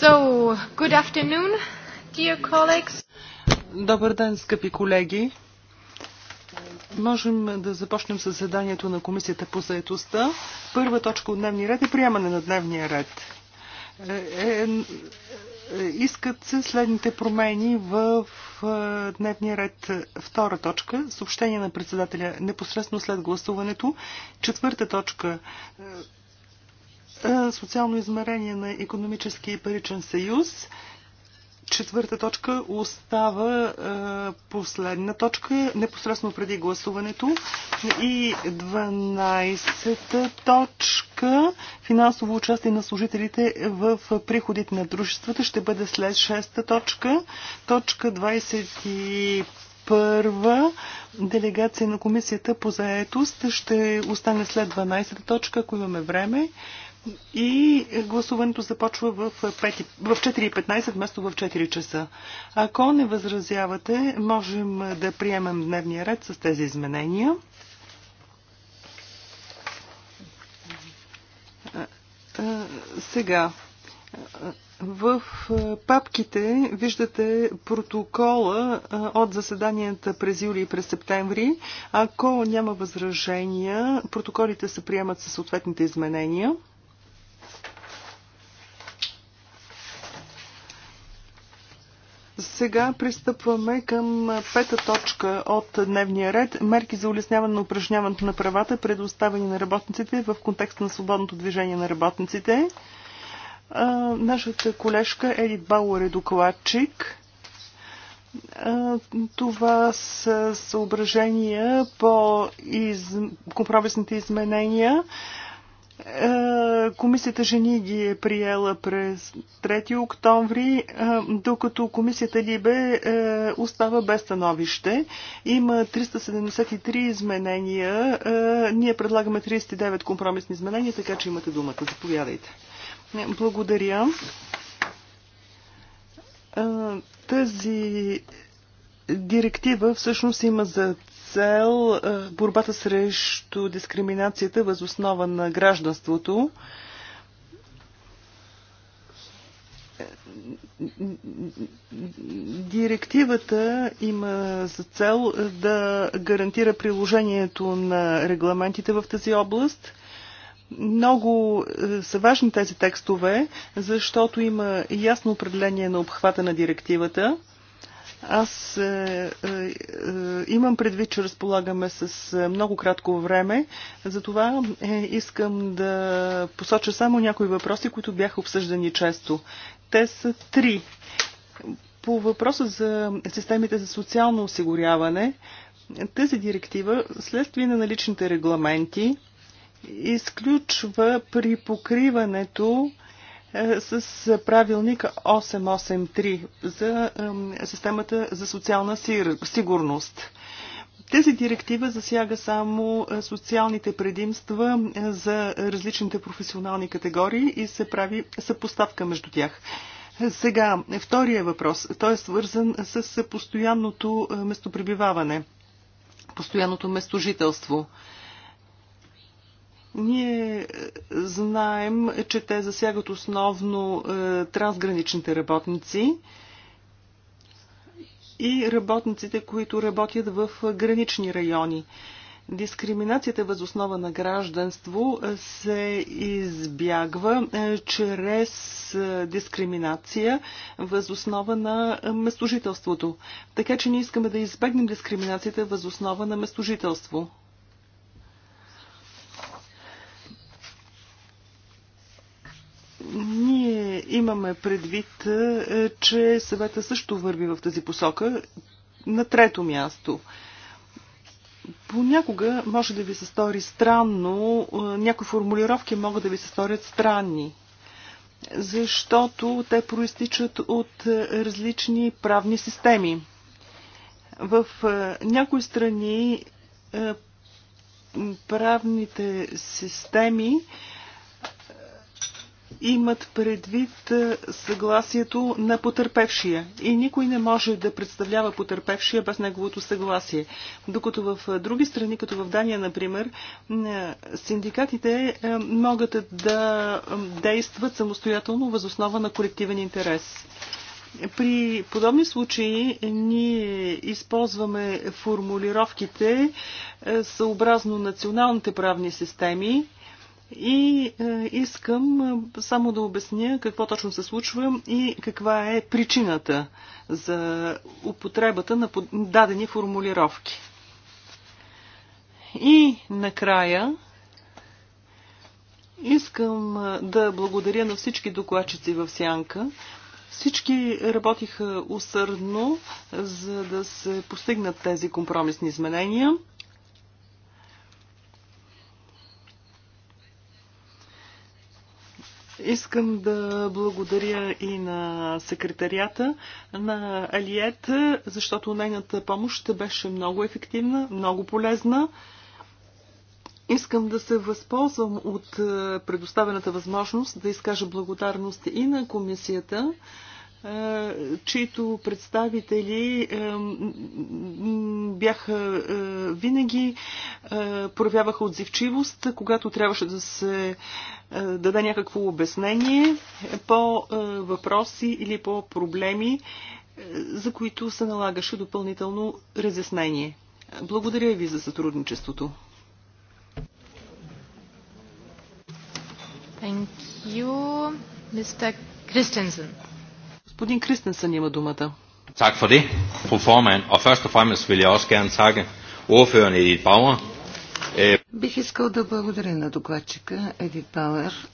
So, good afternoon, dear colleagues. Добър ден, скъпи колеги. Можем да започнем с заседанието на Комисията по заедостта. Първа точка от дневния ред е приемане на дневния ред. Е, е, е, искат се следните промени в е, дневния ред. Втора точка – съобщение на председателя непосредствено след гласуването. Четвърта точка – е, социално измерение на економически и паричен съюз. Четвърта точка остава е, последна точка, непосредствено преди гласуването. И 12-та точка финансово участие на служителите в приходите на дружествата ще бъде след 6-та точка. Точка 25 първа делегация на комисията по заетост ще остане след 12 точка, ако имаме време. И гласуването започва в, 5, в 4.15 вместо в 4 часа. Ако не възразявате, можем да приемем дневния ред с тези изменения. Сега, в папките виждате протокола от заседанията през юли и през септември. Ако няма възражения, протоколите се приемат със съответните изменения. Сега пристъпваме към пета точка от дневния ред. Мерки за улесняване на упражняването на правата, предоставени на работниците в контекста на свободното движение на работниците. нашата колежка Едит Бауър е докладчик. Това са съображения по из... компромисните изменения. Комисията Жени ги е приела през 3 октомври, докато комисията Либе е, остава без становище. Има 373 изменения. Е, ние предлагаме 39 компромисни изменения, така че имате думата. Заповядайте. Благодаря. Е, тази директива всъщност има за цел е, борбата срещу дискриминацията възоснова на гражданството. Директивата има за цел да гарантира приложението на регламентите в тази област. Много е, са важни тези текстове, защото има ясно определение на обхвата на директивата – аз е, е, е, имам предвид, че разполагаме с е, много кратко време, затова е, искам да посоча само някои въпроси, които бяха обсъждани често. Те са три. По въпроса за системите за социално осигуряване, тази директива, следствие на наличните регламенти, изключва при покриването е, с правилник 883 за системата за социална сигурност. Тази директива засяга само е, социалните предимства е, за различните професионални категории и се прави съпоставка между тях. Сега, втория въпрос. Той е свързан с постоянното местопребиваване, постоянното местожителство. жителство. Ние е, знаем, че те засягат основно е, трансграничните работници и работниците, които работят в гранични райони. Дискриминацията възоснова на гражданство е, се избягва чрез дискриминация възоснова на местожителството. Така че ние искаме да избегнем дискриминацията възоснова на местожителство. Ние имаме предвид, е, че съвета също върви в тази посока. На трето място. Понякога може да ви се стори странно, е, някои формулировки могат да ви се сторят странни, защото те проистичат от е, различни правни системи. В някои страни правните системи имат предвид е, съгласието на потерпевшия и никой не може да представлява потерпевшия без неговото съгласие. Докато в е, други страни, като в Дания, например, е, синдикатите могат да действат самостоятелно възоснова на колективен интерес. При подобни случаи ние използваме формулировките съобразно националните правни системи, и е, искам е, само да обясня какво точно се случва и каква е причината за употребата на дадени формулировки. И накрая искам е, да благодаря на всички докладчици в Сянка. Всички работиха усърдно, за да се постигнат тези компромисни изменения. Искам да благодаря и на секретарията на Алиет, защото нейната помощ беше много ефективна, много полезна. Искам да се възползвам от е, предоставената възможност да изкажа благодарност и на комисията, чието представители бяха винаги проявяваха отзивчивост, когато трябваше да се даде някакво обяснение по въпроси или по проблеми, за които се налагаше допълнително разяснение. Благодаря ви за сътрудничеството. Thank you, Mr. Christensen. Господин Кристенсън има думата. Tak for det, fru formand. Og først og fremmest vil jeg også gerne takke ordførerne Edith Bauer. Øh, Бих искал да благодаря на докладчика Едит Бауер.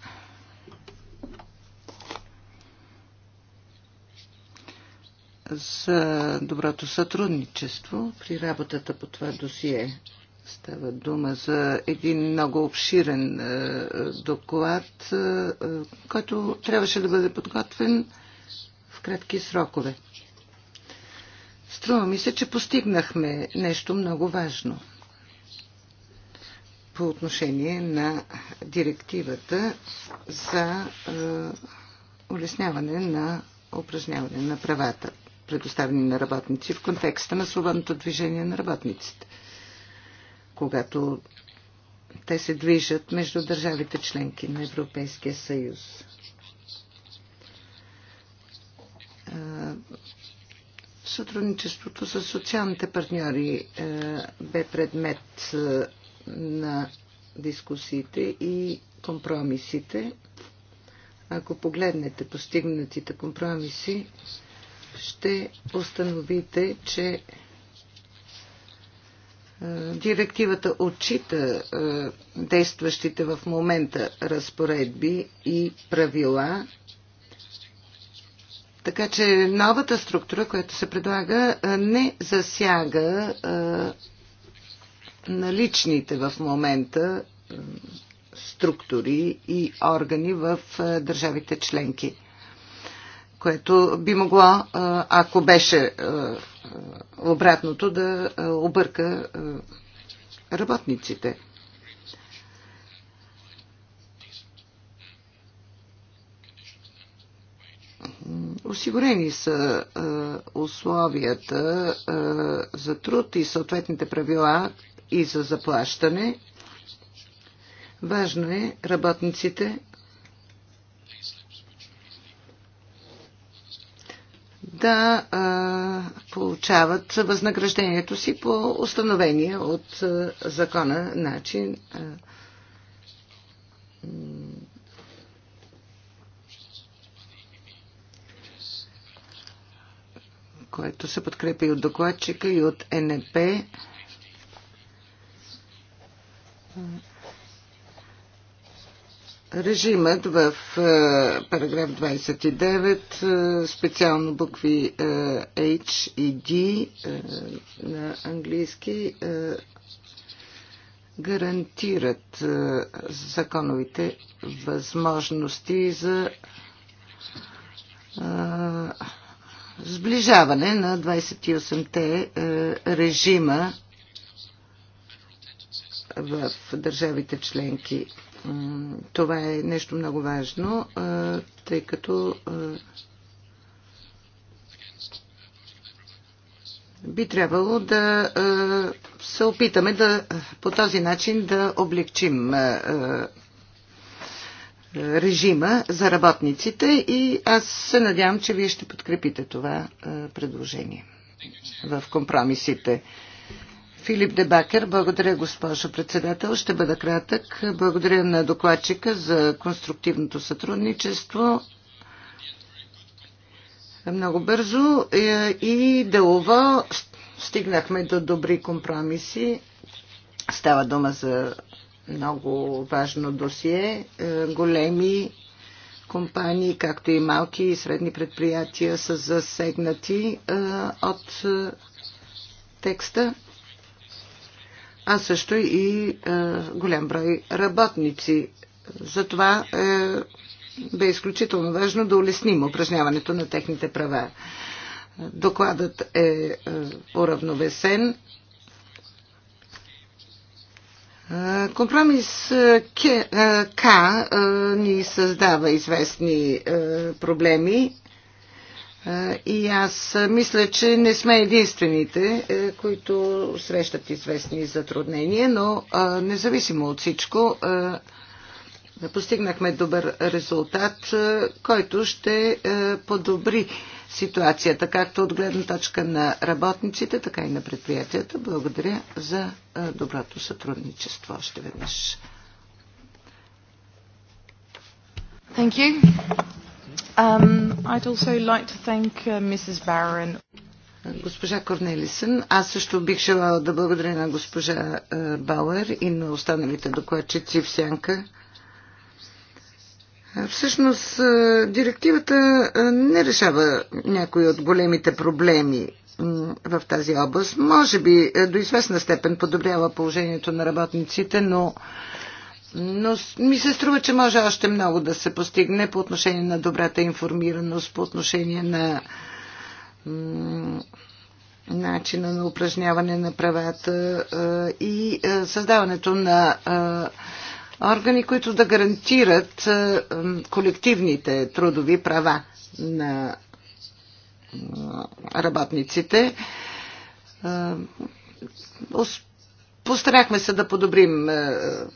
за доброто сътрудничество при работата по това досие. Става дума за един много обширен е, доклад, е, който трябваше да бъде подготвен кратки срокове. Струва ми се, че постигнахме нещо много важно по отношение на директивата за е, улесняване на упражняване на правата, предоставени на работници в контекста на свободното движение на работниците, когато те се движат между държавите членки на Европейския съюз. Сътрудничеството с социалните партньори бе предмет на дискусиите и компромисите. Ако погледнете постигнатите компромиси, ще установите, че Директивата отчита действащите в момента разпоредби и правила така че новата структура, която се предлага, не засяга наличните в момента структури и органи в държавите членки, което би могло, ако беше обратното, да обърка работниците. Осигурени са условията за труд и съответните правила и за заплащане. Важно е работниците да а, получават възнаграждението си по установения от а, закона начин. А, което се подкрепи от докладчика и от НП. Режимът в е, параграф 29, е, специално букви е, H и D на английски, гарантират законовите възможности за сближаване на 28-те е, режима в държавите членки. Това е нещо много важно, е, тъй като е, би трябвало да се опитаме да по този начин да облегчим режима за работниците и аз се надявам, че вие ще подкрепите това е, предложение в компромисите. Филип Дебакер, благодаря госпожо председател. Ще бъда кратък. Благодаря на докладчика за конструктивното сътрудничество. Много бързо е, и делово стигнахме до добри компромиси. Става дума за много важно досие. Е, големи компании, както и малки и средни предприятия са засегнати е, от е, текста, а също и голям брой работници. Затова бе изключително важно да улесним упражняването на техните права. Докладът е уравновесен Компромис К ни създава известни проблеми и аз мисля, че не сме единствените, които срещат известни затруднения, но независимо от всичко, постигнахме добър резултат, който ще подобри ситуацията, както от гледна точка на работниците, така и на предприятията. Благодаря за доброто сътрудничество още веднъж. Thank you. Um, I'd also like to thank uh, Mrs. Barron. Госпожа Корнелисън, аз също бих желала да благодаря на госпожа Бауер и на останалите докладчици в Сянка. Всъщност, директивата не решава някои от големите проблеми в тази област. Може би до известна степен подобрява положението на работниците, но, но ми се струва, че може още много да се постигне по отношение на добрата информираност, по отношение на начина на упражняване на правата и създаването на органи, които да гарантират е, колективните трудови права на работниците. Е, постарахме се да подобрим е,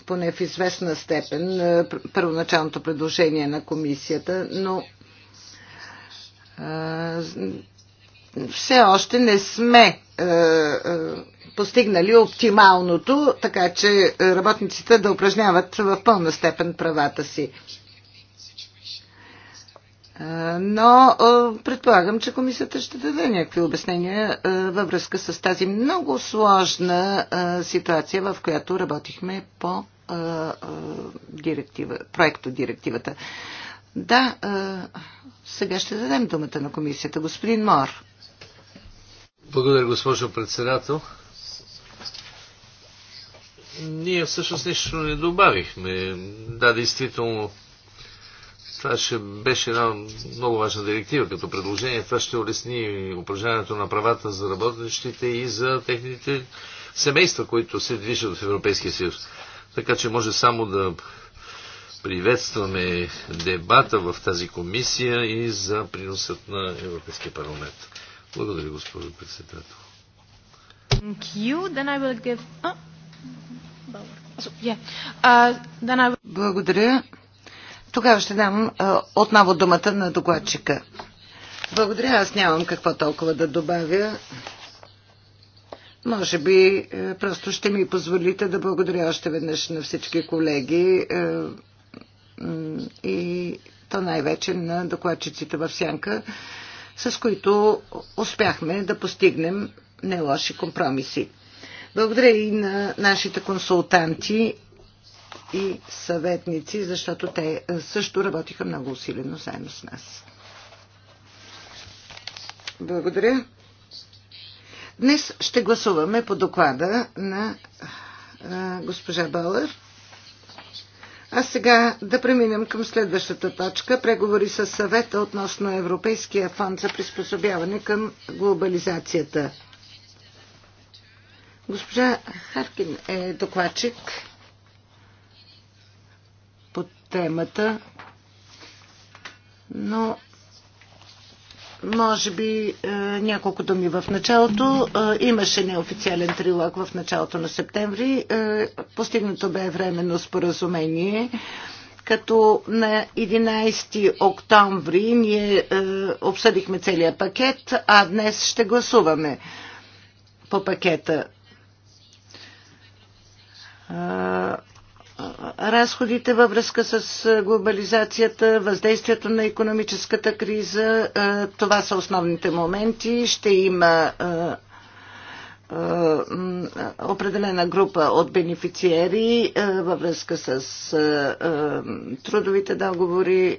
поне в известна степен първоначалното предложение на комисията, но все още не сме постигнали оптималното, така че е, работниците да упражняват в пълна степен правата си. Е, но е, предполагам, че комисията ще даде някакви обяснения във връзка с тази много сложна ситуация, в която работихме по директива, проекто директивата. Да, сега ще дадем думата на комисията. Господин Мор. Благодаря, госпожо председател ние всъщност нищо не добавихме. Да, действително, това ще беше една много важна директива като предложение. Това ще улесни упражняването на правата за работещите и за техните семейства, които се движат в Европейския съюз. Така че може само да приветстваме дебата в тази комисия и за приносът на Европейския парламент. Благодаря, господин председател. Thank you. Then I will give... oh. Благодаря. Тогава ще дам отново думата на докладчика. Благодаря, аз нямам какво толкова да добавя. Може би просто ще ми позволите да благодаря още веднъж на всички колеги и то най-вече на докладчиците в Сянка, с които успяхме да постигнем не лоши компромиси. Благодаря и на нашите консултанти и съветници, защото те е, също работиха много усилено заедно с нас. Благодаря. Днес ще гласуваме по доклада на а, е, госпожа Балър. А сега да преминем към следващата точка. Преговори с съвета относно Европейския фонд за приспособяване към глобализацията. Госпожа Харкин е докладчик по темата, но може би е, няколко думи в началото. Е, имаше неофициален трилог в началото на септември. Е, постигнато бе временно споразумение, като на 11 октомври ние е, обсъдихме целият пакет, а днес ще гласуваме по пакета разходите във връзка с глобализацията, въздействието на економическата криза. Това са основните моменти. Ще има определена група от бенефициери във връзка с трудовите договори,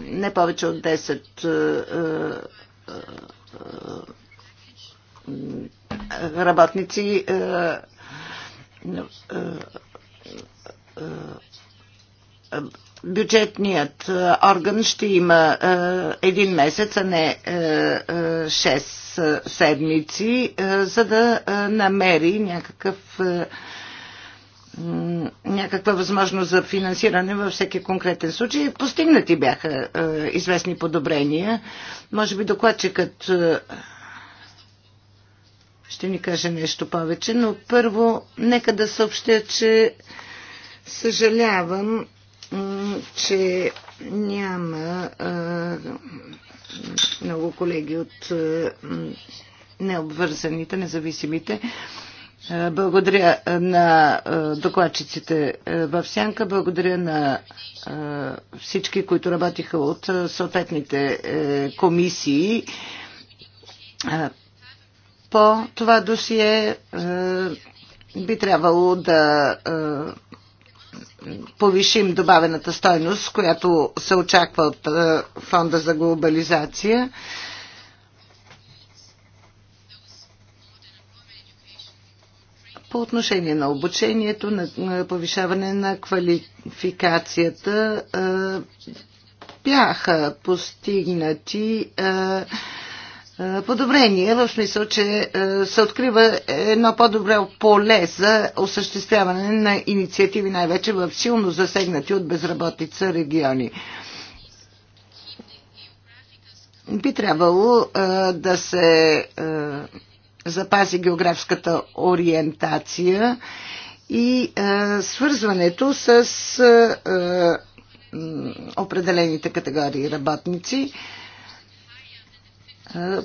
не повече от 10 работници е, е, е, бюджетният орган ще има един месец, а не 6 седмици, за да намери някакъв някаква възможност за финансиране във всеки конкретен случай. Постигнати бяха известни подобрения. Може би докладчикът ще ни каже нещо повече, но първо нека да съобщя, че съжалявам, че няма много колеги от необвързаните, независимите. Благодаря на докладчиците в Сянка, благодаря на всички, които работиха от съответните е, комисии по това досие е, би трябвало да е, повишим добавената стойност, която се очаква от е, Фонда за глобализация. по отношение на обучението, на повишаване на квалификацията бяха постигнати е, подобрение, в смисъл, че е, се открива едно по-добре поле за осъществяване на инициативи, най-вече в силно засегнати от безработица региони. Би трябвало е, да се запази географската ориентация и свързването с определените категории работници.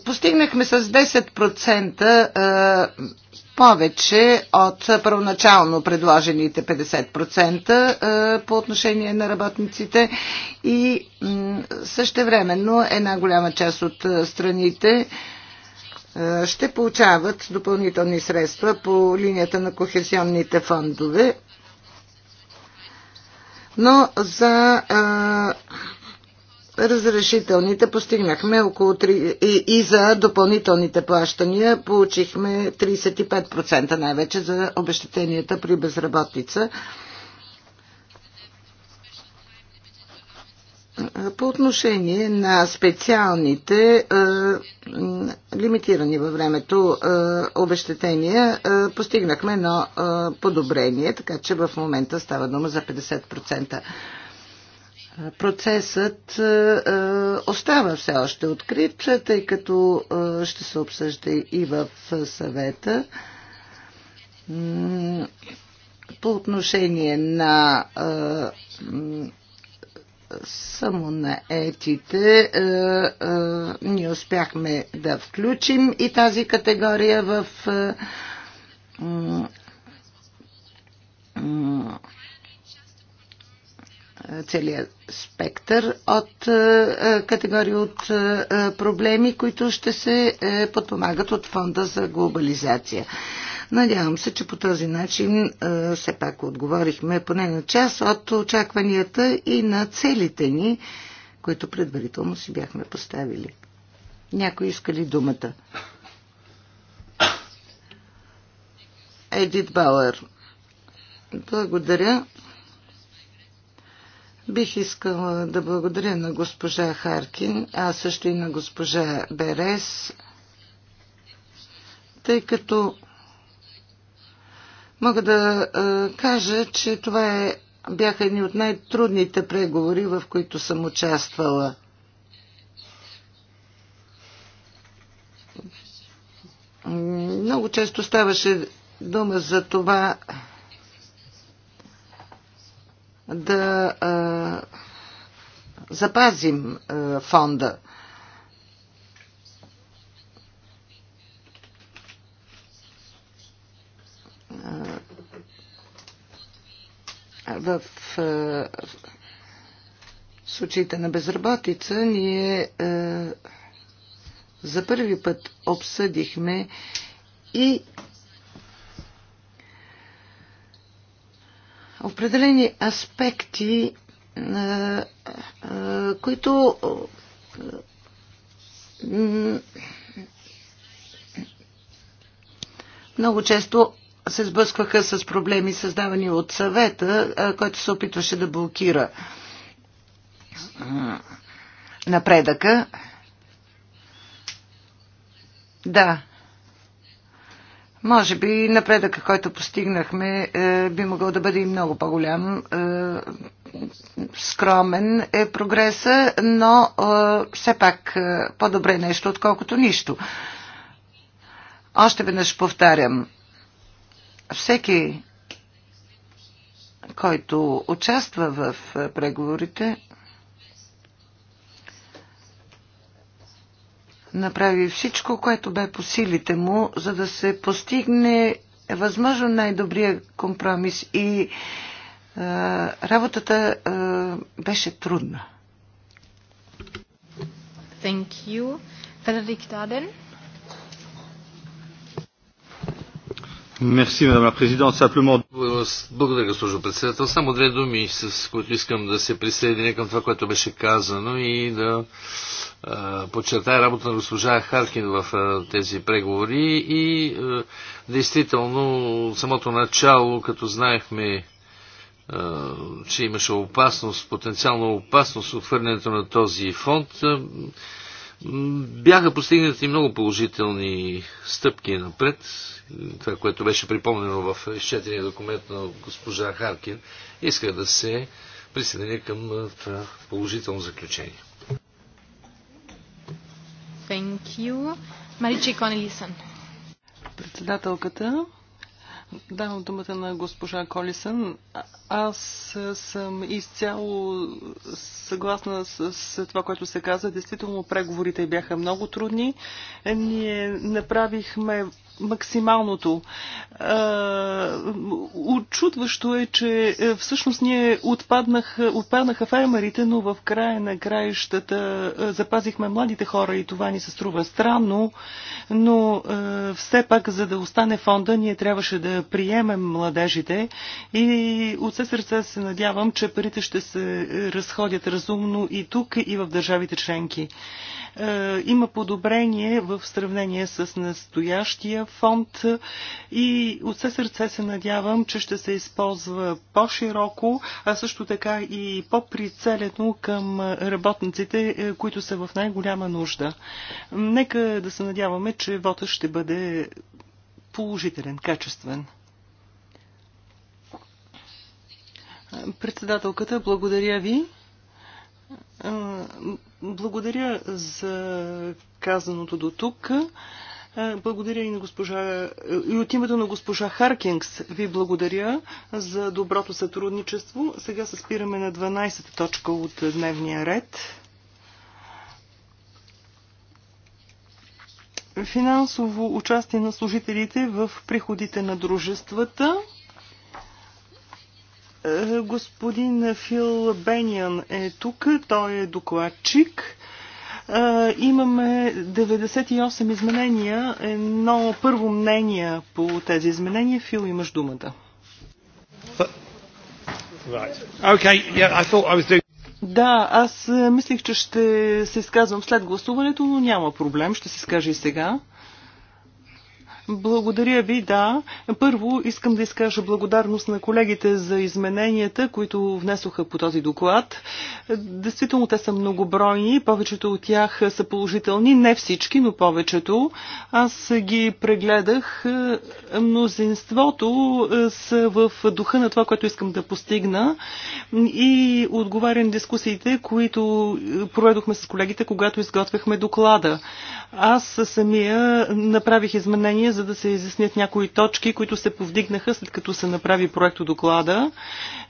Постигнахме с 10% повече от първоначално предложените 50% по отношение на работниците и същевременно една голяма част от страните ще получават допълнителни средства по линията на кохезионните фондове. Но за разрешителните постигнахме около 3, и, и за допълнителните плащания получихме 35% най-вече за обещетенията при безработица. По отношение на специалните е, лимитирани във времето е, обещетения, е, постигнахме едно е, подобрение, така че в момента става дума за 50%. Процесът е, е, остава все още открит, тъй като е, ще се обсъжда и в съвета. По отношение на само на етите е, е, ние успяхме да включим и тази категория в е, целият спектър от е, е, категории от е, проблеми, които ще се подпомагат от фонда за глобализация. Надявам се, че по този начин все пак отговорихме поне на част от очакванията и на целите ни, които предварително си бяхме поставили. Някой иска ли думата? Едит Бауер. Благодаря. Бих искала да благодаря на госпожа Харкин, а също и на госпожа Берес, тъй като мога да кажа, че това е, бяха едни от най-трудните преговори, в които съм участвала. Много често ставаше дума за това да а, запазим а, фонда. В, в случаите на безработица ние е, за първи път обсъдихме и определени аспекти, които много често се сблъскваха с проблеми, създавани от съвета, който се опитваше да блокира напредъка. Да, може би напредъка, който постигнахме, е, би могъл да бъде и много по-голям. Е, скромен е прогреса, но е, все пак по-добре нещо, отколкото нищо. Още веднъж повтарям. Всеки, който участва в преговорите, направи всичко, което бе по силите му, за да се постигне възможно най-добрия компромис и а, е, работата а, е, беше трудна. Thank you. Frederik Daden. Мерси, мадам президент. Simplement... Благодаря, госпожо председател. Само две думи, с които искам да се присъединя към това, което беше казано и да uh, подчертая работа на госпожа Харкин в тези преговори и действително самото начало, като знаехме, че имаше опасност, потенциална опасност от хвърлянето на този фонд, бяха постигнати много положителни стъпки напред. Това, което беше припомнено в изчетения документ на госпожа Харкин, иска да се присъединя към това положително заключение. Thank you. Маричи Конелисън. Председателката, Давам думата на госпожа Колисън. Аз съм изцяло съгласна с, с това, което се каза. Действително преговорите бяха много трудни. Ние направихме максималното. Очудващо е, че е, всъщност ние отпаднах, отпаднаха фермерите, но в края на краищата е, запазихме младите хора и това ни се струва странно, но е, все пак, за да остане фонда, ние трябваше да приемем младежите и от все сърце се надявам, че парите ще се разходят разумно и тук, и в държавите членки. Има подобрение в сравнение с настоящия фонд и от все сърце се надявам, че ще се използва по-широко, а също така и по-прицелено към работниците, е, които са в най-голяма нужда. Нека да се надяваме, че вота ще бъде положителен, качествен. Председателката, благодаря ви. Благодаря за казаното до тук. Благодаря и на госпожа... И от името на госпожа Харкингс ви благодаря за доброто сътрудничество. Сега се спираме на 12-та точка от дневния ред. Финансово участие на служителите в приходите на дружествата. Е, господин Фил Бениан е тук. Той е докладчик. Имаме 98 изменения, но първо мнение по тези изменения. Фил, имаш думата. Да, аз мислих, че ще се изказвам след гласуването, но няма проблем. Ще се изкажа и сега. Благодаря ви, да. Първо искам да изкажа благодарност на колегите за измененията, които внесоха по този доклад. Действително те са многобройни, повечето от тях са положителни, не всички, но повечето. Аз ги прегледах. Мнозинството е, са в духа на това, което искам да постигна и отговаря на дискусиите, които е, проведохме с колегите, когато изготвяхме доклада. Аз самия направих изменения за да се изяснят някои точки, които се повдигнаха след като се направи проекто доклада.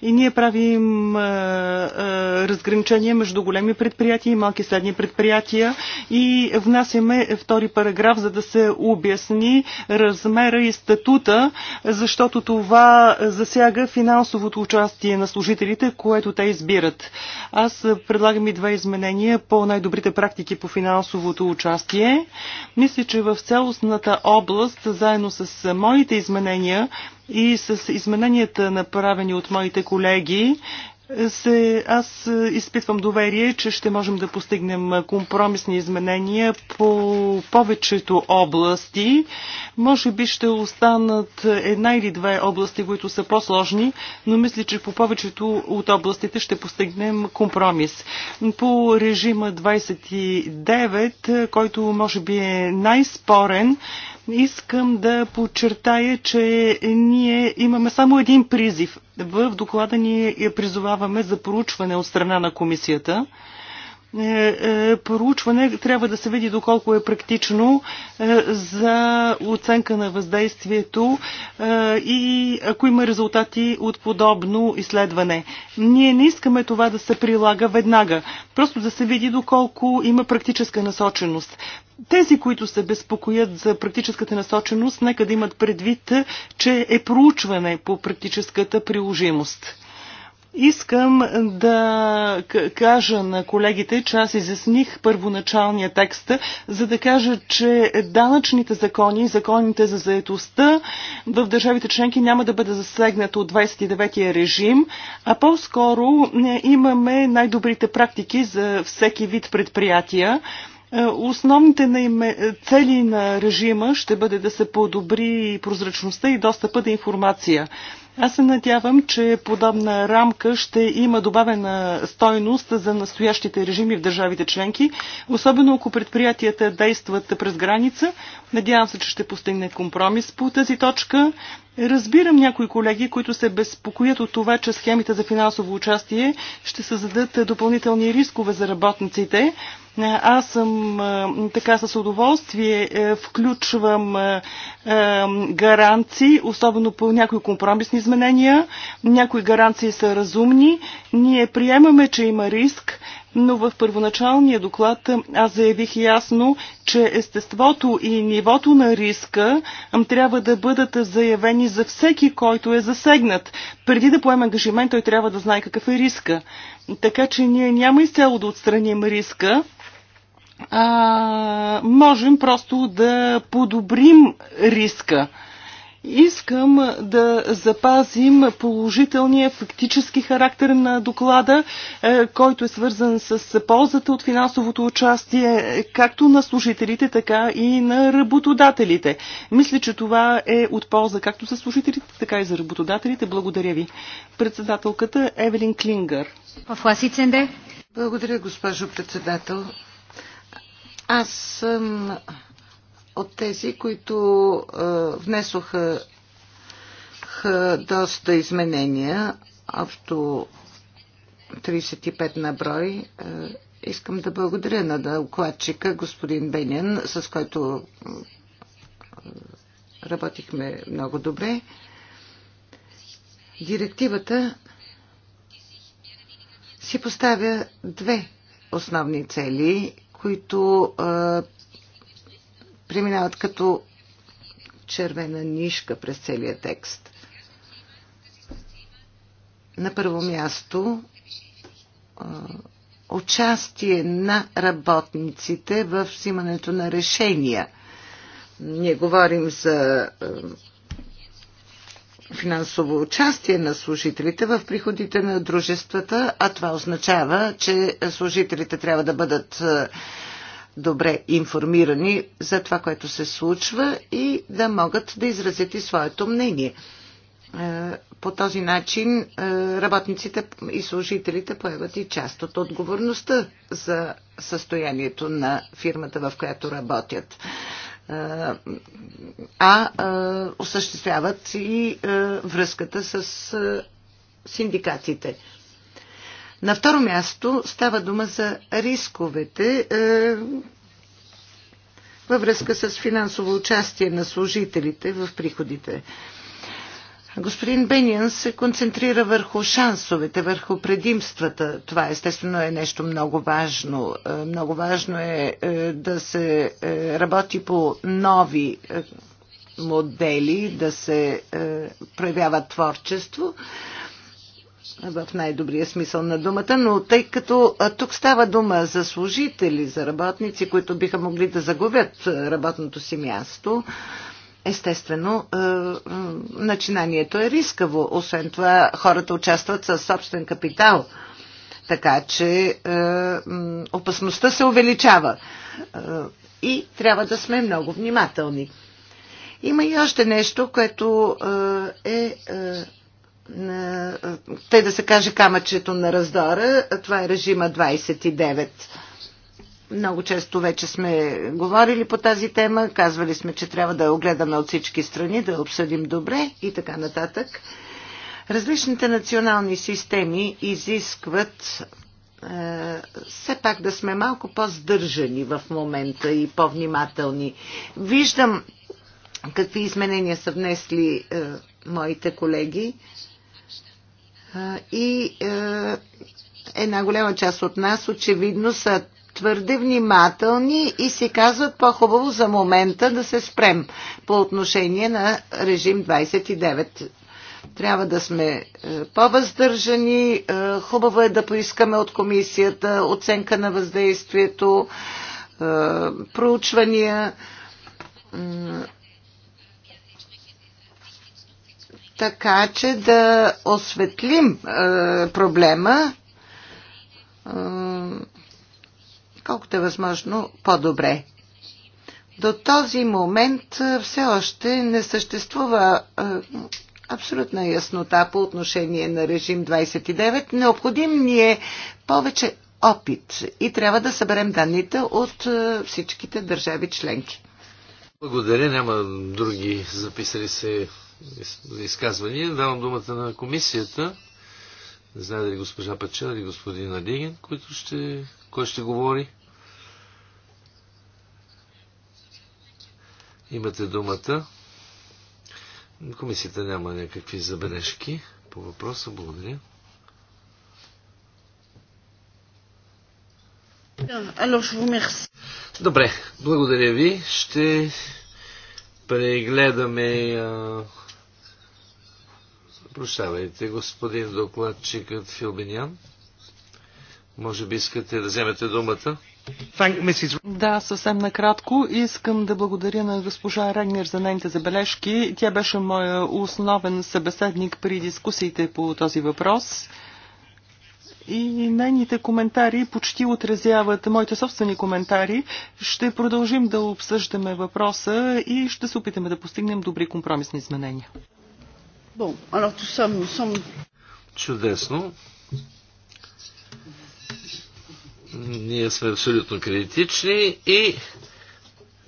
И ние правим а, а, разграничение между големи предприятия и малки средни предприятия и внасяме втори параграф, за да се обясни размера и статута, защото това засяга финансовото участие на служителите, което те избират. Аз предлагам и два изменения по най-добрите практики по финансовото участие. Мисля, че в цялостната област част, заедно с моите изменения и с измененията, направени от моите колеги, се, аз изпитвам доверие, че ще можем да постигнем компромисни изменения по повечето области. Може би ще останат една или две области, които са по-сложни, но мисля, че по повечето от областите ще постигнем компромис. По режима 29, който може би е най-спорен, Искам да подчертая, че ние имаме само един призив. В доклада ние призоваваме за проучване от страна на комисията е, е, проучване трябва да се види доколко е практично е, за оценка на въздействието и ако има резултати от подобно изследване. Ние не искаме това да се прилага веднага, просто да се види доколко има практическа насоченост. Тези, които се безпокоят за практическата насоченост, нека да имат предвид, че е проучване по практическата приложимост. Искам да кажа на колегите, че аз изясних първоначалния текст, за да кажа, че данъчните закони, законите за заедостта в държавите членки няма да бъде засегнато от 29-я режим, а по-скоро имаме най-добрите практики за всеки вид предприятия. Е, основните цели на режима ще бъде да се подобри прозрачността и достъпа до информация. Аз се надявам, че подобна рамка ще има добавена стойност за настоящите режими в държавите членки, особено ако предприятията действат през граница. Надявам се, че ще постигне компромис по тази точка. Разбирам някои колеги, които се безпокоят от това, че схемите за финансово участие ще създадат допълнителни рискове за работниците. Аз съм така с удоволствие е, включвам гаранции, особено по някои компромисни изменения. Някои гаранции са разумни. Ние приемаме, че има риск, но в първоначалния доклад аз заявих ясно, че естеството и нивото на риска трябва да бъдат заявени за всеки, който е засегнат. Преди да поеме ангажимент, той трябва да знае какъв е риска. Така че ние няма изцяло да отстраним риска, а, можем просто да подобрим риска. Искам да запазим положителния фактически характер на доклада, е, който е свързан с ползата от финансовото участие както на служителите, така и на работодателите. Мисля, че това е от полза както за служителите, така и за работодателите. Благодаря ви. Председателката Евелин Клингър. Благодаря, госпожо председател. Аз съм от тези, които внесоха доста изменения, общо 35 на брой. Искам да благодаря на докладчика господин Бенин, с който работихме много добре. Директивата си поставя две основни цели, които преминават като червена нишка през целия текст. На първо място участие на работниците в взимането на решения. Ние говорим за финансово участие на служителите в приходите на дружествата, а това означава, че служителите трябва да бъдат добре информирани за това, което се случва и да могат да изразят и своето мнение. Е, по този начин е, работниците и служителите появат и част от отговорността за състоянието на фирмата, в която работят. Е, а осъществяват и връзката с синдикатите. На второ място става дума за рисковете е, във връзка с финансово участие на служителите в приходите. Господин Бениан се концентрира върху шансовете, върху предимствата. Това естествено е нещо много важно. Е, много важно е, е да се работи по нови модели, да се проявява творчество в най-добрия смисъл на думата, но тъй като тук става дума за служители, за работници, които биха могли да загубят работното си място, естествено, начинанието е рискаво. Освен това, хората участват със собствен капитал. Така че опасността се увеличава. И трябва да сме много внимателни. Има и още нещо, което е тъй да се каже камъчето на раздора, това е режима 29. Много често вече сме говорили по тази тема, казвали сме, че трябва да я огледаме от всички страни, да я обсъдим добре и така нататък. Различните национални системи изискват е, все пак да сме малко по-здържани в момента и по-внимателни. Виждам какви изменения са внесли е, моите колеги. И е, една голяма част от нас очевидно са твърде внимателни и си казват по-хубаво за момента да се спрем по отношение на режим 29. Трябва да сме е, по-въздържани. Е, хубаво е да поискаме от комисията оценка на въздействието, проучвания така че да осветлим е, проблема е, колкото е възможно по-добре. До този момент е, все още не съществува е, абсолютна яснота по отношение на режим 29. Необходим ни е повече опит и трябва да съберем данните от е, всичките държави членки. Благодаря. Няма други записали се за изказвания. Давам думата на комисията. Не знае дали госпожа Пачел или господин Алигин, който ще, кой ще говори. Имате думата. Комисията няма някакви забележки по въпроса. Благодаря. Добре, благодаря ви. Ще прегледаме а, Прощавайте, господин докладчикът Филбинян. Може би искате да вземете думата? Да, съвсем накратко. Искам да благодаря на госпожа Регнер за нейните забележки. Тя беше моя основен събеседник при дискусиите по този въпрос. И нейните коментари почти отразяват моите собствени коментари. Ще продължим да обсъждаме въпроса и ще се опитаме да постигнем добри компромисни изменения. Чудесно. Ние сме абсолютно критични и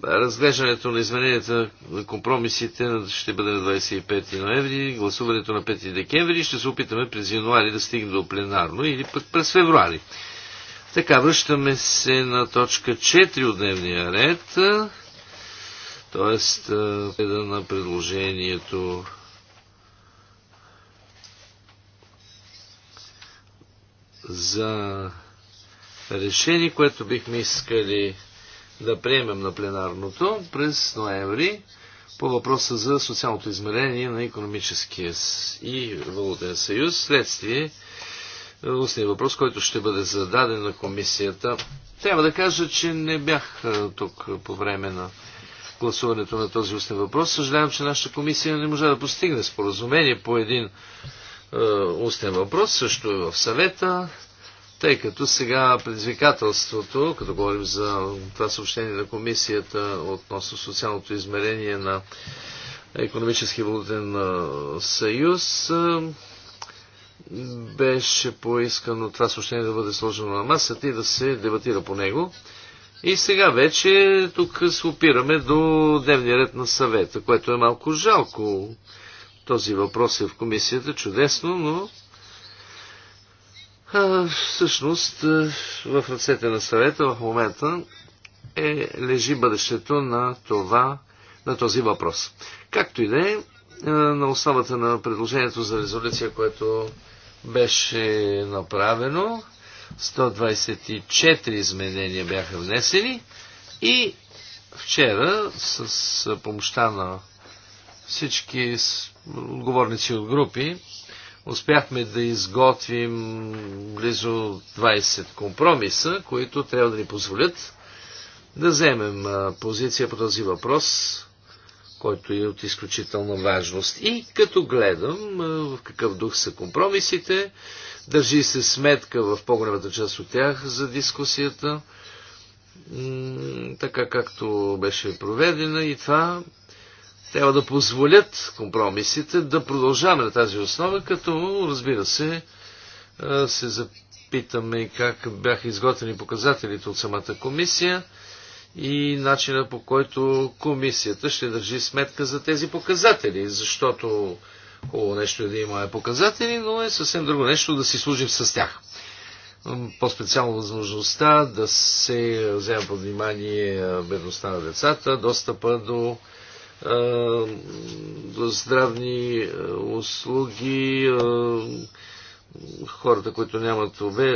разглеждането на измененията на компромисите ще бъде на 25 ноември, гласуването на 5 декември ще се опитаме през януари да стигне до пленарно или пък през февруари. Така, връщаме се на точка 4 от дневния ред, т.е. Е, на предложението за решение, което бихме искали да приемем на пленарното през ноември по въпроса за социалното измерение на економическия и валутен съюз, следствие устния въпрос, който ще бъде зададен на комисията. Трябва да кажа, че не бях тук по време на гласуването на този устен въпрос. Съжалявам, че нашата комисия не можа да постигне споразумение по един е, устен въпрос, също е в съвета, тъй като сега предизвикателството, като говорим за това съобщение на комисията относно социалното измерение на економически валутен е, съюз, е, беше поискано това съобщение да бъде сложено на масата и да се дебатира по него. И сега вече тук се опираме до дневния ред на съвета, което е малко жалко този въпрос е в комисията. Чудесно, но а, всъщност в ръцете на съвета в момента е, лежи бъдещето на, това, на този въпрос. Както и да е, на основата на предложението за резолюция, което беше направено, 124 изменения бяха внесени и вчера с помощта на всички отговорници от групи успяхме да изготвим близо 20 компромиса, които трябва да ни позволят да вземем позиция по този въпрос, който е от изключителна важност. И като гледам в какъв дух са компромисите, държи се сметка в по-голямата част от тях за дискусията, така както беше проведена и това трябва да позволят компромисите да продължаваме на тази основа, като разбира се е, се запитаме как бяха изготвени показателите от самата комисия и начина по който комисията ще държи сметка за тези показатели, защото хубаво нещо е да имаме показатели, но е съвсем друго нещо да си служим с тях. По-специално възможността да се взема под внимание бедността на децата, достъпа до здравни услуги, хората, които нямат обе,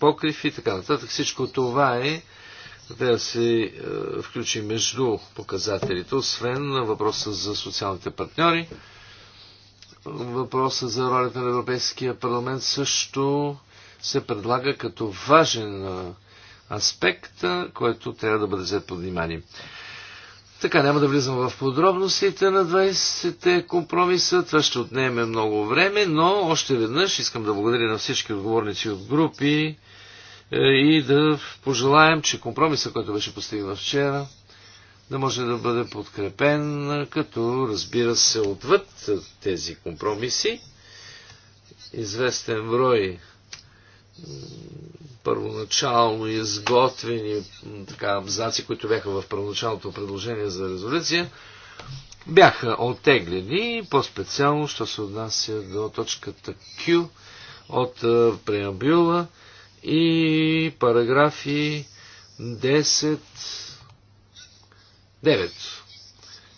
покрив и така нататък. Всичко това е трябва да се включи между показателите, освен въпроса за социалните партньори. Въпроса за ролята на Европейския парламент също се предлага като важен аспект, който трябва да бъде взет под внимание. Така, няма да влизам в подробностите на 20-те компромиса. Това ще отнеме много време, но още веднъж искам да благодаря на всички отговорници от групи е, и да пожелаем, че компромиса, който беше постигнат вчера, да може да бъде подкрепен, като разбира се отвъд тези компромиси. Известен брой първоначално изготвени така, абзаци, които бяха в първоначалното предложение за резолюция, бяха отеглени по-специално, що се отнася до точката Q от преамбюла и параграфи 10, 9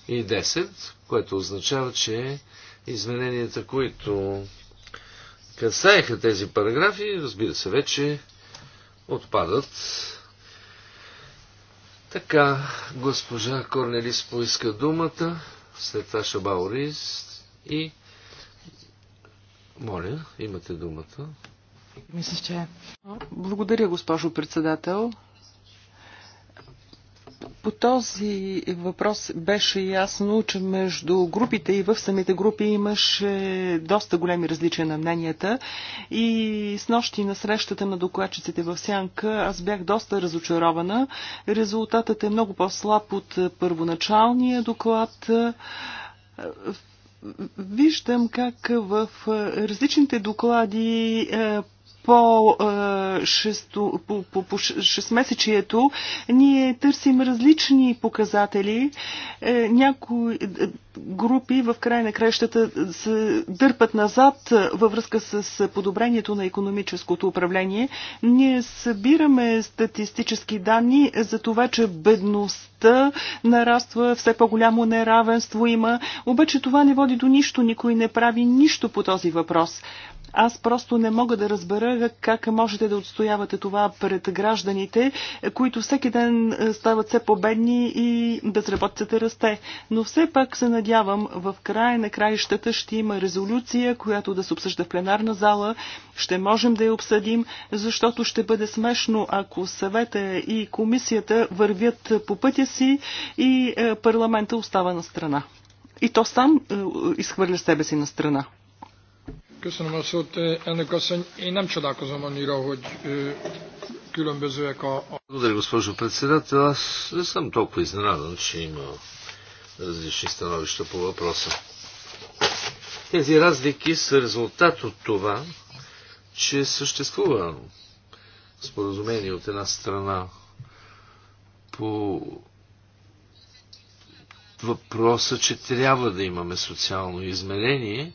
и 10, което означава, че измененията, които касаеха тези параграфи, разбира се, вече отпадат. Така, госпожа Корнелис поиска думата, след това Шабаорис и... Моля, имате думата. Мисля, че... Благодаря, госпожо председател. По този въпрос беше ясно, че между групите и в самите групи имаше доста големи различия на мненията и с нощи на срещата на докладчиците в Сянка аз бях доста разочарована. Резултатът е много по-слаб от първоначалния доклад виждам как в различните доклади е, по, е, шесто, по, по, по шестмесечието, ние търсим различни показатели. Е, някои е, групи в край на кращата се дърпат назад във връзка с подобрението на економическото управление. Ние събираме статистически данни за това, че бедността нараства, все по-голямо неравенство има, обаче това не води до нищо, никой не прави нищо по този въпрос. Аз просто не мога да разбера как можете да отстоявате това пред гражданите, които всеки ден е, стават все победни и безработицата расте. Но все пак се надявам, в края на краищата ще има резолюция, която да се обсъжда в пленарна зала. Ще можем да я обсъдим, защото ще бъде смешно, ако съвета и комисията вървят по пътя си и е, парламента остава на страна. И то сам е, изхвърля себе си на страна. Köszönöm a szót, eh, elnök asszony. Én nem csodálkozom annyira, hogy eh, különbözőek a... Köszönöm, госпожо председател. Аз не съм толкова изненадан, че има различни становища по въпроса. Тези разлики са резултат от това, че съществува споразумение от една страна по въпроса, че трябва да имаме социално измерение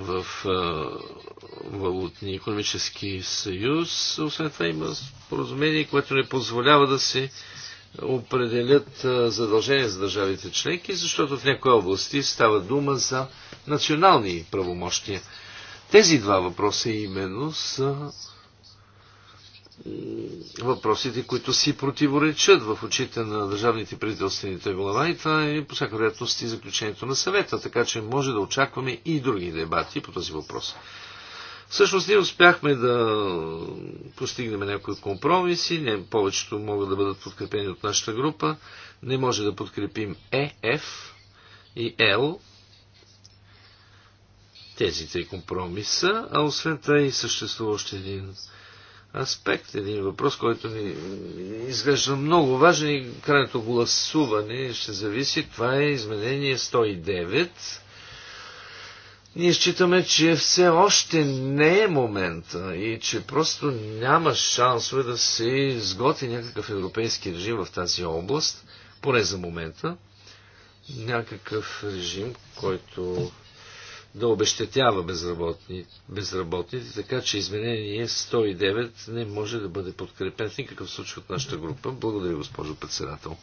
в валутни економически съюз. Освен това има споразумение, което не позволява да се определят задължения за държавите членки, защото в някои области става дума за национални правомощия. Тези два въпроса именно са въпросите, които си противоречат в очите на държавните правителствените глава и това е по всяка вероятност и заключението на съвета, така че може да очакваме и други дебати по този въпрос. Всъщност ние успяхме да постигнем някои компромиси, не повечето могат да бъдат подкрепени от нашата група, не може да подкрепим Е, Ф и Л, тези три компромиса, а освен това и съществува още един аспект, един въпрос, който ни изглежда много важен и крайното гласуване ще зависи. Това е изменение 109. Ние считаме, че все още не е момента и че просто няма шансове да се изготви някакъв европейски режим в тази област, поне за момента. Някакъв режим, който да обещетява безработни, безработните, така че изменение 109 не може да бъде подкрепен в никакъв случай от нашата група. Благодаря, госпожо председател.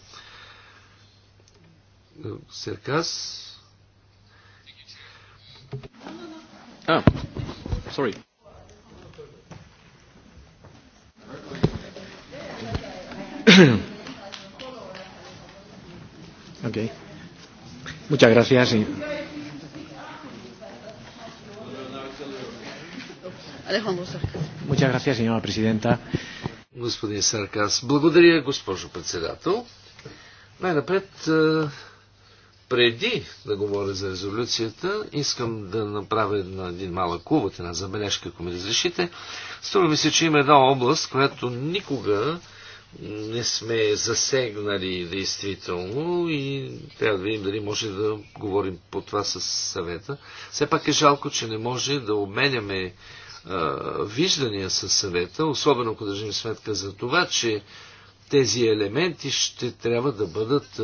Серкас? А, сори. Окей. Muchas gracias. Господин Саркас, благодаря, госпожо председател. Най-напред, е, преди да говоря за резолюцията, искам да направя на един малък увод, една забележка, ако ми разрешите. Струва ми се, че има една област, която никога не сме засегнали действително и трябва да видим дали може да говорим по това с съвета. Все пак е жалко, че не може да обменяме виждания със съвета, особено ако държим сметка за това, че тези елементи ще трябва да бъдат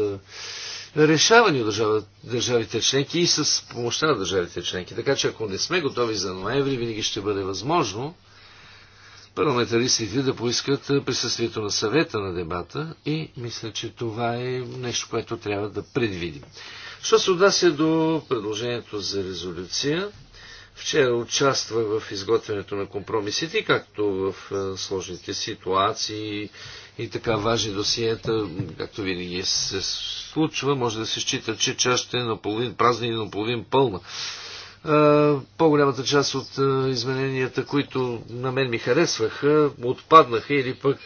решавани от държавите членки и с помощта на държавите членки. Така че ако не сме готови за ноември, винаги ще бъде възможно парламентаристите да поискат присъствието на съвета на дебата и мисля, че това е нещо, което трябва да предвидим. Що се отнася до предложението за резолюция, Вчера участвах в изготвянето на компромисите, както в е, сложните ситуации и така важни досиета, както винаги се случва, може да се счита, че чашата е наполовин празна и наполовин пълна. Е, по-голямата част от е, измененията, които на мен ми харесваха, отпаднаха или пък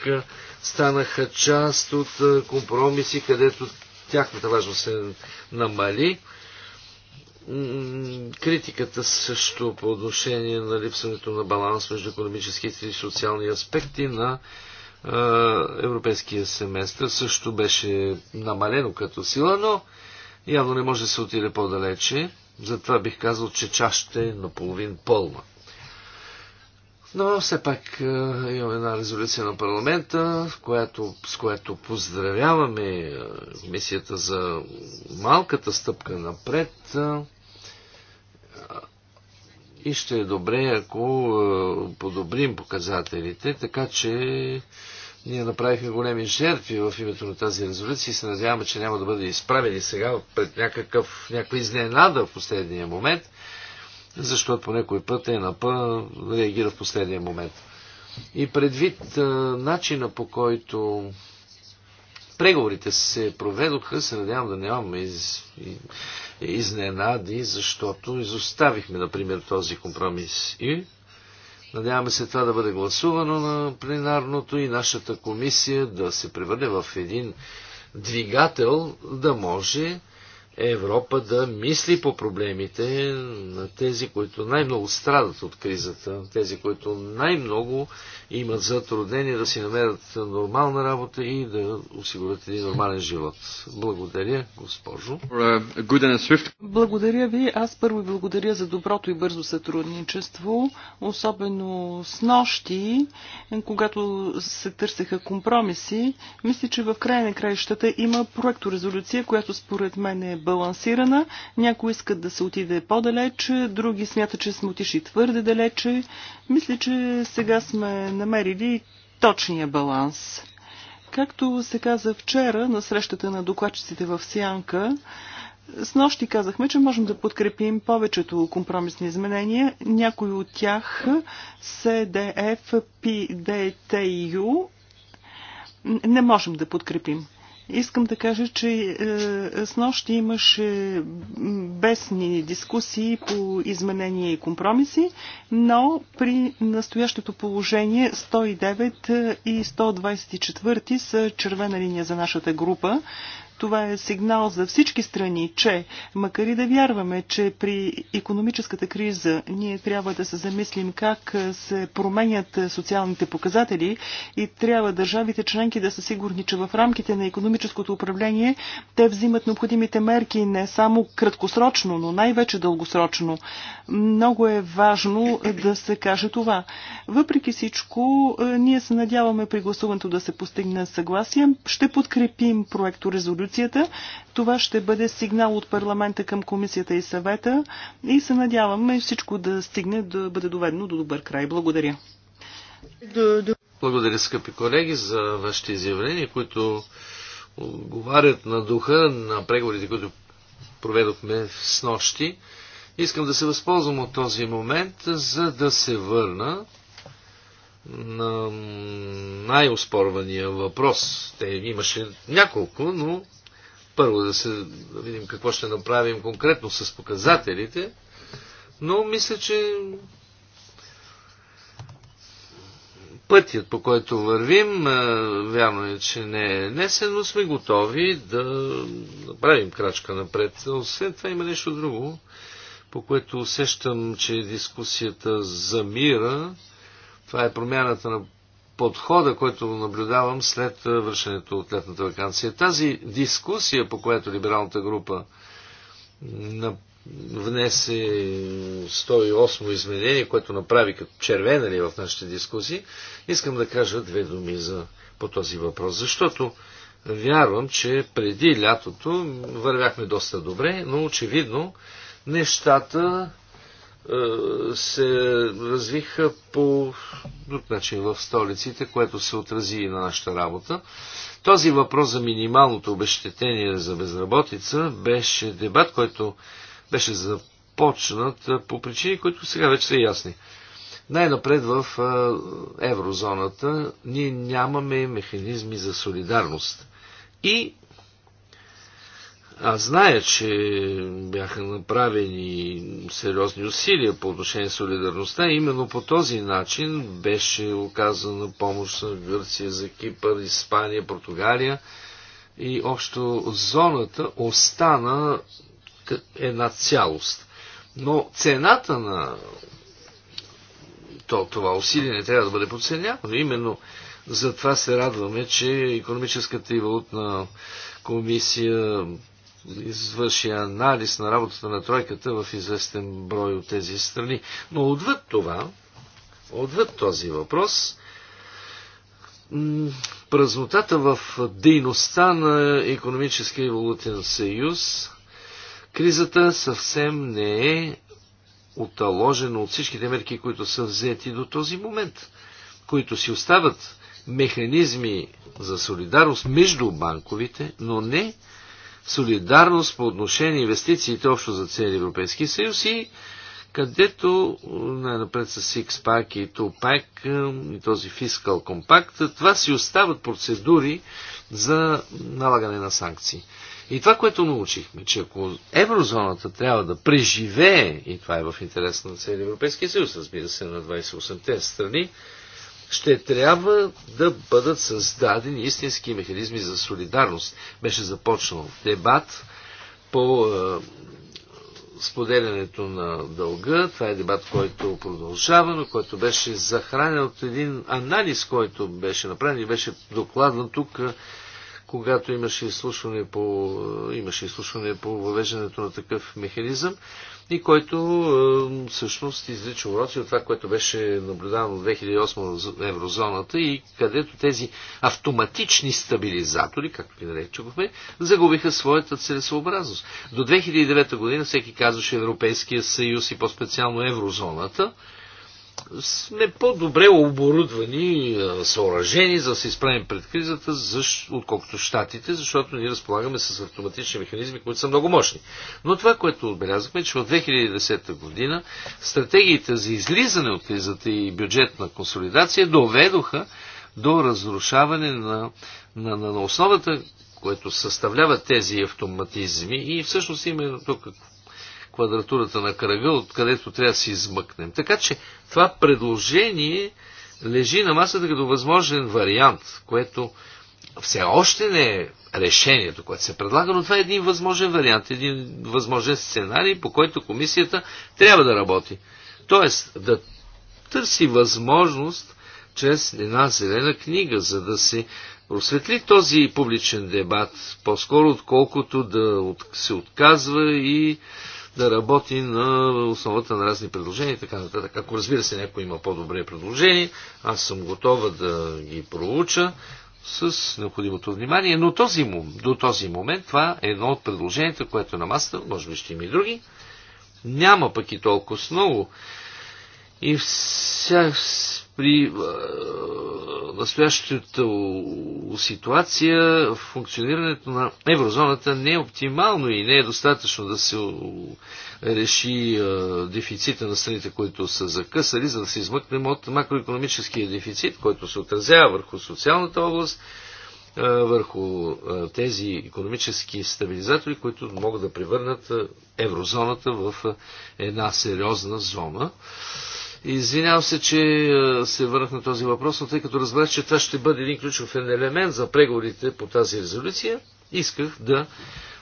станаха част от компромиси, където тяхната важност се намали критиката също по отношение на липсването на баланс между економическите и социални аспекти на европейския семестър също беше намалено като сила, но явно не може да се отиде по-далече. Затова бих казал, че чашата е наполовин пълна. Но все пак е, имаме една резолюция на парламента, която, с която поздравяваме е, мисията за малката стъпка напред. Е, и ще е добре, ако подобрим показателите, така че ние направихме големи жертви в името на тази резолюция и се надяваме, че няма да бъде изправени сега пред някакъв, някаква изненада в последния момент защото по някой път е ЕНАП реагира в последния момент. И предвид начина по който преговорите се проведоха, се надявам да нямаме из, изненади, защото изоставихме, например, този компромис. И надяваме се това да бъде гласувано на пленарното и нашата комисия да се превърне в един двигател, да може Европа да мисли по проблемите на тези, които най-много страдат от кризата, тези, които най-много имат затруднение да си намерят нормална работа и да осигурят един нормален живот. Благодаря, госпожо. Благодаря ви. Аз първо благодаря за доброто и бързо сътрудничество, особено с нощи, когато се търсеха компромиси. Мисля, че в края на краищата има резолюция, която според мен е балансирана. Някои искат да се отиде по-далече, други смятат, че сме отишли твърде далече. Мисля, че сега сме намерили точния баланс. Както се каза вчера на срещата на докладчиците в Сянка, с нощи казахме, че можем да подкрепим повечето компромисни изменения. Някои от тях CDF, PDTU не можем да подкрепим. Искам да кажа, че е, с нощ имаше бесни дискусии по изменения и компромиси, но при настоящото положение 109 и 124 са червена линия за нашата група. Това е сигнал за всички страни, че макар и да вярваме, че при економическата криза ние трябва да се замислим как се променят социалните показатели и трябва държавите членки да са сигурни, че в рамките на економическото управление те взимат необходимите мерки не само краткосрочно, но най-вече дългосрочно. Много е важно да се каже това. Въпреки всичко, ние се надяваме при гласуването да се постигне съгласие. Ще подкрепим проекто резолюция институцията. Това ще бъде сигнал от парламента към комисията и съвета и се надяваме всичко да стигне да бъде доведено до добър край. Благодаря. Благодаря, скъпи колеги, за вашите изявления, които отговарят на духа на преговорите, които проведохме с нощи. Искам да се възползвам от този момент, за да се върна на най-оспорвания въпрос. Те имаше няколко, но първо да се да видим какво ще направим конкретно с показателите, но мисля, че пътят, по който вървим, вярно е, че не е несен, но сме готови да направим крачка напред. Освен това има нещо друго, по което усещам, че дискусията замира. Това е промяната на подхода, който наблюдавам след вършенето от летната вакансия. Тази дискусия, по която либералната група внесе 108 изменение, което направи като червена ли в нашите дискусии, искам да кажа две думи за, по този въпрос. Защото вярвам, че преди лятото вървяхме доста добре, но очевидно нещата е, се развиха по друг начин в столиците, което се отрази и на нашата работа. Този въпрос за минималното обещетение за безработица беше дебат, който беше започнат е, по причини, които сега вече са ясни. Най-напред в е, еврозоната ние нямаме механизми за солидарност. И аз зная, че бяха направени сериозни усилия по отношение на солидарността. Именно по този начин беше оказана помощ на Гърция, за Кипър, Испания, Португалия. И общо зоната остана една цялост. Но цената на то, това усилие не трябва да бъде подценявано. Именно затова се радваме, че економическата и валутна комисия извърши анализ на работата на тройката в известен брой от тези страни. Но отвъд това, отвъд този въпрос, празнотата в дейността на економическия и валутен съюз, кризата съвсем не е оталожена от всичките мерки, които са взети до този момент, които си остават механизми за солидарност между банковите, но не солидарност по отношение инвестициите общо за целия Европейски съюз и където най-напред с Sixpack и Тупак, и този фискал компакт, това си остават процедури за налагане на санкции. И това, което научихме, че ако еврозоната трябва да преживее, и това е в интерес на целия Европейския съюз, разбира се, на 28-те страни, ще трябва да бъдат създадени истински механизми за солидарност. Беше започнал дебат по е, споделянето на дълга. Това е дебат, който продължава, но който беше захранен от един анализ, който беше направен и беше докладван тук, е, когато имаше изслушване по, е, имаше изслушване по въвеждането на такъв механизъм и който всъщност излича уроци от това, което беше наблюдавано в 2008 в еврозоната и където тези автоматични стабилизатори, както ги наречахме, загубиха своята целесообразност. До 2009 година всеки казваше Европейския съюз и по-специално еврозоната, сме по-добре оборудвани, съоръжени, за да се изправим пред кризата, отколкото щатите, защото ние разполагаме с автоматични механизми, които са много мощни. Но това, което отбелязахме, е, че от 2010 година стратегиите за излизане от кризата и бюджетна консолидация доведоха до разрушаване на, на, на, на основата, което съставлява тези автоматизми и всъщност има тук квадратурата на кръга, откъдето трябва да се измъкнем. Така че това предложение лежи на масата като възможен вариант, което все още не е решението, което се предлага, но това е един възможен вариант, един възможен сценарий, по който комисията трябва да работи. Тоест да търси възможност чрез една зелена книга, за да се просветли този публичен дебат, по-скоро отколкото да се отказва и да работи на основата на разни предложения и така нататък. Ако разбира се някой има по-добре предложение, аз съм готова да ги проуча с необходимото внимание, но този, до този момент това е едно от предложенията, което е на масата, може би ще има и други. Няма пък и толкова много. И вся, при настоящата ситуация функционирането на еврозоната не е оптимално и не е достатъчно да се реши дефицита на страните, които са закъсали, за да се измъкнем от макроекономическия дефицит, който се отразява върху социалната област, върху тези економически стабилизатори, които могат да превърнат еврозоната в една сериозна зона. Извинявам се, че се върнах на този въпрос, но тъй като разбрах, че това ще бъде един ключов елемент за преговорите по тази резолюция, исках да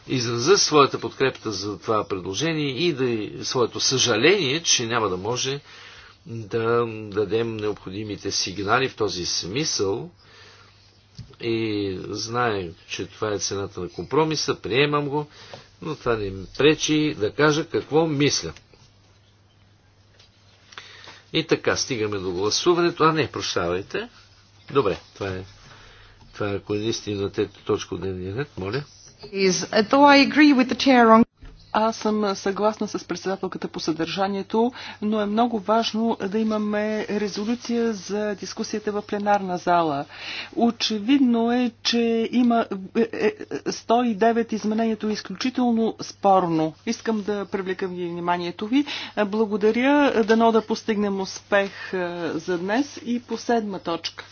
изразя своята подкрепа за това предложение и да своето съжаление, че няма да може да дадем необходимите сигнали в този смисъл. И знаем, че това е цената на компромиса, приемам го, но това не пречи да кажа какво мисля. И така, стигаме до гласуването. А, не, прощавайте. Добре, това е. Това е, ако е наистина точка от дневния ред, моля. Is, uh, аз съм съгласна с председателката по съдържанието, но е много важно да имаме резолюция за дискусията в пленарна зала. Очевидно е, че има 109 е, е, изменението е изключително спорно. Искам да привлекам вниманието ви. Благодаря. Дано да постигнем успех е, за днес и по седма точка.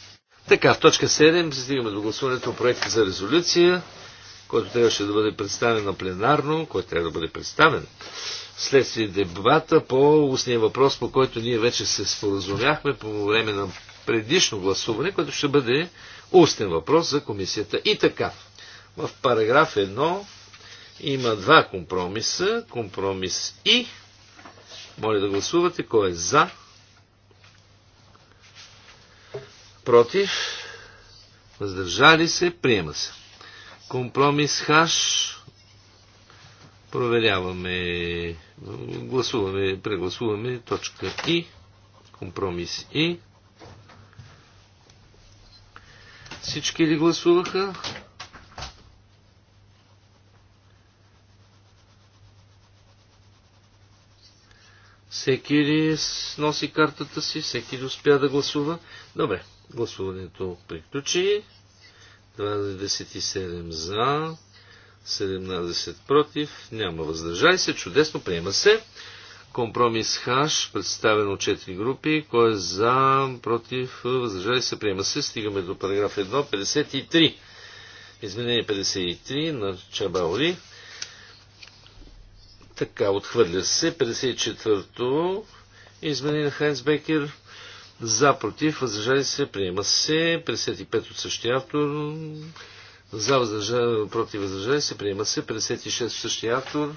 Така, в точка 7 стигаме до гласуването проекта за резолюция който трябваше да бъде представен на пленарно, който трябва да бъде представен следствие дебата по устния въпрос, по който ние вече се споразумяхме по време на предишно гласуване, което ще бъде устен въпрос за комисията. И така, в параграф 1 има два компромиса. Компромис И. Моля да гласувате кой е за. Против. Въздържали се. Приема се. Компромис хаш. Проверяваме, гласуваме, прегласуваме точка И, компромис И. Всички ли гласуваха? Всеки ли носи картата си? Всеки ли успя да гласува? Добре, гласуването приключи. 27 за, 17 против, няма въздържай се. Чудесно, приема се. Компромис ХАШ, представен от 4 групи. Кой е за, против, въздържай се, приема се. Стигаме до параграф 1, 53. Изменение 53 на Чабаори. Така, отхвърля се. 54-то. Изменение на Хайнсбекер, за, против, въздържали се, приема се. 55 от същия автор. За, въздържали, против, въздържали се, приема се. 56 от същия автор.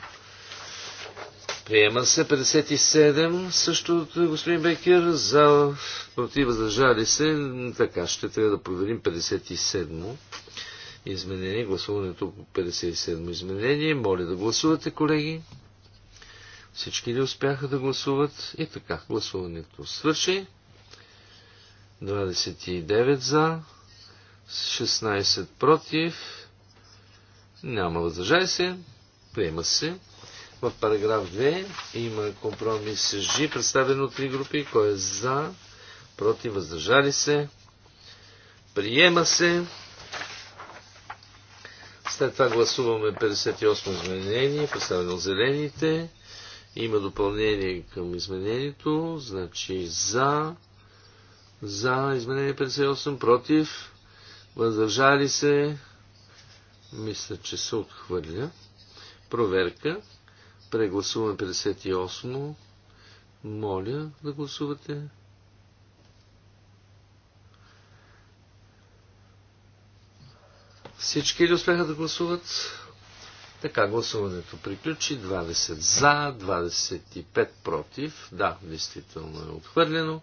Приема се 57 също от господин Бекер за против въздържали се. Така, ще трябва да проверим 57 изменение. Гласуването по 57 изменение. Моля да гласувате, колеги. Всички ли успяха да гласуват? И така, гласуването свърши. 29 за, 16 против, няма въздържали се, приема се. В параграф 2 има компромис Жи, представен от три групи, кой е за, против, въздържали се, приема се. След това гласуваме 58 изменение, представено от зелените. Има допълнение към изменението, значи за, за изменение 58. Против. Въздържали се. Мисля, че се отхвърля. Проверка. Прегласуваме 58. Моля да гласувате. Всички ли успяха да гласуват? Така, гласуването приключи. 20 за, 25 против. Да, действително е отхвърлено.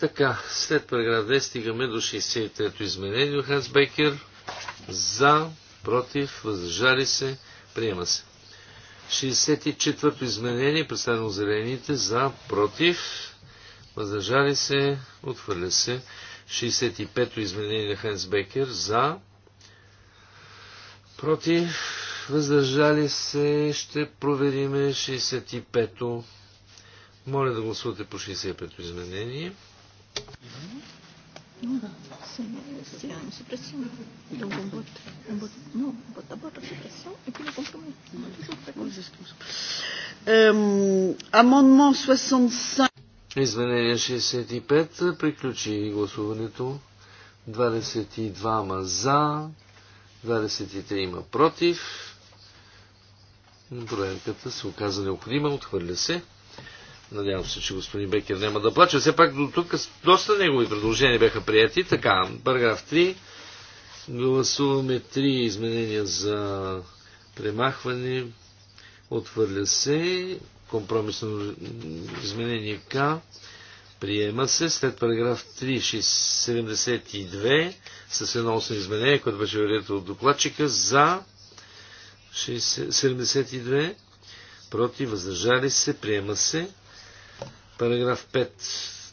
Така, след параграф 2 стигаме до 63-то изменение. Ханс Бекер за, против, въздържали се, приема се. 64-то изменение, представено зелените, за, против, въздържали се, отхвърля се. 65-то изменение на Ханс Бекер за, против, въздържали се, ще провериме 65-то. Моля да гласувате по 65-то изменение. Амонмон 65. Извинение 65. Приключи гласуването. 22 ма за, 23 против. Проверката се оказа необходима. Отхвърля се. Надявам се, че господин Бекер няма да плаче. Все пак до тук доста негови предложения бяха прияти. Така, параграф 3. Гласуваме 3 изменения за премахване. Отвърля се. Компромисно изменение К. Приема се след параграф 372 с едно 8 изменение, което беше вероятно от докладчика за 72 против, въздържали се, приема се. Параграф 5.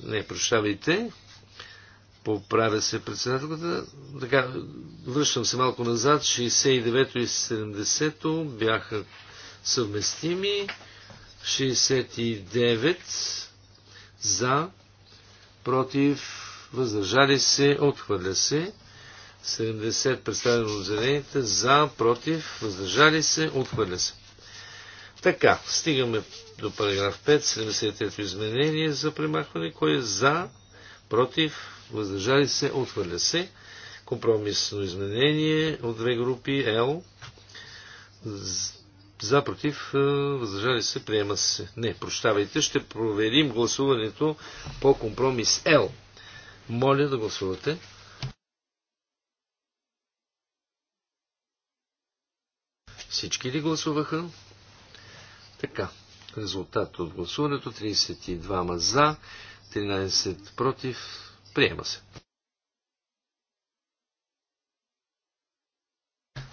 Не, прощавайте. Поправя се председателката. Така, връщам се малко назад. 69 и 70 бяха съвместими. 69 за, против, въздържали се, отхвърля се. 70 представено от зелените, за, против, въздържали се, отхвърля се. Така, стигаме до параграф 5, 73-то изменение за премахване. Кой е за, против, въздържали се, отвърля се. Компромисно изменение от две групи L. За, против, въздържали се, приема се. Не, прощавайте, ще проверим гласуването по компромис L. Моля да гласувате. Всички ли гласуваха? Така, резултат от гласуването 32 за, 13 против, приема се.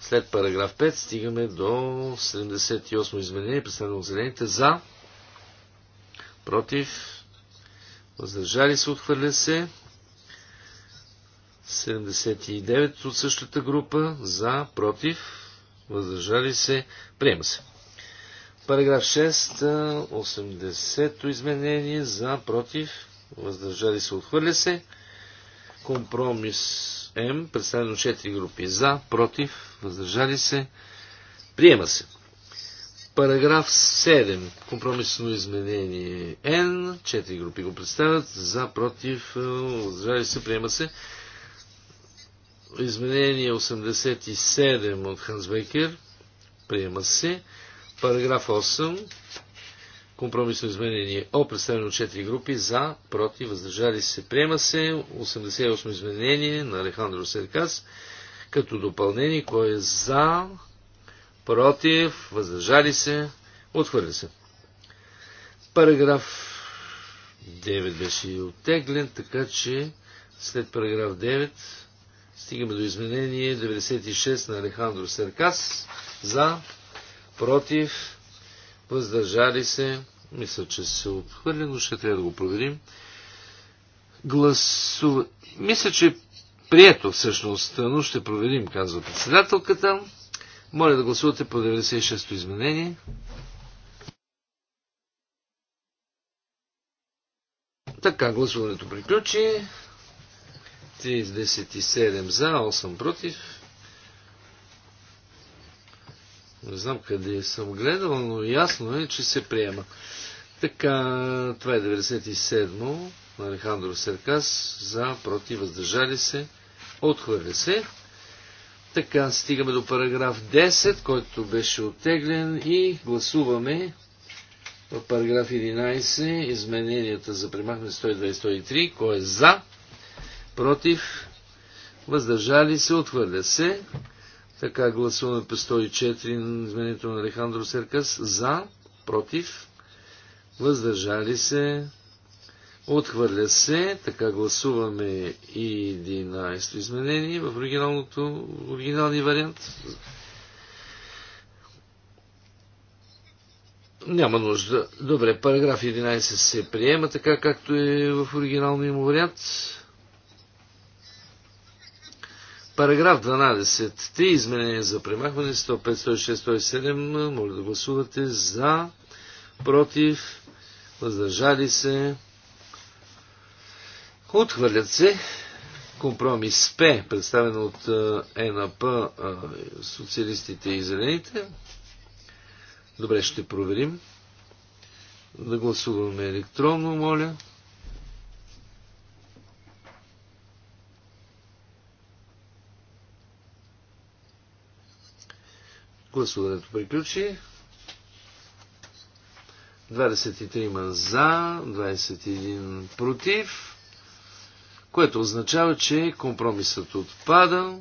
След параграф 5 стигаме до 78 изменение, представено от зелените за, против, въздържали се, отхвърля се. 79 от същата група за, против, въздържали се, приема се. Параграф 6, 80-то изменение за, против, въздържали се, отхвърля се. Компромис М, представено 4 групи за, против, въздържали се, приема се. Параграф 7. Компромисно изменение Н. 4 групи го представят. За, против, въздържали се, приема се. Изменение 87 от Бейкер, Приема се. Параграф 8. Компромисно изменение О, представено от 4 групи. За, против, въздържали се. Приема се 88 изменение на Алехандро Серкас. Като допълнение, кой е за, против, въздържали се, отхвърля се. Параграф 9 беше оттеглен, така че след параграф 9 стигаме до изменение 96 на Алехандро Серкас за против, въздържали се, мисля, че се отхвърли, но ще трябва да го проверим. Гласува... Мисля, че е прието всъщност, но ще проверим, казва председателката. Моля да гласувате по 96-то изменение. Така, гласуването приключи. 37 за, 8 против. Не знам къде съм гледал, но ясно е, че се приема. Така, това е 97 о на Алехандро Серкас за против въздържали се. Отхвърля се. Така, стигаме до параграф 10, който беше оттеглен и гласуваме в параграф 11 измененията за примахване 123. 103 Кой е за? Против? Въздържали се? Отхвърля се. Така, гласуваме по 104 изменението на Алехандро Серкас. За, против, въздържали се, отхвърля се. Така, гласуваме и 11 изменение в оригиналното, оригиналния вариант. Няма нужда. Добре, параграф 11 се приема така, както е в оригиналния му вариант. Параграф 12. Три изменения за премахване 105, 106, 107. Моля да гласувате за, против, въздържали се. Отхвърлят се компромис П, представен от ЕНАП, социалистите и зелените. Добре, ще проверим. Да гласуваме електронно, моля. Гласуването приключи. 23 за, 21 против, което означава, че компромисът отпада,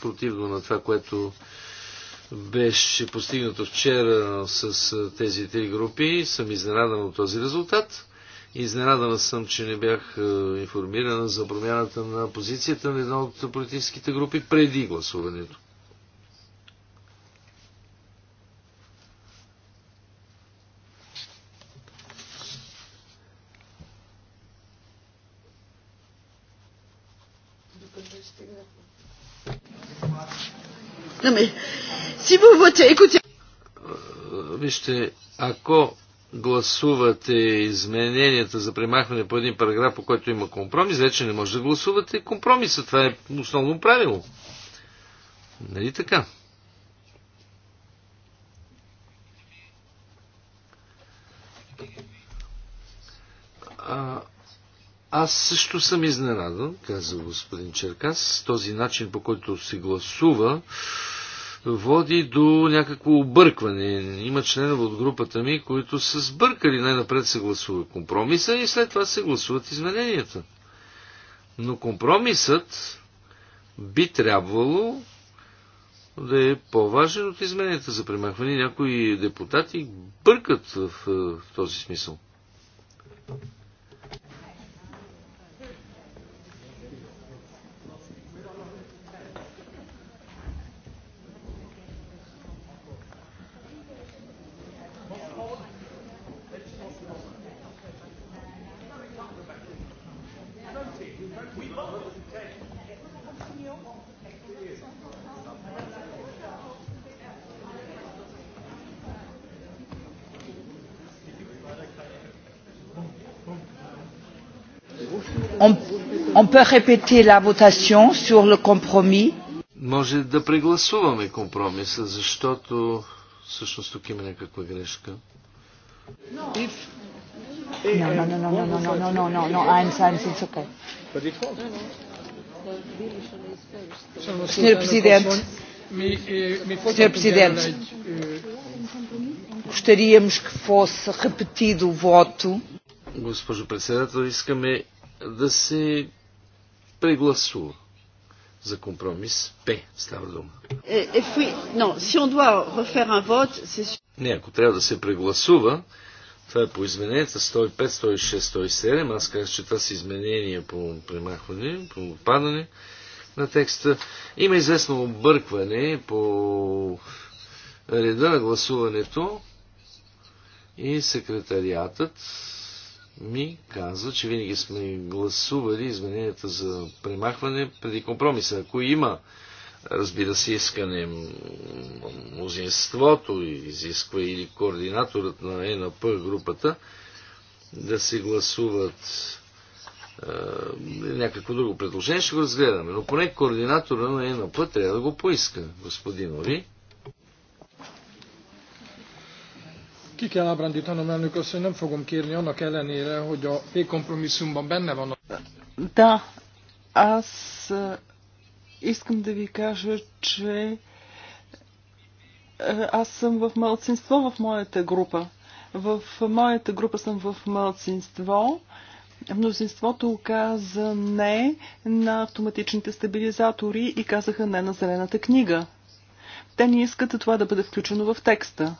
противно на това, което беше постигнато вчера с тези три групи. Съм изненадан от този резултат. Изненадан съм, че не бях е, информирана за промяната на позицията на една от политическите групи преди гласуването. че ако гласувате измененията за премахване по един параграф, по който има компромис, вече не може да гласувате компромиса. Това е основно правило. Нали така? А, аз също съм изненадан, каза господин Черкас, с този начин по който се гласува. А, води до някакво объркване. Има членове от групата ми, които са сбъркали. Най-напред се гласува компромиса и след това се гласуват измененията. Но компромисът би трябвало да е по-важен от измененията за премахване. Някои депутати бъркат в, е, в този смисъл. peut répéter la votation sur le compromis? Може да прегласуваме компромиса, защото всъщност тук има някаква грешка. If No, no, no, no, no, no, no, no, no, no, no, I'm sorry, it's okay. Senhor Presidente, Senhor Presidente, gostaríamos que fosse repetido o voto. Госпожо председател, искаме да се прегласува за компромис П става дума. Е, е, Не, ако трябва да се прегласува, това е по измененията 105, 106, 107. Аз казах, че това са изменения по премахване, по падане на текста. Има известно объркване по реда на гласуването и секретариатът ми казва, че винаги сме гласували измененията за премахване преди компромиса. Ако има, разбира се, искане мнозинството изисква или координаторът на ЕНП групата да се гласуват е, някакво друго предложение, ще го разгледаме. Но поне координатора на ЕНП трябва да го поиска, господин Ори. Ki kell ábrándítanom, elnök hogy nem fogom kérni annak ellenére, hogy a P-kompromisszumban benne van. Да, аз eh, искам да ви кажа, че eh, аз съм в малцинство в моята група. В моята група съм в малцинство. Мнозинството оказа не на автоматичните стабилизатори и казаха не на зелената книга. Те не искат това да бъде включено в текста.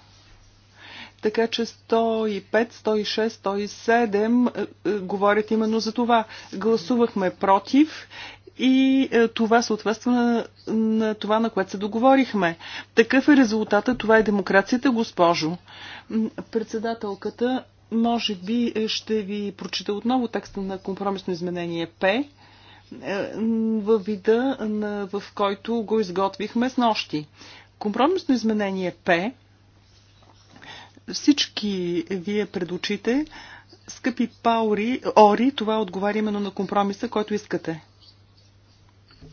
Така че 105, 106, 107 говорят именно за това. Гласувахме против и е, това съответства на, на това, на което се договорихме. Такъв е резултата, това е демокрацията, госпожо. Председателката, може би е, ще ви прочита отново текста на компромисно изменение П е, във вида, в който го изготвихме с нощи. Компромисно изменение П всички вие пред очите. Скъпи Паури, Ори, това отговаря именно на компромиса, който искате.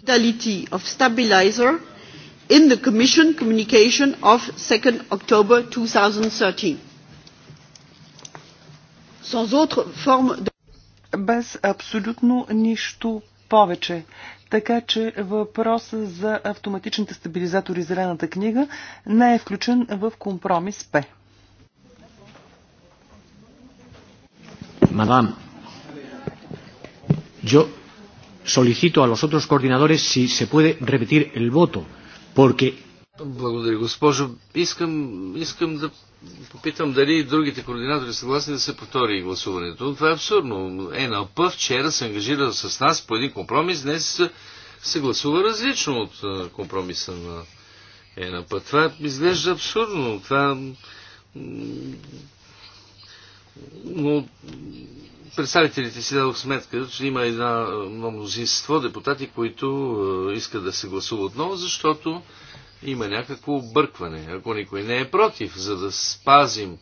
Modality of stabilizer in the Commission communication of 2nd October 2013. Sans autre forme de... Без абсолютно нищо повече. Така че въпроса за автоматичните стабилизатори Зелената книга не е включен в компромис П. Madame, yo solicito a los otros coordinadores si se puede repetir el voto, porque... Благодаря, госпожо. Искам, искам да попитам дали другите координатори съгласни да се повтори гласуването. Това е абсурдно. НЛП вчера се ангажира с нас по един компромис, днес се гласува различно от компромиса на НЛП. Това изглежда абсурдно. Това но представителите си дадох сметка, че има една мнозинство депутати, които е, искат да се гласува отново, защото има някакво объркване. Ако никой не е против, за да спазим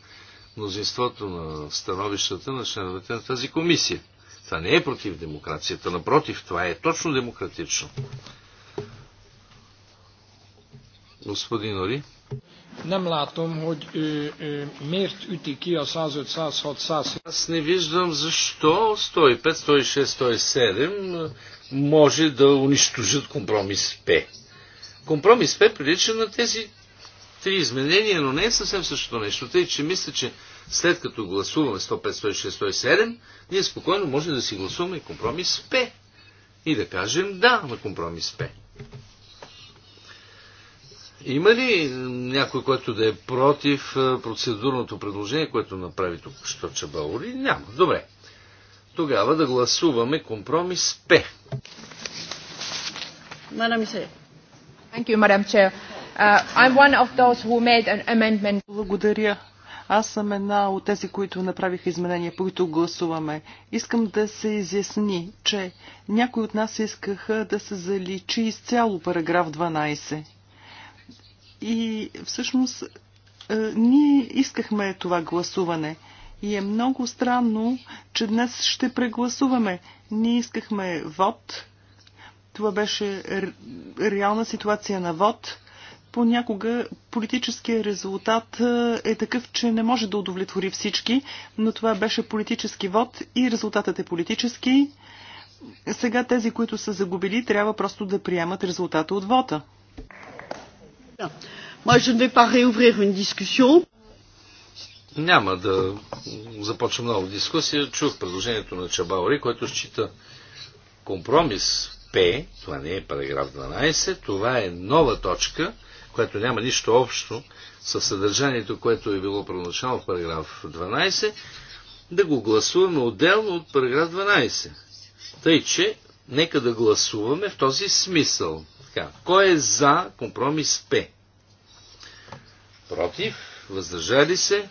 мнозинството на становищата на членовете на тази комисия. Това не е против демокрацията, напротив, това е точно демократично. Господин Ори. Nem látom, hogy ő, ő, miért üti ki a 105, 106, 107. Аз не виждам защо 105, 106, 107 може да унищожат компромис П. Компромис П прилича на тези три изменения, но не е съвсем същото нещо. Тъй, че мисля, че след като гласуваме 105, 106, 107, ние спокойно можем да си гласуваме компромис П. И да кажем да на компромис П. Има ли някой, който да е против е, процедурното предложение, което направи тук що Чабаури? Няма. Добре. Тогава да гласуваме компромис П. Uh, Благодаря. Аз съм една от тези, които направих изменения, по които гласуваме. Искам да се изясни, че някои от нас искаха да се заличи изцяло параграф 12. И всъщност е, ние искахме това гласуване. И е много странно, че днес ще прегласуваме. Ние искахме вод. Това беше реална ситуация на вод. Понякога политическия резултат е, е такъв, че не може да удовлетвори всички, но това беше политически вод и резултатът е политически. Сега тези, които са загубили, трябва просто да приемат резултата от вода. Няма да започвам много дискусия. Чух предложението на Чабаори, което счита компромис П, това не е параграф 12, това е нова точка, която няма нищо общо с съдържанието, което е било първоначално в параграф 12, да го гласуваме отделно от параграф 12. Тъй, че нека да гласуваме в този смисъл. Така, кой е за компромис П? Против, въздържали се,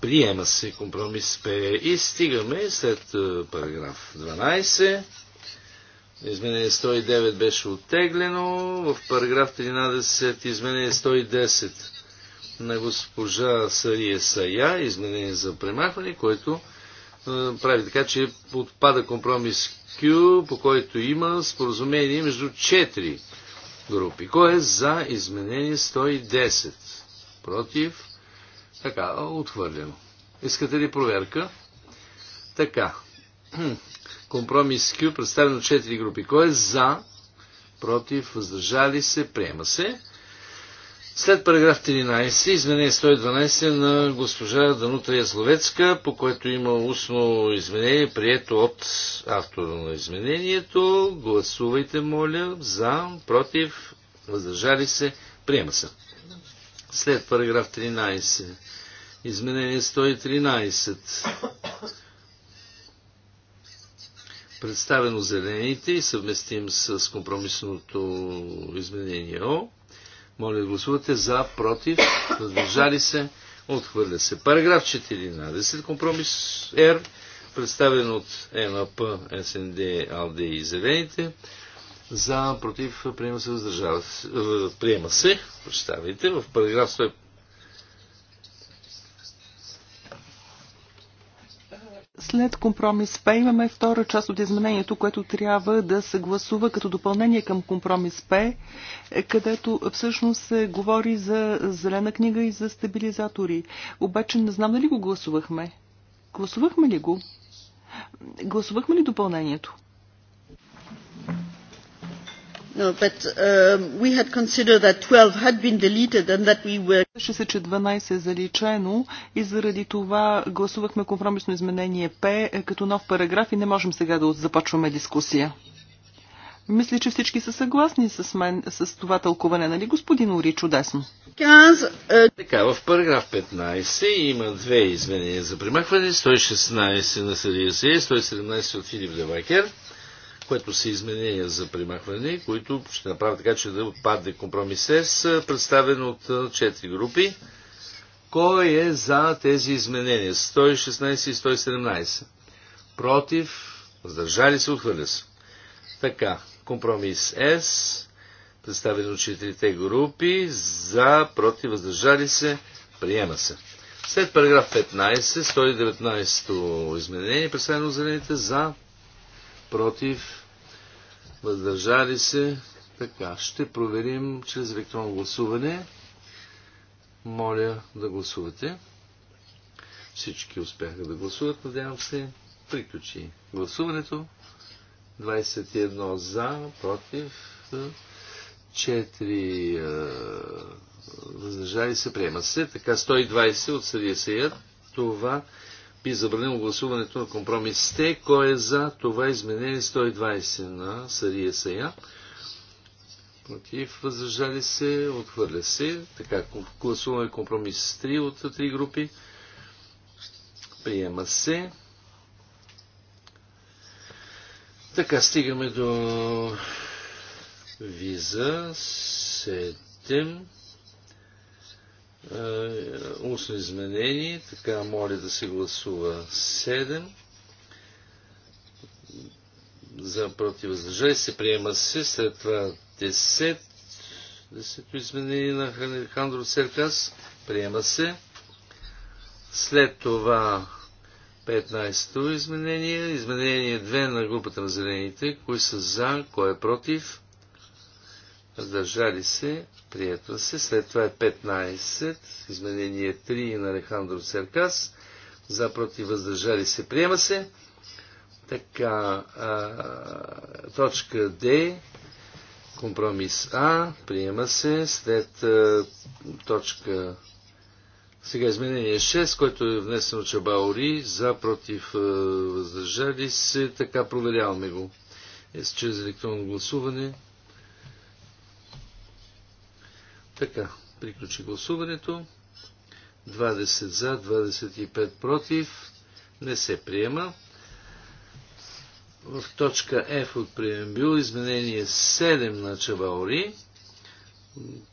приема се компромис П и стигаме след е, параграф 12. Изменение 109 беше оттеглено. В параграф 13 изменение 110 на госпожа Сария Сая, изменение за премахване, което прави така, че отпада компромис Q, по който има споразумение между 4 групи. Кой е за изменение 110? Против? Така, отхвърлено. Искате ли проверка? Така. Компромис Q, представено 4 групи. Кой е за? Против? Въздържали се? Приема се. След параграф 13, изменение 112 на госпожа Данута Язловецка, по което има устно изменение, прието от автора на изменението. Гласувайте, моля, за, против, въздържали се, приема се. След параграф 13, изменение 113, представено зелените и съвместим с компромисното изменение О. Моля гласувате за, против, въздържали се, отхвърля се. Параграф 14. Компромис Р, представен от НАП, СНД, АЛД и Зелените. За, против, приема се, въздържава се. Приема се, представите, в параграф След компромис П имаме втора част от изменението, което трябва да се гласува като допълнение към компромис П, където всъщност се говори за зелена книга и за стабилизатори. Обаче не знам дали го гласувахме. Гласувахме ли го? Гласувахме ли допълнението? No, but um, we had considered that 12 had been deleted and that we were... се, че 12 е заличено и заради това гласувахме компромисно изменение П е, като нов параграф и не можем сега да започваме дискусия. Мисля, че всички са съгласни с мен с това тълкуване, нали, господин Ори, чудесно. Е, така, в параграф 15 има две изменения за примахване, 116 на съдия Съдия, 117 от Филип Девакер което са изменения за примахване, които ще направят така, че да отпадне компромис С, представен от 4 групи. Кой е за тези изменения? 116 и 117. Против, въздържали се, отхвърля се. Така, компромис С, представен от 4 групи, за, против, въздържали се, приема се. След параграф 15, 119 изменение, представено зелените за, против, въздържали се. Така, ще проверим чрез електронно гласуване. Моля да гласувате. Всички успяха да гласуват, надявам се. Приключи гласуването. 21 за, против, 4 въздържали се, приема се. Така 120 от съдия Сеят. Това би забранил гласуването на компромисите. Кой е за това изменение 120 на Сария Сая? Против, въздържали се, отхвърля се. Така, гласуваме компромис 3 от три групи. Приема се. Така, стигаме до виза 7. Е, устно изменение, така моля да се гласува 7. За против въздържали се приема се, след това 10. Десето изменение на Хандро Серкас приема се. След това 15-то изменение, изменение 2 на групата на зелените, кои са за, кой е против, въздържали се, прието се. След това е 15, изменение 3 на Алехандро Серкас, за против въздържали се, приема се. Така, а, точка Д, компромис А, приема се. След а, точка сега изменение 6, който е внесено Чабаори, за против въздържали се, така проверяваме го. Е, чрез електронно гласуване. Така, приключи гласуването. 20 за, 25 против. Не се приема. В точка F от преембюл изменение 7 на Чаваори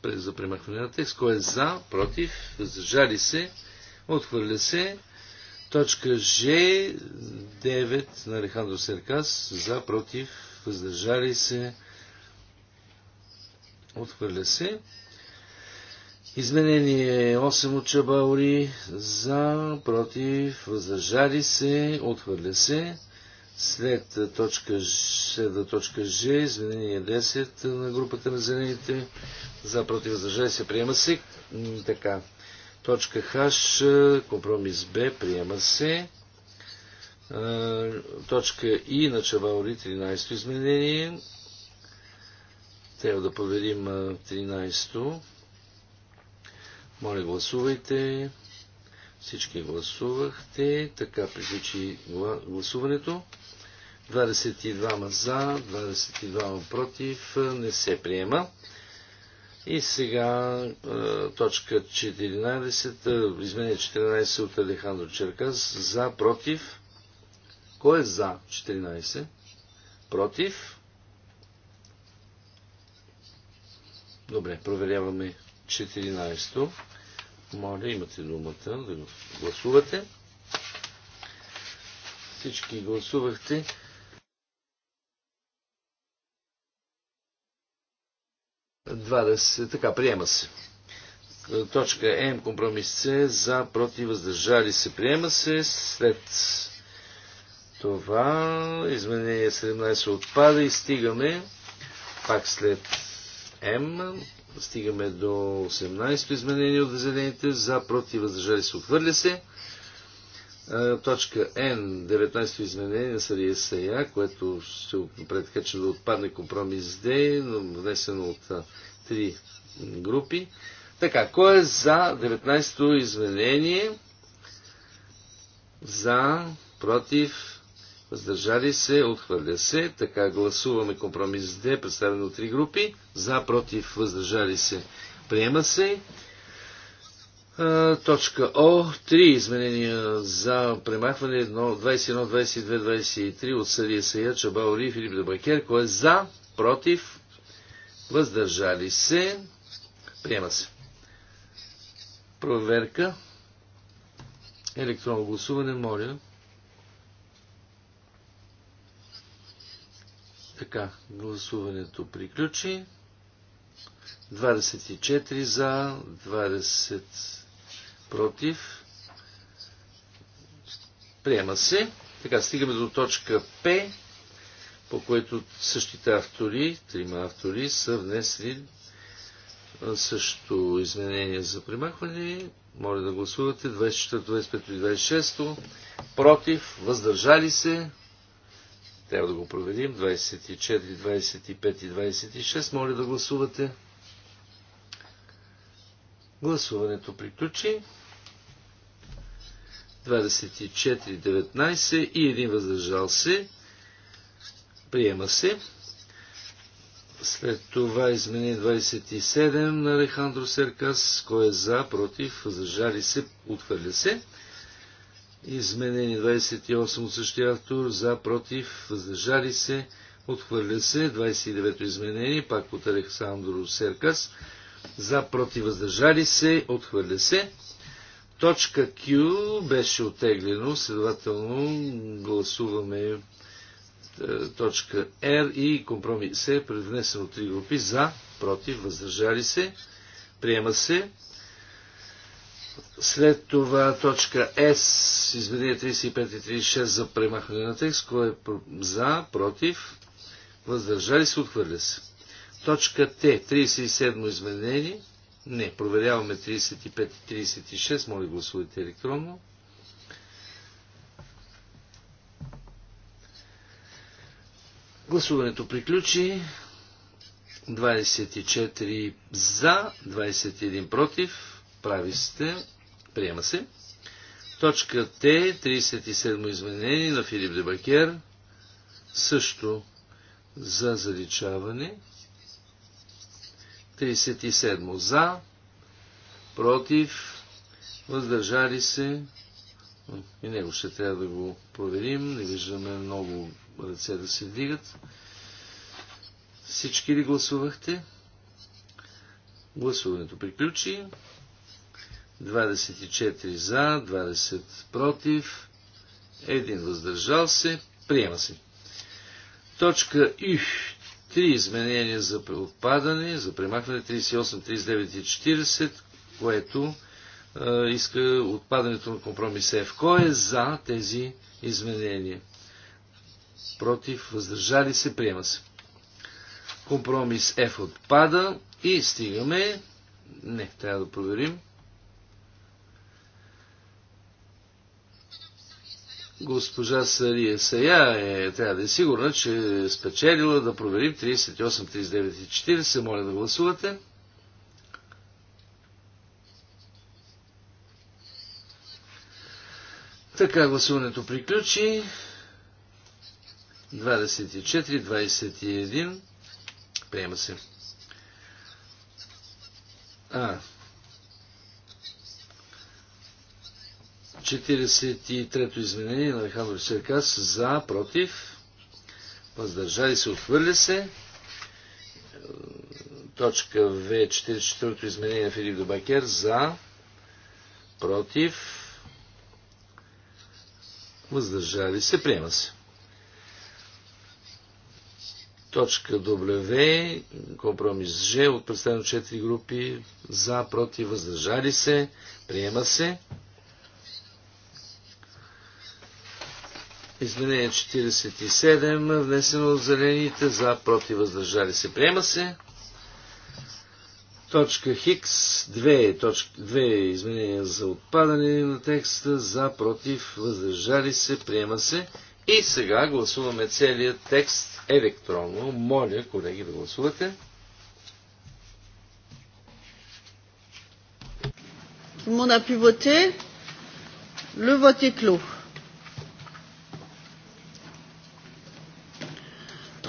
за премахване на текст, кой е за, против, въздържали се, отхвърля се. Точка Ж, 9 на Алехандро Серкас, за, против, въздържали се, отхвърля се. Изменение 8 от Чабаури за, против, въздържали се, отхвърля се. След точка, следва точка Ж, изменение 10 на групата на зелените, за, против, въздържали се, приема се. Така. Точка Х, компромис Б, приема се. Точка И на Чабаури, 13 изменение. Трябва да проверим 13-то. Моля, гласувайте. Всички гласувахте. Така приключи гласуването. 22 за, 22 против. Не се приема. И сега точка 14, изменение 14 от Алехандро Черкас. За, против. Кой е за 14? Против. Добре, проверяваме 14. Моля, имате думата да го гласувате. Всички гласувахте. Така, приема се. Точка М, компромис С, за, против, въздържали се, приема се. След това изменение 17 отпада и стигаме пак след М, Стигаме до 18-то изменение от зелените. За, против, въздържали се, отхвърля се. Точка Н. 19-то изменение на Сария Сея, което ще предка, че да отпадне компромис но внесено от три групи. Така, кой е за 19-то изменение? За, против, въздържали се, отхвърля се. Така гласуваме компромис Д, представен от три групи. За, против, въздържали се, приема се. точка О, три изменения за премахване 21, 22, 23 от Сария Сая, Чабао Ри, Филип Дебакер, кой е за, против, въздържали се, приема се. Проверка. Електронно гласуване, моля. Така, гласуването приключи. 24 за, 20 против. Приема се. Така, стигаме до точка П, по което същите автори, трима автори, са внесли също изменение за примахване. Моля да гласувате 24, 25 и 26. Против, въздържали се. Трябва да го проведим. 24, 25 и 26. Моля да гласувате. Гласуването приключи. 24, 19 и един въздържал се. Приема се. След това измени 27 на Алехандро Серкас, кой е за, против, въздържали се, отхвърля се. Изменение 28 от същия автор. За, против, въздържали се. Отхвърля се. 29-то изменение. Пак от Александро Серкас. За, против, въздържали се. Отхвърля се. Точка Q беше отеглено, следователно гласуваме е, точка R и компромис е превнесен от три групи за, против, въздържали се, приема се. След това точка С, изменение 35 и 36 за премахване на текст, кой е за, против, въздържали се, отхвърля се. Точка Т, 37 изменение, не, проверяваме 35 и 36, моля гласувайте електронно. Гласуването приключи. 24 за, 21 против, прави сте. Приема се. Точка Т, 37 изменение на Филип Дебакер. Също за заличаване. 37 за, против, въздържали се. И него ще трябва да го проверим. Не виждаме много ръце да се вдигат. Всички ли гласувахте? Гласуването приключи. 24 за, 20 против, 1 въздържал се, приема се. Точка И. Три изменения за отпадане, за премахване 38, 39 и 40, което е, иска отпадането на компромис Ф. Кой е за тези изменения? Против, въздържали се, приема се. Компромис Ф отпада и стигаме. Не, трябва да проверим. Госпожа Сария Сая е, трябва да е сигурна, че е спечелила да проверим 38, 39 и 40. Моля да гласувате. Така гласуването приключи. 24, 21. Приема се. А, 43-то изменение на Алехандро Серкас за, против, въздържали се, отвърли се. Точка В, 44-то изменение на Филип Добакер за, против, въздържали се, приема се. Точка W, компромис Ж, от представено 4 групи за, против, въздържали се, приема се. Изменение 47, внесено от зелените, за, против, въздържали се. Приема се. Точка Хикс, две, точка, две изменения за отпадане на текста, за, против, въздържали се, приема се. И сега гласуваме целият текст електронно. Моля, колеги, да гласувате. Tout le monde a pu voter. Le vote est clos.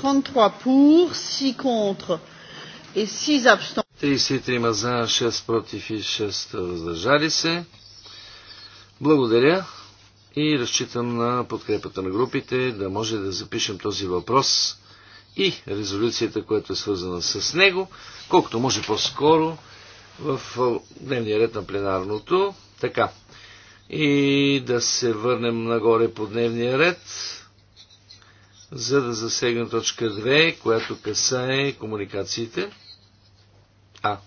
33 pour, 6 contre et 6 33 за, 6 против и 6 въздържали се. Благодаря и разчитам на подкрепата на групите да може да запишем този въпрос и резолюцията, която е свързана с него, колкото може по-скоро в дневния ред на пленарното. Така. И да се върнем нагоре по дневния ред за да засегна точка 2, която касае комуникациите. А.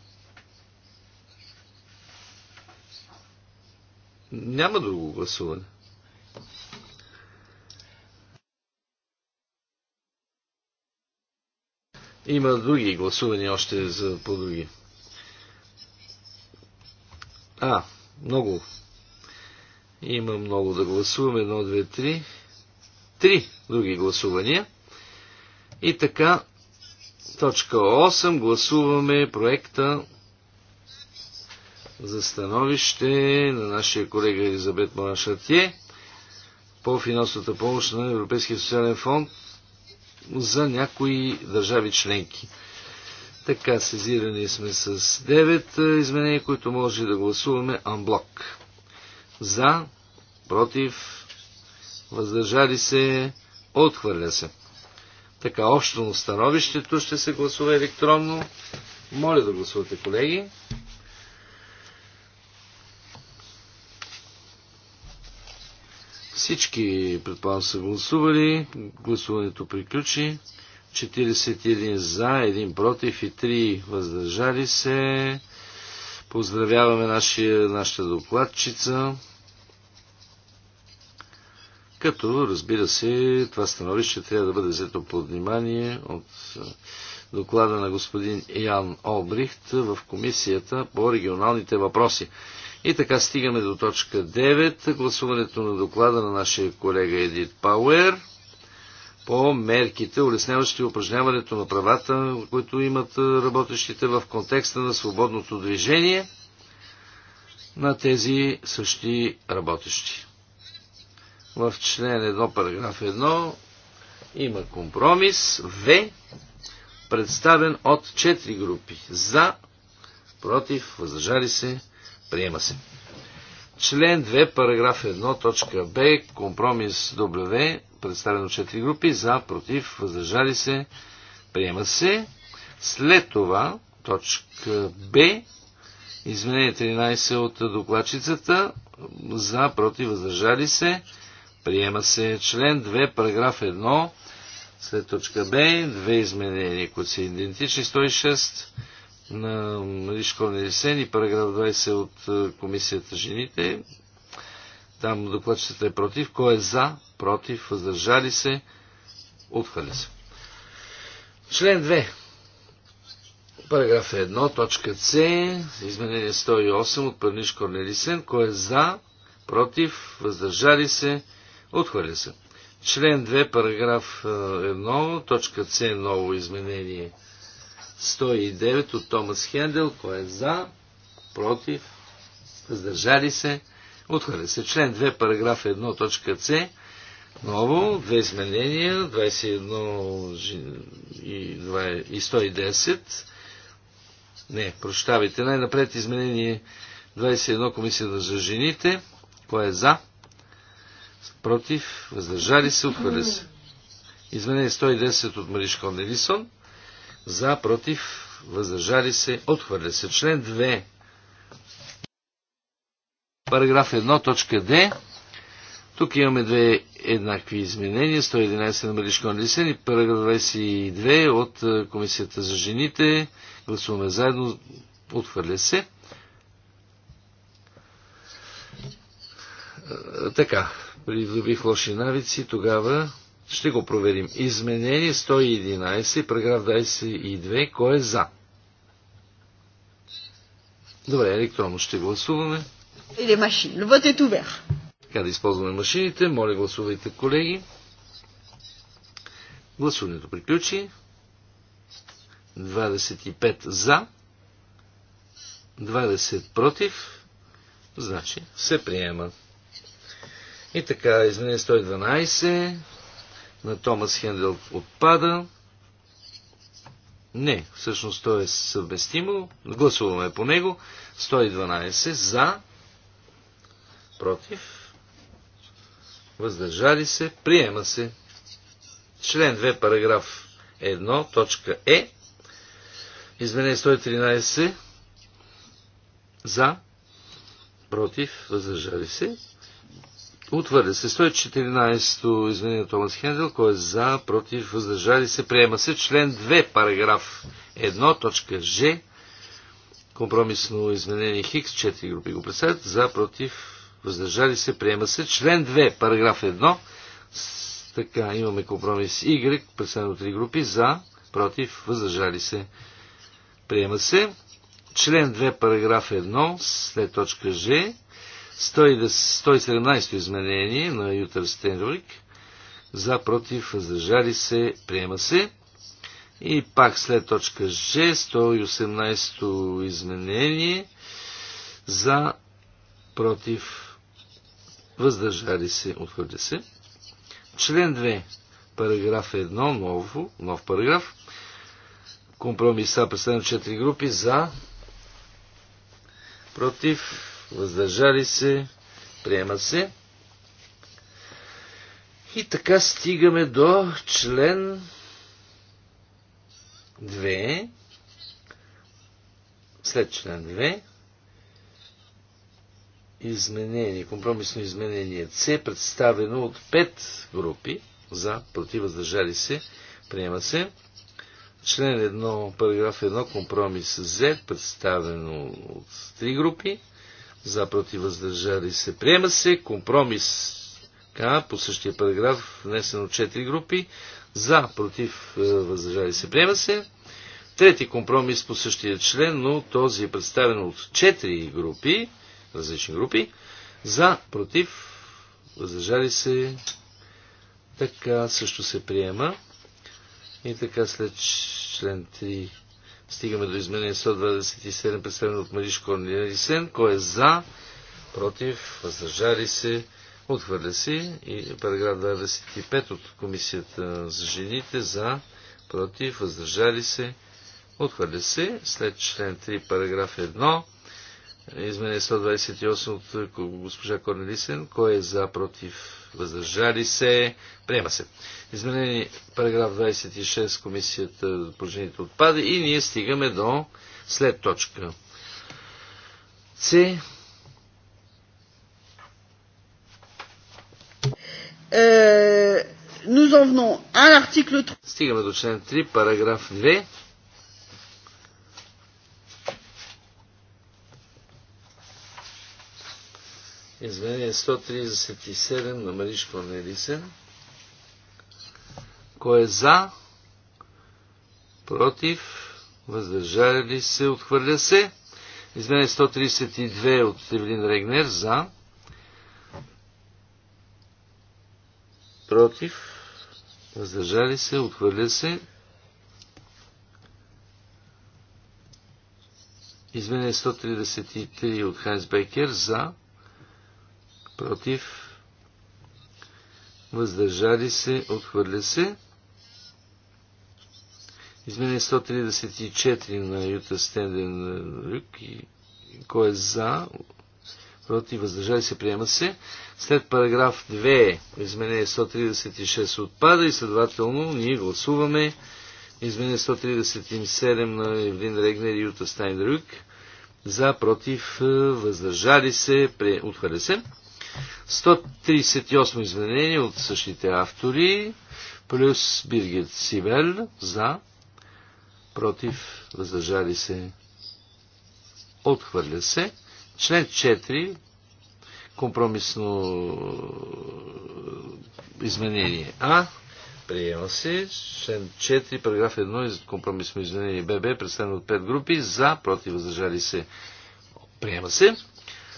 Няма друго гласуване. Има други гласувания още за по други. А, много. Има много да гласуваме. Едно, две, три три други гласувания. И така, точка 8, гласуваме проекта за становище на нашия колега Елизабет Малашатие по финансовата помощ на Европейския социален фонд за някои държави членки. Така, сезирани сме с 9 изменения, които може да гласуваме анблок. За, против, въздържали се, отхвърля се. Така, общо на становището ще се гласува електронно. Моля да гласувате, колеги. Всички, предполагам, са гласували. Гласуването приключи. 41 за, 1 против и 3 въздържали се. Поздравяваме нашия, нашата докладчица. Като, разбира се, това становище трябва да бъде взето под внимание от доклада на господин Ян Олбрихт в Комисията по регионалните въпроси. И така стигаме до точка 9, гласуването на доклада на нашия колега Едит Пауер по мерките, улесняващи упражняването на правата, които имат работещите в контекста на свободното движение на тези същи работещи. В член 1, параграф 1 има компромис В, представен от 4 групи. За, против, въздържали се, приема се. Член 2, параграф 1, точка Б, компромис W, представен от 4 групи, за, против, въздържали се, приема се. След това, точка Б, изменение 13 от докладчицата, за, против, въздържали се, се Приема се член 2, параграф 1, след точка Б, две изменения, които са идентични, 106 на Ришковни Есен и параграф 20 от е, Комисията Жените. Там докладчетата е против. Кой е за? Против. Въздържали се? Отхвърля се. Член 2. Параграф 1, точка С, изменение 108 от Пърниш Корнелисен. Кой е за? Против. Въздържали се? Отхвърля се. Член 2, параграф 1, е, точка С, ново изменение 109 от Томас Хендел. Кой е за? Против? Въздържали се? Отхвърля се. Член 2, параграф 1, точка С, ново, две изменения, 21 и, 110. Не, прощавайте. Най-напред изменение 21 комисия за жените. Кой е за? против, въздържали се, отхвърля се. Изменение 110 от Маришко Нелисон, за, против, въздържали се, отхвърля се. Член 2, параграф 1, точка Д. Тук имаме две еднакви изменения. 111 на Маришко Нелисон и параграф 22 от е, Комисията за жените. Гласуваме заедно, отхвърля се. Е, така, Придобих лоши навици, тогава ще го проверим. Изменение 111, параграф 22, кой е за? Добре, електронно ще гласуваме. Или машин. Лъвът е тувер. Така да използваме машините. Моля, гласувайте, колеги. Гласуването приключи. 25 за, 20 против. Значи се приема. И така, извинение 112 на Томас Хендел отпада. Не, всъщност то е съвместимо. Гласуваме по него. 112 за, против, въздържали се, приема се. Член 2, параграф 1, точка Е. Извинение 113 за, против, въздържали се, Отвърля се 114-то изменение Томас Хендел, кой е за, против, въздържали се, приема се член 2, параграф 1, точка Ж, компромисно изменение Хикс, 4 групи го представят, за, против, въздържали се, приема се член 2, параграф 1, така, имаме компромис Y, представено 3 групи, за, против, въздържали се, приема се, член 2, параграф 1, след точка Ж, 117 изменение на Ютър Стенрик. За, против, въздържали се, приема се. И пак след точка Ж, 118 изменение. За, против, въздържали се, отхвърля се. Член 2, параграф 1, ново, нов параграф. Компромиса, представям 4 групи за, против, въздържали се, приема се. И така стигаме до член 2. След член 2. Изменение, компромисно изменение С, представено от 5 групи за, против, въздържали се, приема се. Член 1, параграф 1, компромис З, представено от 3 групи за против въздържали се. Приема се компромис ка, по същия параграф, внесен от 4 групи, за против е, въздържали се. Приема се. Трети компромис по същия член, но този е представен от 4 групи, различни групи, за против въздържали се. Така също се приема. И така след член 3 Стигаме до изменение 127, представено от Мариш Корнелисен. Кой е за? Против? Въздържали се? Отхвърля се. И параграф 25 от Комисията за жените. За? Против? Въздържали се? Отхвърля се. След член 3, параграф 1 Измене 128 от е, госпожа Корнелисен. Кой е за, против, въздържали се? Приема се. Изменени параграф 26, комисията по жените отпада и ние стигаме до след точка. С. Е, стигаме до член 3, параграф 2. Извинение 137 на Маришко Корнелисен. Кой е за? Против? Въздържали се? Отхвърля се. Извинение 132 от Евелин Регнер. За? Против? Въздържали се? Отхвърля се. Извинение 133 от Хайнс Бекер. За? против, въздържали се, отхвърля се. Измене 134 на Юта Стенден Рюк и кой е за, против, въздържали се, приема се. След параграф 2, изменение 136 отпада и следователно ние гласуваме Измене 137 на Евлин Регнер и Юта Рюк. За, против, въздържали се, отхвърля се. 138 изменения от същите автори, плюс Биргет Сибел за, против, въздържали се, отхвърля се. Член 4, компромисно е, изменение А, приема се. Член 4, параграф 1, компромисно изменение ББ, представено от 5 групи, за, против, въздържали се, приема се.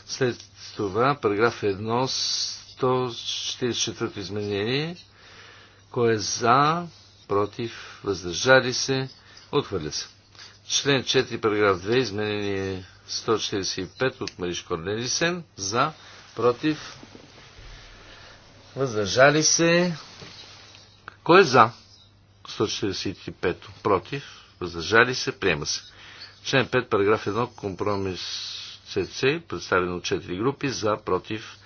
След това, параграф 1, 144 изменение, кой е за, против, въздържали се, отхвърля се. Член 4, параграф 2, изменение 145 от Мариш Корнелисен, за, против, въздържали се. Кой е за? 145. Против, въздържали се, приема се. Член 5, параграф 1, компромис СЦ, представено от 4 групи, за, против,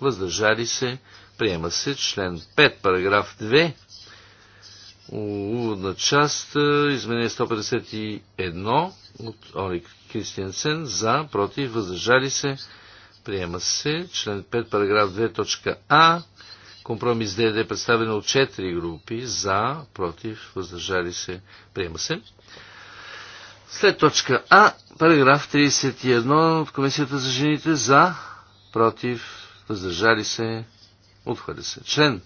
въздържали се, приема се член 5, параграф 2, уводна част, е, изменение 151 от Олик Кристиансен, за, против, въздържали се, приема се, член 5, параграф 2, точка А, компромис ДД, представено от 4 групи, за, против, въздържали се, приема се. След точка А, параграф 31 от Комисията за жените за, против, въздържали се, отхвърля се. Член.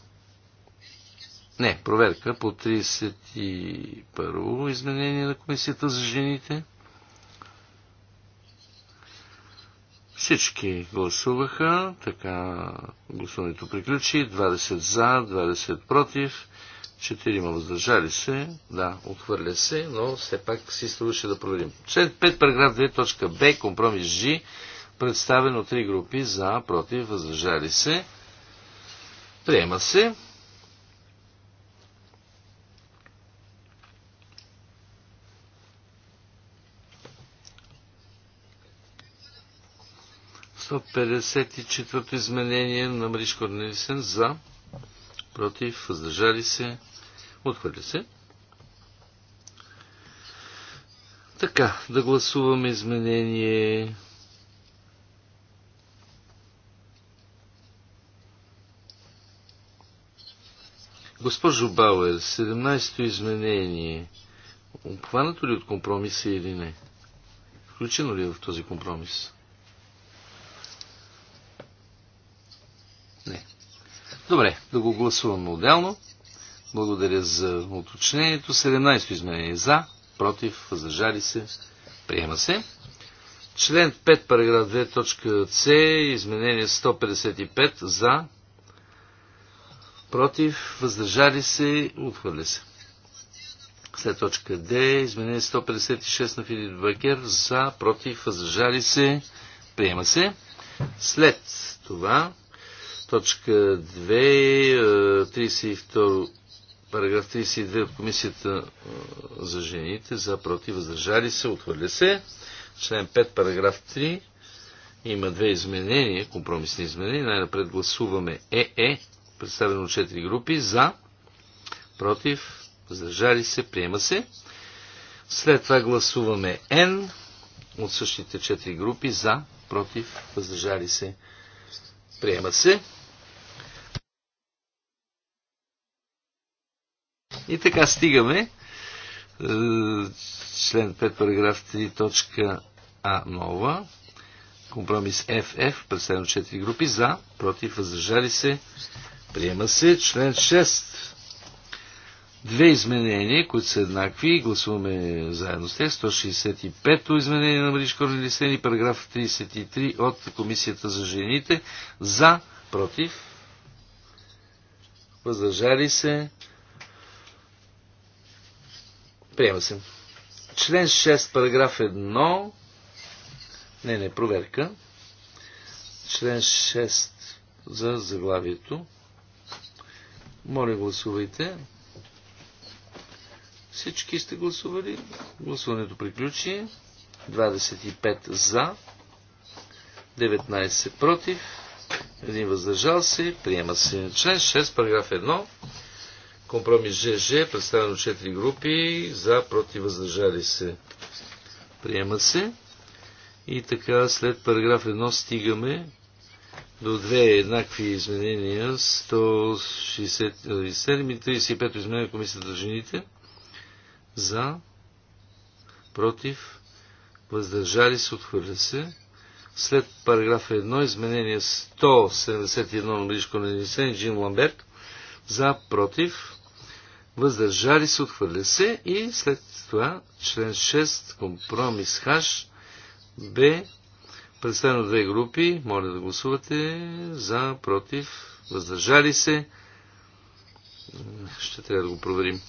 Не, проверка по 31 изменение на Комисията за жените. Всички гласуваха, така гласуването приключи, 20 за, 20 против, Четирима въздържали се. Да, отхвърля се, но все пак си струваше да проверим. Член 5, параграф 2, точка Б, компромис Ж, представен от три групи за, против, въздържали се. Приема се. Сто 54 изменение на Маришко Нелисен за против, въздържали се, отхвърля се. Така, да гласуваме изменение Госпожо Бауер, 17-то изменение, обхванато ли от компромиса или не? Включено ли е в този компромис? Добре, да го гласуваме отделно. Благодаря за уточнението. 17-то изменение за, против, въздържали се, приема се. Член 5, параграф 2, точка С, изменение 155 за, против, въздържали се, отхвърля се. След точка Д, изменение 156 на Филип Бакер, за, против, въздържали се, приема се. След това Точка 2, 32, е, параграф 32 от Комисията е, за жените, за, против, въздържали се, отхвърля се. Член 5, параграф 3. Има две изменения, компромисни изменения. Най-напред гласуваме ЕЕ, е, представено от 4 групи, за, против, въздържали се, приема се. След това гласуваме Н от същите 4 групи, за, против, въздържали се, приема се. И така стигаме. Е, член 5, параграф 3, точка А нова. Компромис ФФ, представено 4 групи. За, против, въздържали се. Приема се. Член 6. Две изменения, които са еднакви. Гласуваме заедно с те. 165-то изменение на Мариш Корнелисен и параграф 33 от Комисията за жените. За, против, въздържали се. Приема се. Член 6, параграф 1. Не, не, проверка. Член 6 за заглавието. Моля, гласувайте. Всички сте гласували. Гласуването приключи. 25 за, 19 против, един въздържал се, приема се. Член 6, параграф 1. Компромис ЖЖ, представено 4 групи, за, против, въздържали се, приемат се. И така, след параграф 1 стигаме до две еднакви изменения, 167 е, и 35 изменения Комисията за жените, за, против, въздържали се, отхвърля се. След параграф 1, изменение 171 на Мришко на Енисен, Джин Ламберт, за, против, въздържали се, отхвърля се и след това член 6, компромис хаш, Б, представено две групи, моля да гласувате за, против, въздържали се, ще трябва да го проверим.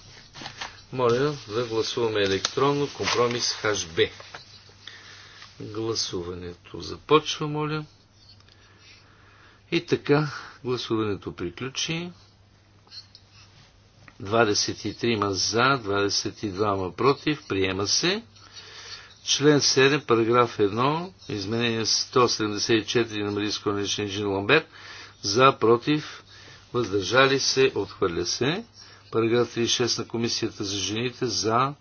Моля да гласуваме електронно компромис HB. Гласуването започва, моля. И така, гласуването приключи. 23 за, 22 против, приема се. Член 7, параграф 1, изменение 174 на Марийско личен Жин Ламбер, за, против, въздържали се, отхвърля се. Параграф 36 на Комисията за жените, за,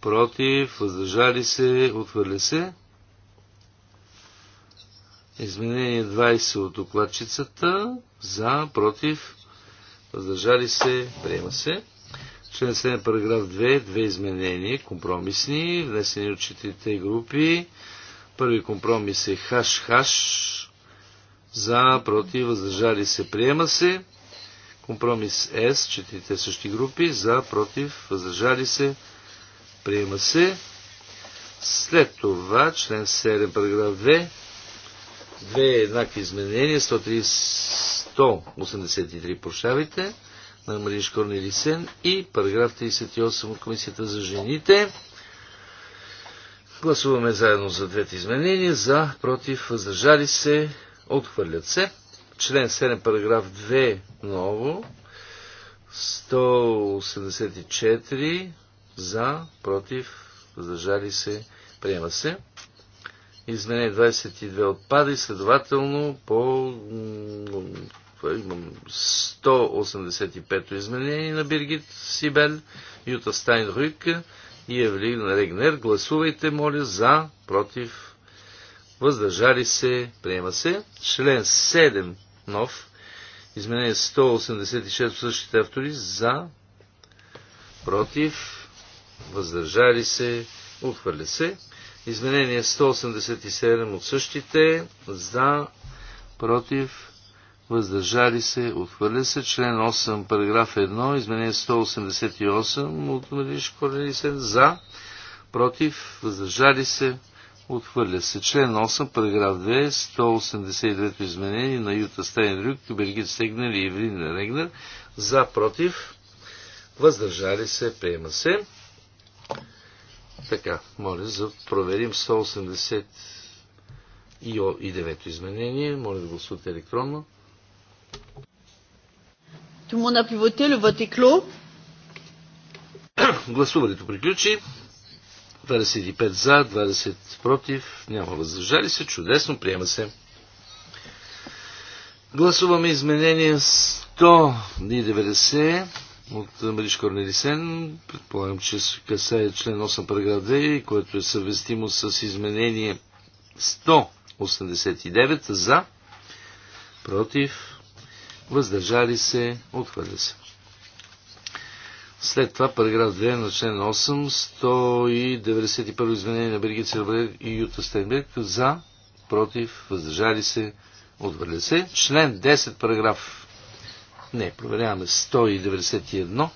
против, въздържали се, отхвърля се. Изменение 20 от докладчицата, за, против, въздържали се, приема се. Член 7, параграф 2, две изменения, компромисни, внесени от четирите групи. Първи компромис е хаш-хаш, за, против, въздържали се, приема се. Компромис С, четирите същи групи, за, против, въздържали се, приема се. След това, член 7, параграф 2, две еднакви изменения, 130 183, прощавайте, на Мариш Корнелисен и параграф 38 от Комисията за жените. Гласуваме заедно за двете изменения. За, против, въздържали се, отхвърлят се. Член 7, параграф 2, ново. 184 за, против, въздържали се, приема се. Изменение 22 отпада и следователно по 185-то изменение на Биргит Сибел, Юта Стайнруйк и Евлин Регнер. Гласувайте, моля, за, против, въздържали се, приема се. Член 7 нов, изменение 186 същите автори, за, против, въздържали се, отхвърля се. Изменение 187 от същите. За, против, въздържали се, отхвърля се. Член 8, параграф 1, изменение 188 от Мариш Ренисен, За, против, въздържали се, отхвърля се. Член 8, параграф 2, 189 изменение на Юта Рюк, Бергит Стегнер и Еврин Регнер. За, против, въздържали се, приема се. Така, моля за проверим 180 и, 9 изменение. Моля да гласувате електронно. Гласуването приключи. 25 за, 20 против, няма въздържали се. Чудесно, приема се. Гласуваме изменение 190 от Мариш Корнелисен. Предполагам, че се касае член 8 параграф 2, което е съвестимо с изменение 189 за, против, въздържали се, отхвърля се. След това параграф 2 на член 8, 191 изменение на Бригит Сербрер и Юта Стенберг за, против, въздържали се, отхвърля се. Член 10, параграф не, проверяваме 191.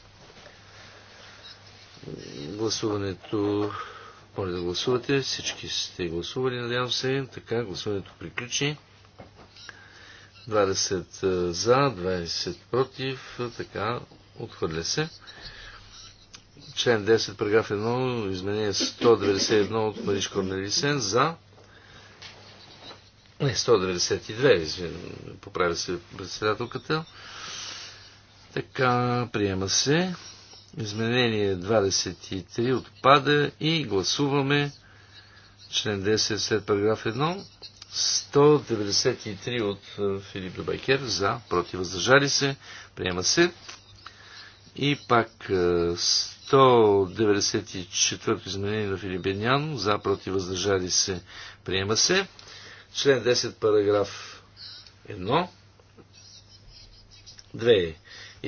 Гласуването. Моля да гласувате. Всички сте гласували, надявам се. Така, гласуването приключи. 20 за, 20 против. Така, отхвърля се. Член 10, параграф 1, изменение 191 от Мариш Корнелисен за. Не, 192, извинявам, поправя се председателката. Така, приема се. Изменение 23 отпада и гласуваме член 10 след параграф 1. 193 от е, Филип Добайкер за, против, въздържали се, приема се. И пак 194 е, изменение на Филип Бенян за, против, въздържали се, приема се. Член 10 параграф 1. 2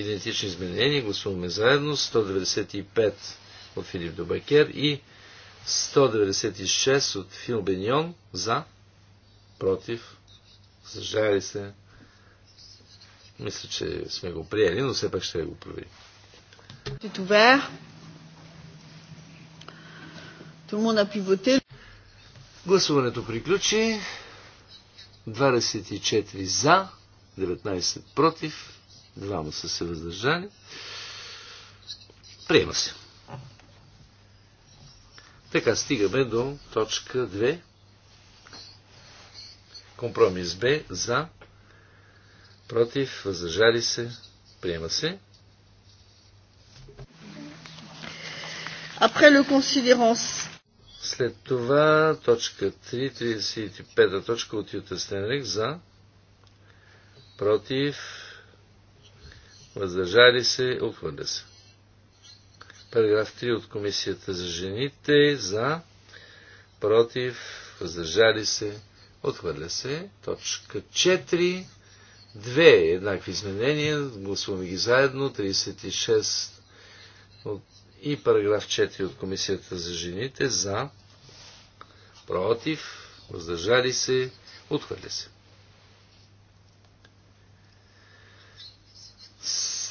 идентични изменения. Гласуваме заедно 195 от Филип Добакер и 196 от Фил Беньон за, против, съжали се. Мисля, че сме го приели, но все пак ще го проверим. Гласуването приключи. 24 за, 19 против, Двама са се въздържали. Приема се. Така стигаме до точка 2. Компромис Б за, против, въздържали се, приема се. Après le considérance. След това точка 3, 35 точка от Ютастенрик за, против, въздържали се, отхвърля се. Параграф 3 от Комисията за жените за, против, въздържали се, отхвърля се. Точка 4. Две еднакви изменения, гласуваме ги заедно, 36 от, и параграф 4 от Комисията за жените за, против, въздържали се, отхвърля се.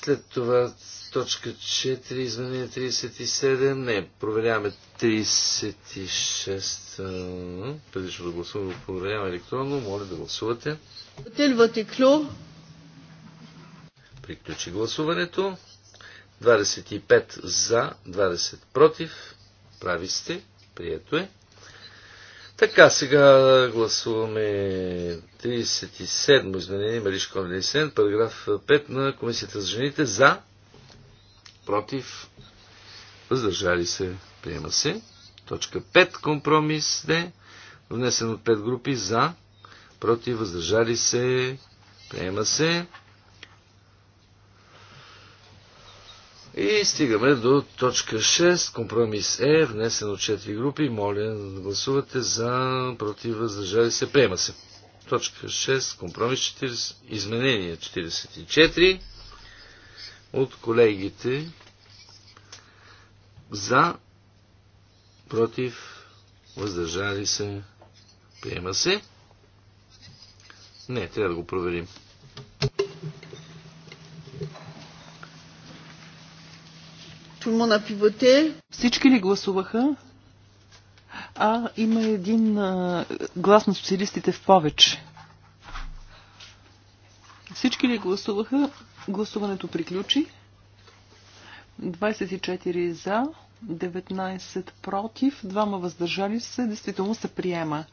След това точка 4, изменение 37. Не, проверяваме 36. предишното гласуване, гласуваме, го проверяваме електронно. Моля да гласувате. Отелвате кло. Приключи гласуването. 25 за, 20 против. Прави сте. Прието е. Така, сега гласуваме 37-мо изменение Маришко Авнесен, параграф 5 на Комисията за жените. За, против, въздържали се, приема се. Точка 5, компромис Д, внесен от 5 групи. За, против, въздържали се, приема се. И стигаме до точка 6, компромис Е, внесен от 4 групи. Моля, да гласувате за, против, въздържали се, приема се. Точка 6, компромис 40, изменение 44 от колегите за, против, въздържали се, приема се. Не, трябва да го проверим. Всички ли гласуваха? А, има един а, глас на социалистите в повече. Всички ли гласуваха? Гласуването приключи. 24 за, 19 против, 2 въздържали се. Действително се приема.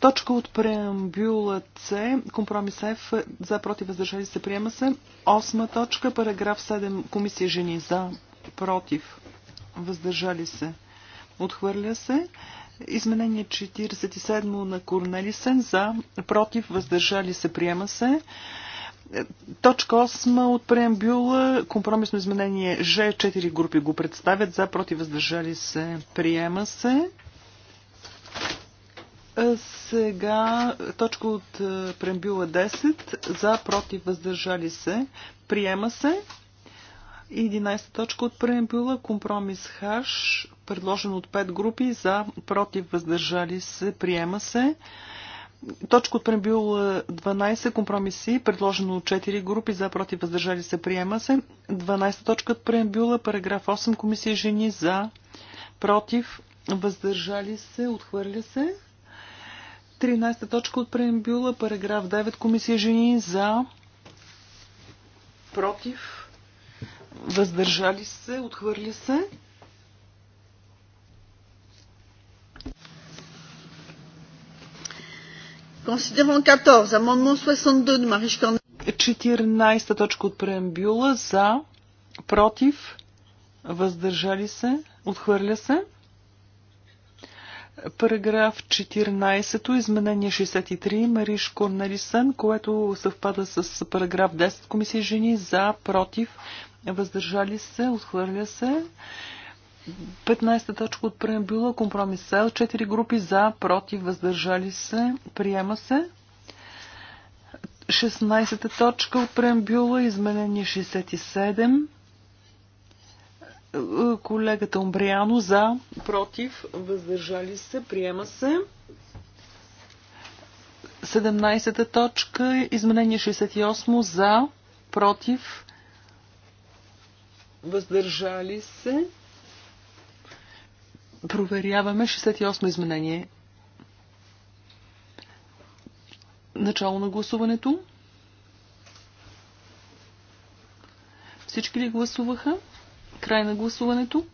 Точка от преамбюла С, компромис F, за против въздържали се, приема се. Осма точка, параграф 7, комисия жени за, против, въздържали се, отхвърля се. Изменение 47 на Корнелисен за, против, въздържали се, приема се. Точка 8 от преамбюла. Компромисно изменение Ж. 4 групи го представят. За, против, въздържали се, приема се. Сега точка от преамбюла 10. За, против, въздържали се, приема се. 11 точка от преембюла компромис ХАШ, предложен от 5 групи за против въздържали се, приема се. Точка от преамбюл 12, компромиси, предложено от 4 групи, за против въздържали се, приема се. 12 точка от преамбюла, параграф 8, комисия жени, за против въздържали се, отхвърля се. 13 точка от преамбюла, параграф 9, комисия жени, за против въздържали се, отхвърля се. Considérant 14, amendement 62 de Marie 14 точка от преамбюла за, против, въздържали се, отхвърля се. Параграф 14, изменение 63, Мариш Корнелисън, което съвпада с параграф 10, комисия жени за, против, въздържали се, отхвърля се. 15-та точка от преамбюла, компромис СЕЛ, 4 групи за, против, въздържали се, приема се. 16-та точка от преамбюла, изменение 67. Колегата Умбриано за, против, въздържали се, приема се. 17-та точка, изменение 68 за, против, въздържали се. Проверяваме 68 изменение. Начало на гласуването. Всички ли гласуваха? Край на гласуването.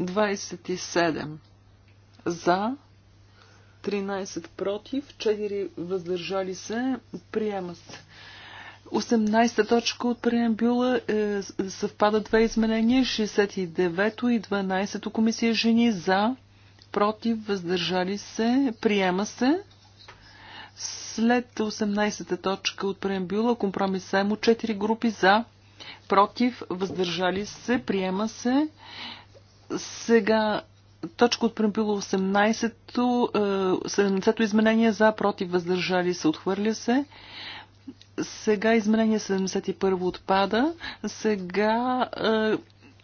27 за, 13 против, 4 въздържали се, приема се. 18-та точка от преамбюла е, съвпада две изменения, 69-то и 12-то комисия жени за, против, въздържали се, приема се. След 18-та точка от преамбюла компромис само 4 групи за, против, въздържали се, приема се. Сега точка от преамбюла 18-то, 70-то е, изменение за, против, въздържали се, отхвърля се. Сега изменение 71 отпада. Сега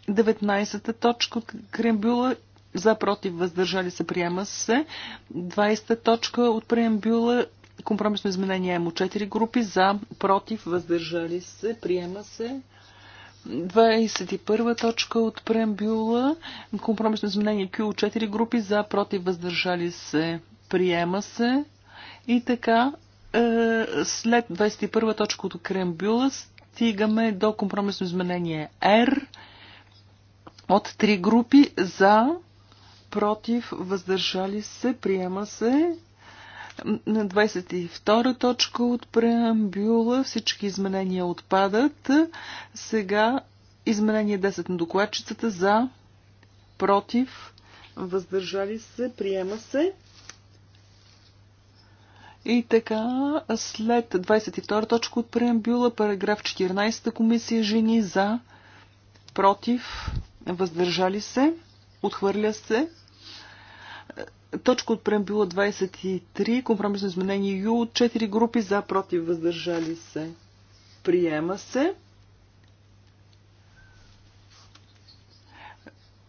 19-та е, точка от Крембюла за против въздържали се приема се. 20-та точка от преембюла, компромисно изменение му 4 групи за против въздържали се приема се. 21 точка от преамбюла компромисно изменение Q 4 групи за против въздържали се приема се. И така е, след 21 точка от Крембюла стигаме до компромисно изменение R от три групи за, против, въздържали се, приема се. На 22 точка от преамбюла всички изменения отпадат. Сега изменение 10 на докладчицата за, против, въздържали се, приема се. И така, след 22 точка от преамбюла, параграф 14 комисия жени за, против, въздържали се, отхвърля се. Точка от преамбюла 23, компромисно изменение Ю, 4 групи за, против, въздържали се, приема се.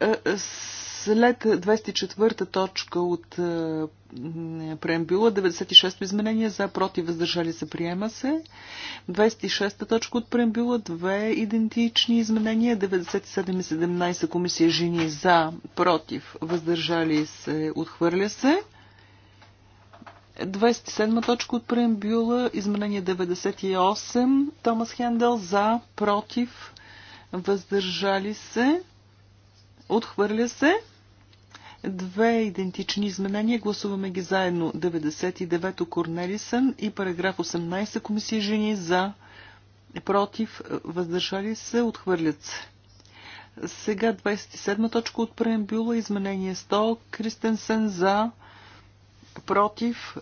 С е, е, след 24-та точка от е, преамбюла, 96-то изменение за против въздържали се приема се. 26-та точка от преамбюла, две идентични изменения, 97 и 17 комисия жени за против въздържали се отхвърля се. 27 точка от преамбюла, изменение 98, Томас Хендел за, против, въздържали се, отхвърля се. Две идентични изменения. Гласуваме ги заедно. 99-то Корнелисън и параграф 18 комисия жени за против, въздържали се, отхвърлят се. Сега 27 точка от преамбюла, изменение 100, Кристенсен за, против,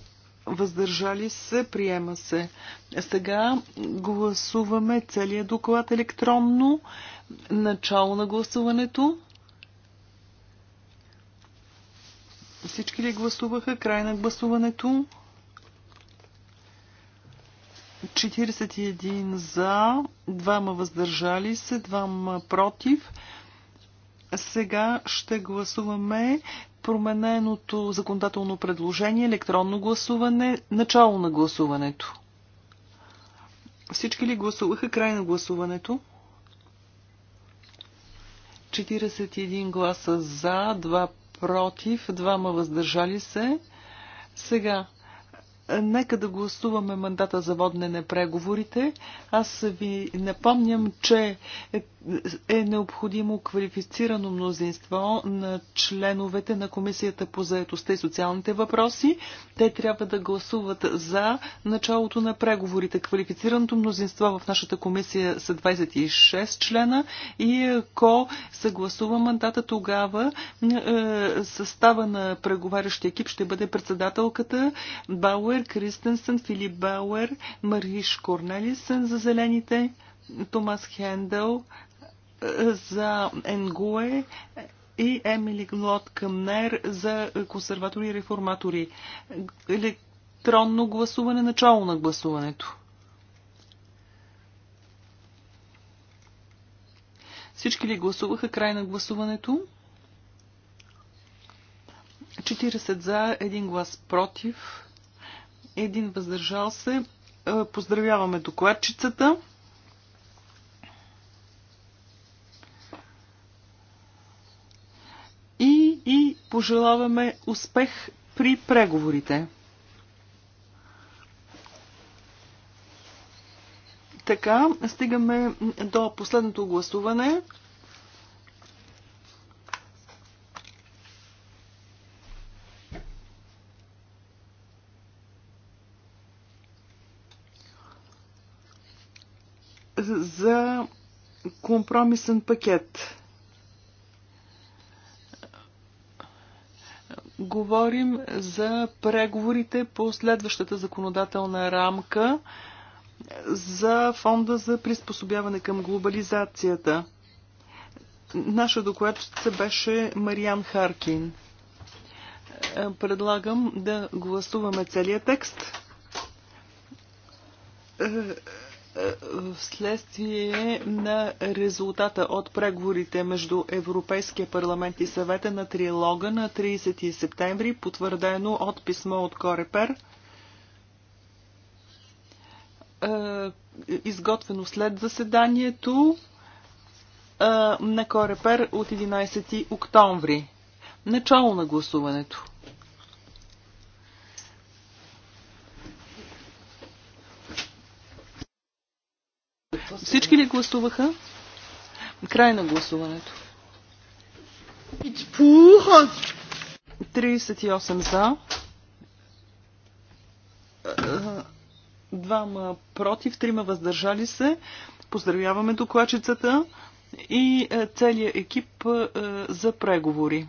въздържали се, приема се. Сега гласуваме целият доклад електронно, начало на гласуването. Всички ли гласуваха? Край на гласуването. 41 за, 2 въздържали се, 2 против. Сега ще гласуваме промененото законодателно предложение, електронно гласуване, начало на гласуването. Всички ли гласуваха край на гласуването? 41 гласа за, 2 против, двама въздържали се. Сега Нека да гласуваме мандата за водне на преговорите. Аз ви напомням, че е необходимо квалифицирано мнозинство на членовете на Комисията по заедостта и социалните въпроси. Те трябва да гласуват за началото на преговорите. Квалифицираното мнозинство в нашата комисия са 26 члена и ако се гласува мандата, тогава е, състава на преговарящия екип ще бъде председателката Бауер Мулдър, Кристенсън, Филип Бауер, Мариш Корнелисън за зелените, Томас Хендел е, за Енгуе и Емили Глот Къмнер за консерватори и реформатори. Електронно гласуване, начало на гласуването. Всички ли гласуваха край на гласуването? 40 за, 1 глас против един въздържал се. Е, поздравяваме докладчицата. И, и пожелаваме успех при преговорите. Така, стигаме до последното гласуване. компромисен пакет. Говорим за преговорите по следващата законодателна рамка за фонда за приспособяване към глобализацията. Наша докладчица беше Мариан Харкин. Предлагам да гласуваме целият текст е, вследствие на резултата от преговорите между Европейския парламент и съвета на трилога на 30 септември, потвърдено от писмо от Корепер, е, изготвено след заседанието е, на Корепер от 11 октомври. Начало на гласуването. Всички ли гласуваха? Край на гласуването. 38 за. Двама против, трима въздържали се. Поздравяваме докладчицата и е, целият екип е, за преговори.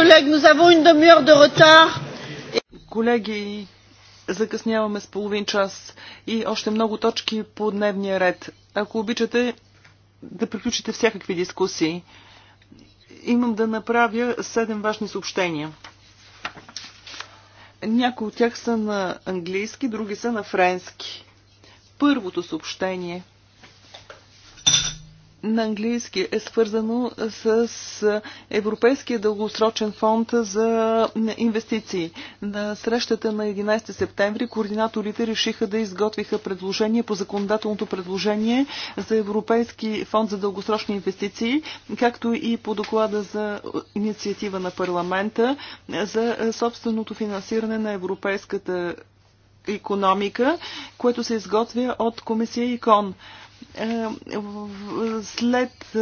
collègues, nous avons une demi-heure de retard. Колеги, закъсняваме с половин час и още много точки по дневния ред. Ако обичате да приключите всякакви дискусии, имам да направя седем важни съобщения. Някои от тях са на английски, други са на френски. Първото съобщение – на английски е свързано с Европейския дългосрочен фонд за инвестиции. На срещата на 11 септември координаторите решиха да изготвиха предложение по законодателното предложение за Европейски фонд за дългосрочни инвестиции, както и по доклада за инициатива на парламента за собственото финансиране на Европейската економика, което се изготвя от комисия ИКОН. Е, след е,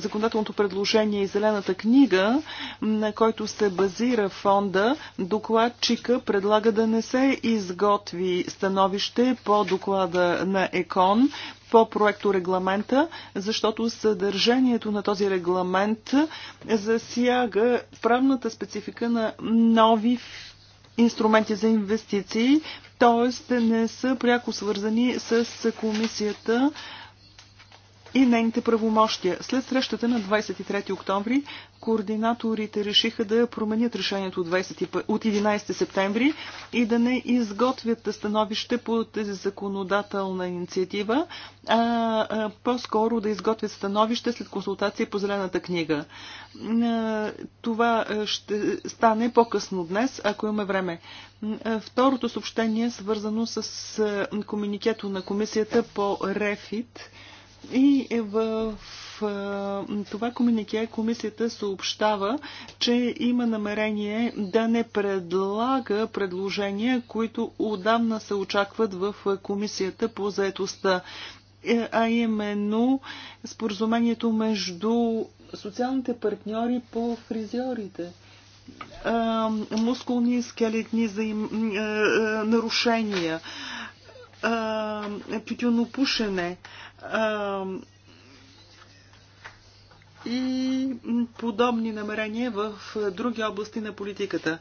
законодателното предложение и зелената книга, на който се базира фонда, докладчика предлага да не се изготви становище по доклада на ЕКОН, по проекто регламента, защото съдържанието на този регламент засяга правната специфика на нови инструменти за инвестиции, т.е. не са пряко свързани с комисията и нейните правомощия. След срещата на 23 октомври, координаторите решиха да променят решението от, 20, от 11 септември и да не изготвят становище по тази законодателна инициатива, а по-скоро да изготвят становище след консултация по Зелената книга. Това ще стане по-късно днес, ако имаме време. Второто съобщение е свързано с комуникето на комисията по РЕФИТ – и в това комунике комисията съобщава, че има намерение да не предлага предложения, които отдавна се очакват в комисията по заетостта е, а именно споразумението между социалните партньори по фризьорите мускулни и скелетни заим... нарушения, тютюнопушене, и подобни намерения в други области на политиката.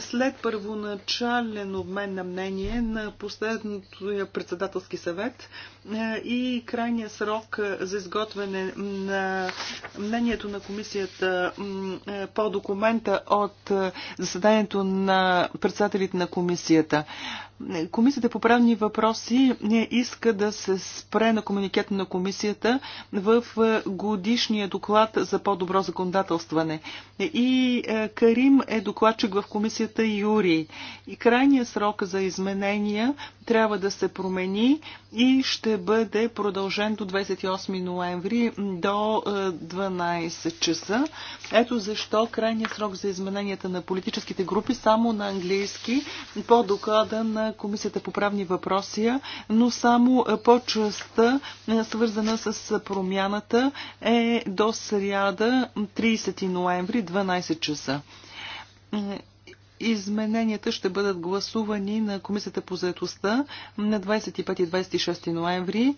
След първоначален обмен на мнение на последното председателски съвет е, и крайния срок е, за изготвяне на мнението на комисията е, по документа от заседанието на председателите на комисията. Комисията по правни въпроси иска да се спре на комуникет на комисията в е, годишния доклад за по-добро законодателстване. И е, Карим е докладчик в комисията Юрий. И крайният срок за изменения трябва да се промени и ще бъде продължен до 28 ноември до 12 е, часа. Ето защо крайният срок за измененията на политическите групи само на английски по доклада на Комисията по правни въпроси, но само е, по частта, е, свързана с промяната, е до сряда 30 ноември 12 часа. Е, измененията ще бъдат гласувани на Комисията по заедостта на 25 и 26 ноември.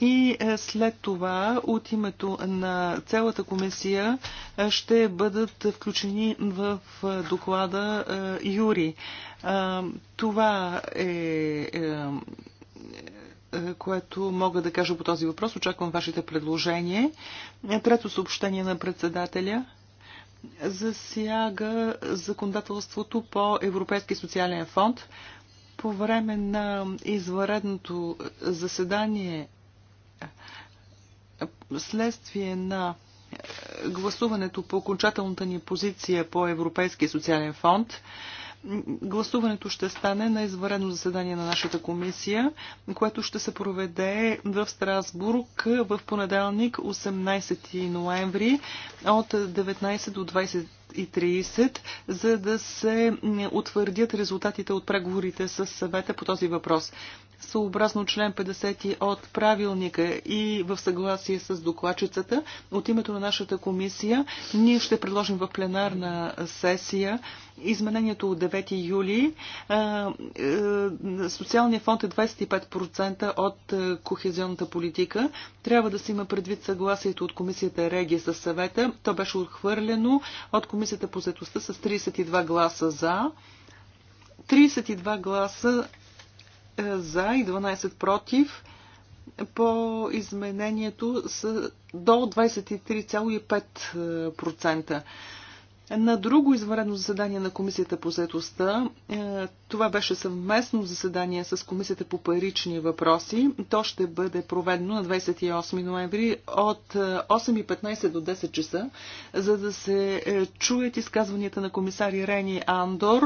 И е, след това от името на цялата комисия е, ще бъдат включени в е, доклада Юри. Това е което мога да кажа по този въпрос. Очаквам вашите предложения. Трето съобщение на председателя засяга законодателството по Европейски социален фонд. По време на извънредното заседание следствие на е, гласуването по окончателната ни позиция по Европейския социален фонд, гласуването ще стане на изварено заседание на нашата комисия, което ще се проведе в Страсбург в понеделник 18 ноември от 19 до 20 и 30, за да се утвърдят резултатите от преговорите с съвета по този въпрос съобразно член 50 от правилника и в съгласие с докладчицата, от името на нашата комисия, ние ще предложим в пленарна сесия изменението от 9 юли. Е, е, социалният фонд е 25% от е, кохезионната политика. Трябва да се има предвид съгласието от комисията Регия със съвета. То беше отхвърлено от комисията по заедостта с 32 гласа за. 32 гласа за и 12 против по изменението с до 23,5%. На друго извънредно заседание на Комисията по заедостта, е, това беше съвместно заседание с Комисията по парични въпроси. То ще бъде проведено на 28 ноември от 8.15 е, до 10 часа, за да се е, чуят изказванията на комисари Рени Андор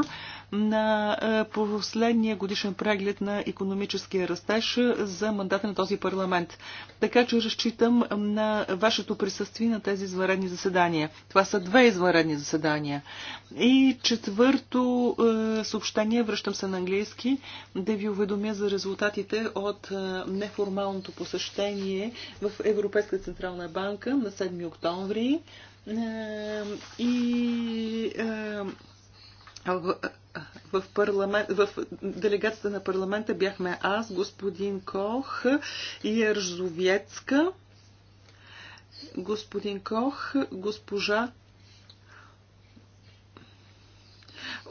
на е, последния годишен преглед на економическия растеж е, за мандата на този парламент. Така че разчитам на вашето присъствие на тези изваредни заседания. Това са две изваредни заседания. И четвърто е, съобщение, връщам се на английски, да ви уведомя за резултатите от неформалното посещение в Европейска централна банка на 7 октомври и в, парламент, в делегацията на парламента бяхме аз, господин Кох и Ержовецка, господин Кох, госпожа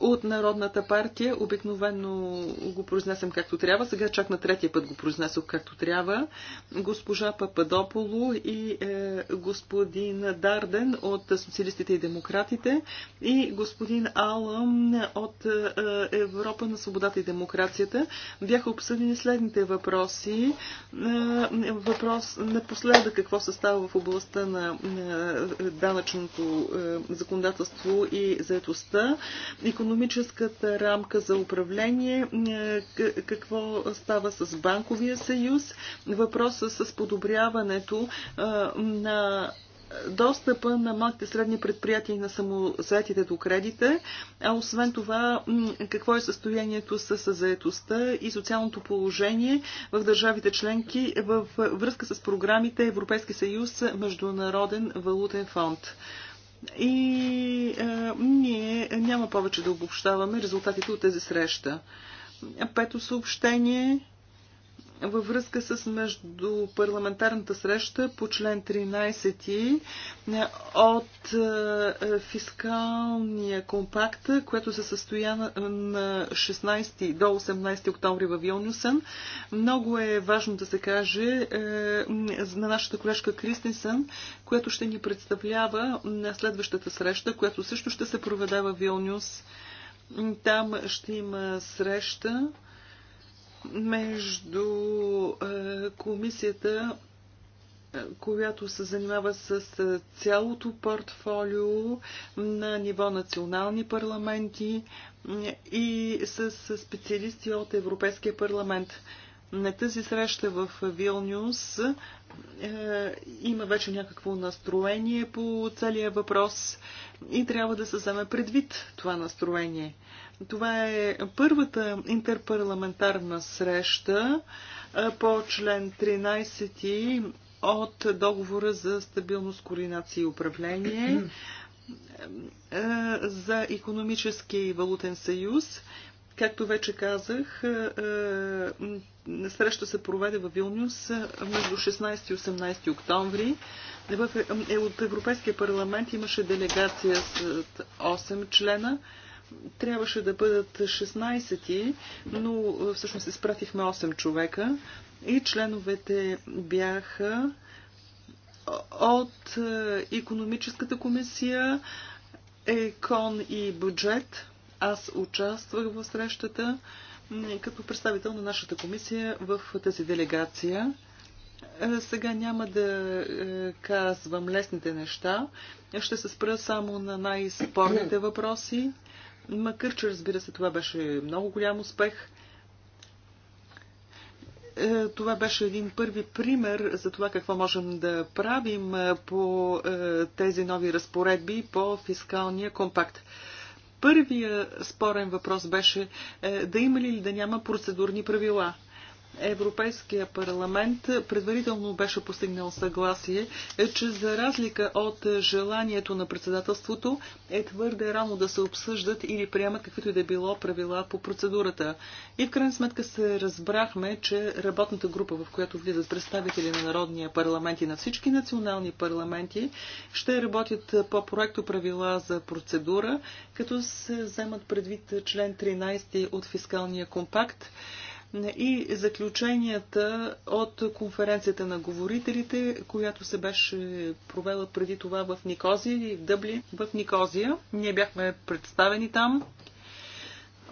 от Народната партия. Обикновено го произнесем както трябва. Сега чак на третия път го произнесох както трябва. Госпожа Пападополо и е, господин Дарден от Социалистите и Демократите и господин Алъм от е, Европа на свободата и демокрацията бяха обсъдени следните въпроси. Е, въпрос напоследък какво се става в областта на е, данъчното е, законодателство и заетостта економическата рамка за управление, е, какво става с банковия съюз, въпроса с подобряването е, на достъпа на малките средни предприятия и на самозаетите до кредита, а освен това какво е състоянието с заетостта и социалното положение в държавите членки във връзка с програмите Европейски съюз, Международен валутен фонд. И а, е, ние няма повече да обобщаваме резултатите от тези среща. Пето съобщение във връзка с междупарламентарната среща по член 13 е, от е, е, фискалния компакт, което се състоя на 16 до 18 октомври в Вилнюсън. Много е важно да се каже на нашата колежка Кристинсън, която ще ни представлява на следващата среща, която също ще се проведе в Вилнюс. Там ще има среща между е, комисията е, която се занимава с е, цялото портфолио на ниво национални парламенти и с специалисти от Европейския парламент. На тази среща в Вилнюс е, има вече някакво настроение по целия въпрос и трябва да се вземе предвид това настроение. Е, това е първата интерпарламентарна среща по член 13 от договора за стабилност, координация и управление за економически и валутен съюз. Както вече казах, среща се проведе в Вилнюс между 16 и 18 октомври. Е, от Европейския парламент имаше делегация с 8 члена трябваше да бъдат 16, но е, всъщност изпратихме 8 човека и членовете бяха от економическата комисия, ЕКОН и бюджет. Аз участвах в срещата като представител на нашата комисия в тази делегация. Е, сега няма да е, казвам лесните неща. Ще се спра само на най-спорните въпроси. Макар, че разбира се, това беше много голям успех. Е, това беше един първи пример за това какво можем да правим е, по е, тези нови разпоредби по фискалния компакт. Първия спорен въпрос беше да има ли или да няма процедурни правила. Европейския парламент предварително беше постигнал съгласие, е, че за разлика от желанието на председателството е твърде рано да се обсъждат или приемат каквито и да било правила по процедурата. И в крайна сметка се разбрахме, че работната група, в която влизат представители на Народния парламент и на всички национални парламенти, ще работят по проекто правила за процедура, като се вземат предвид член 13 от фискалния компакт и заключенията от конференцията на говорителите, която се беше провела преди това в Никозия и в Дъбли, в Никозия. Ние бяхме представени там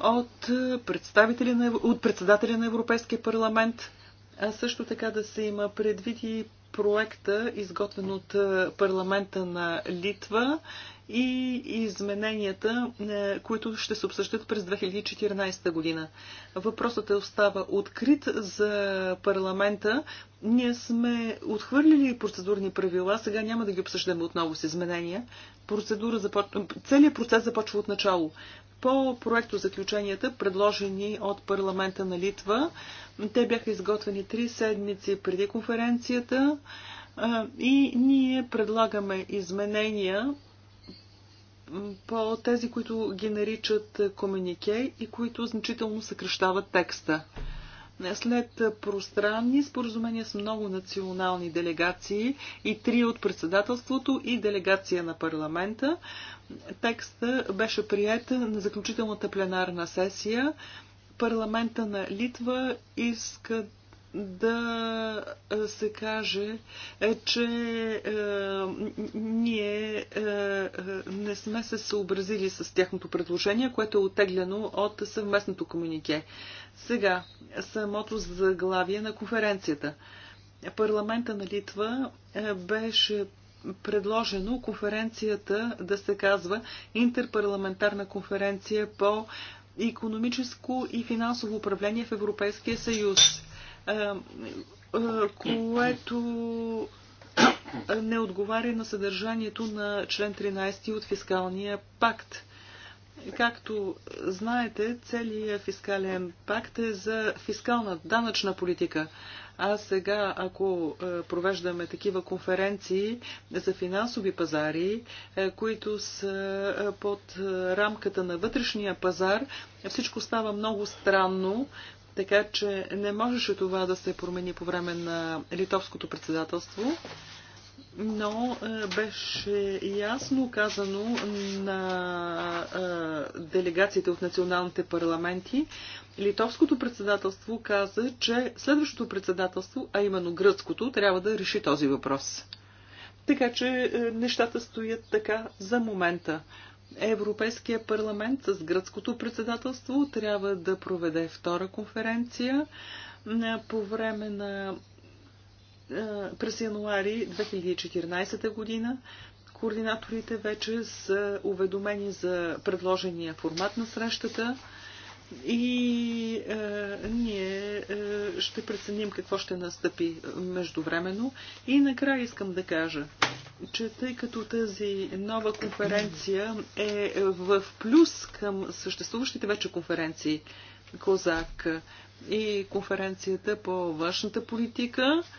от, на, от председателя на Европейския парламент, а също така да се има предвид и проекта, изготвен от е, парламента на Литва и измененията, е, които ще се обсъждат през 2014 година. Въпросът е остава открит за парламента. Ние сме отхвърлили процедурни правила, сега няма да ги обсъждаме отново с изменения. Процедура започ... Целият процес започва от начало по проекто заключенията, предложени от парламента на Литва. Те бяха изготвени три седмици преди конференцията и ние предлагаме изменения по тези, които ги наричат комюнике и които значително съкръщават текста след пространни споразумения с много национални делегации и три от председателството и делегация на парламента. Текста беше прият на заключителната пленарна сесия. Парламента на Литва иска да е, се каже, е, че е, ние е, е, не сме се съобразили с тяхното предложение, което е отеглено от съвместното комунике. Сега, самото заглавие на конференцията. Парламента на Литва беше предложено конференцията да се казва Интерпарламентарна конференция по економическо и финансово управление в Европейския съюз. Е, е, което не отговаря на съдържанието на член 13 от фискалния пакт. Както знаете, целият фискален пакт е за фискална данъчна политика. А сега, ако е, провеждаме такива конференции за финансови пазари, които са под рамката на вътрешния пазар, всичко става много странно така че не можеше това да се промени по време на литовското председателство, но е, беше ясно казано на е, делегациите от националните парламенти. Литовското председателство каза, че следващото председателство, а именно гръцкото, трябва да реши този въпрос. Така че е, нещата стоят така за момента. Европейския парламент с гръцкото председателство трябва да проведе втора конференция по време на е, през януари 2014 година. Координаторите вече са уведомени за предложения формат на срещата и е, ние е, ще преценим какво ще настъпи междувременно. И накрая искам да кажа, че тъй като тази нова конференция е в плюс към съществуващите вече конференции Козак и конференцията по външната политика, е,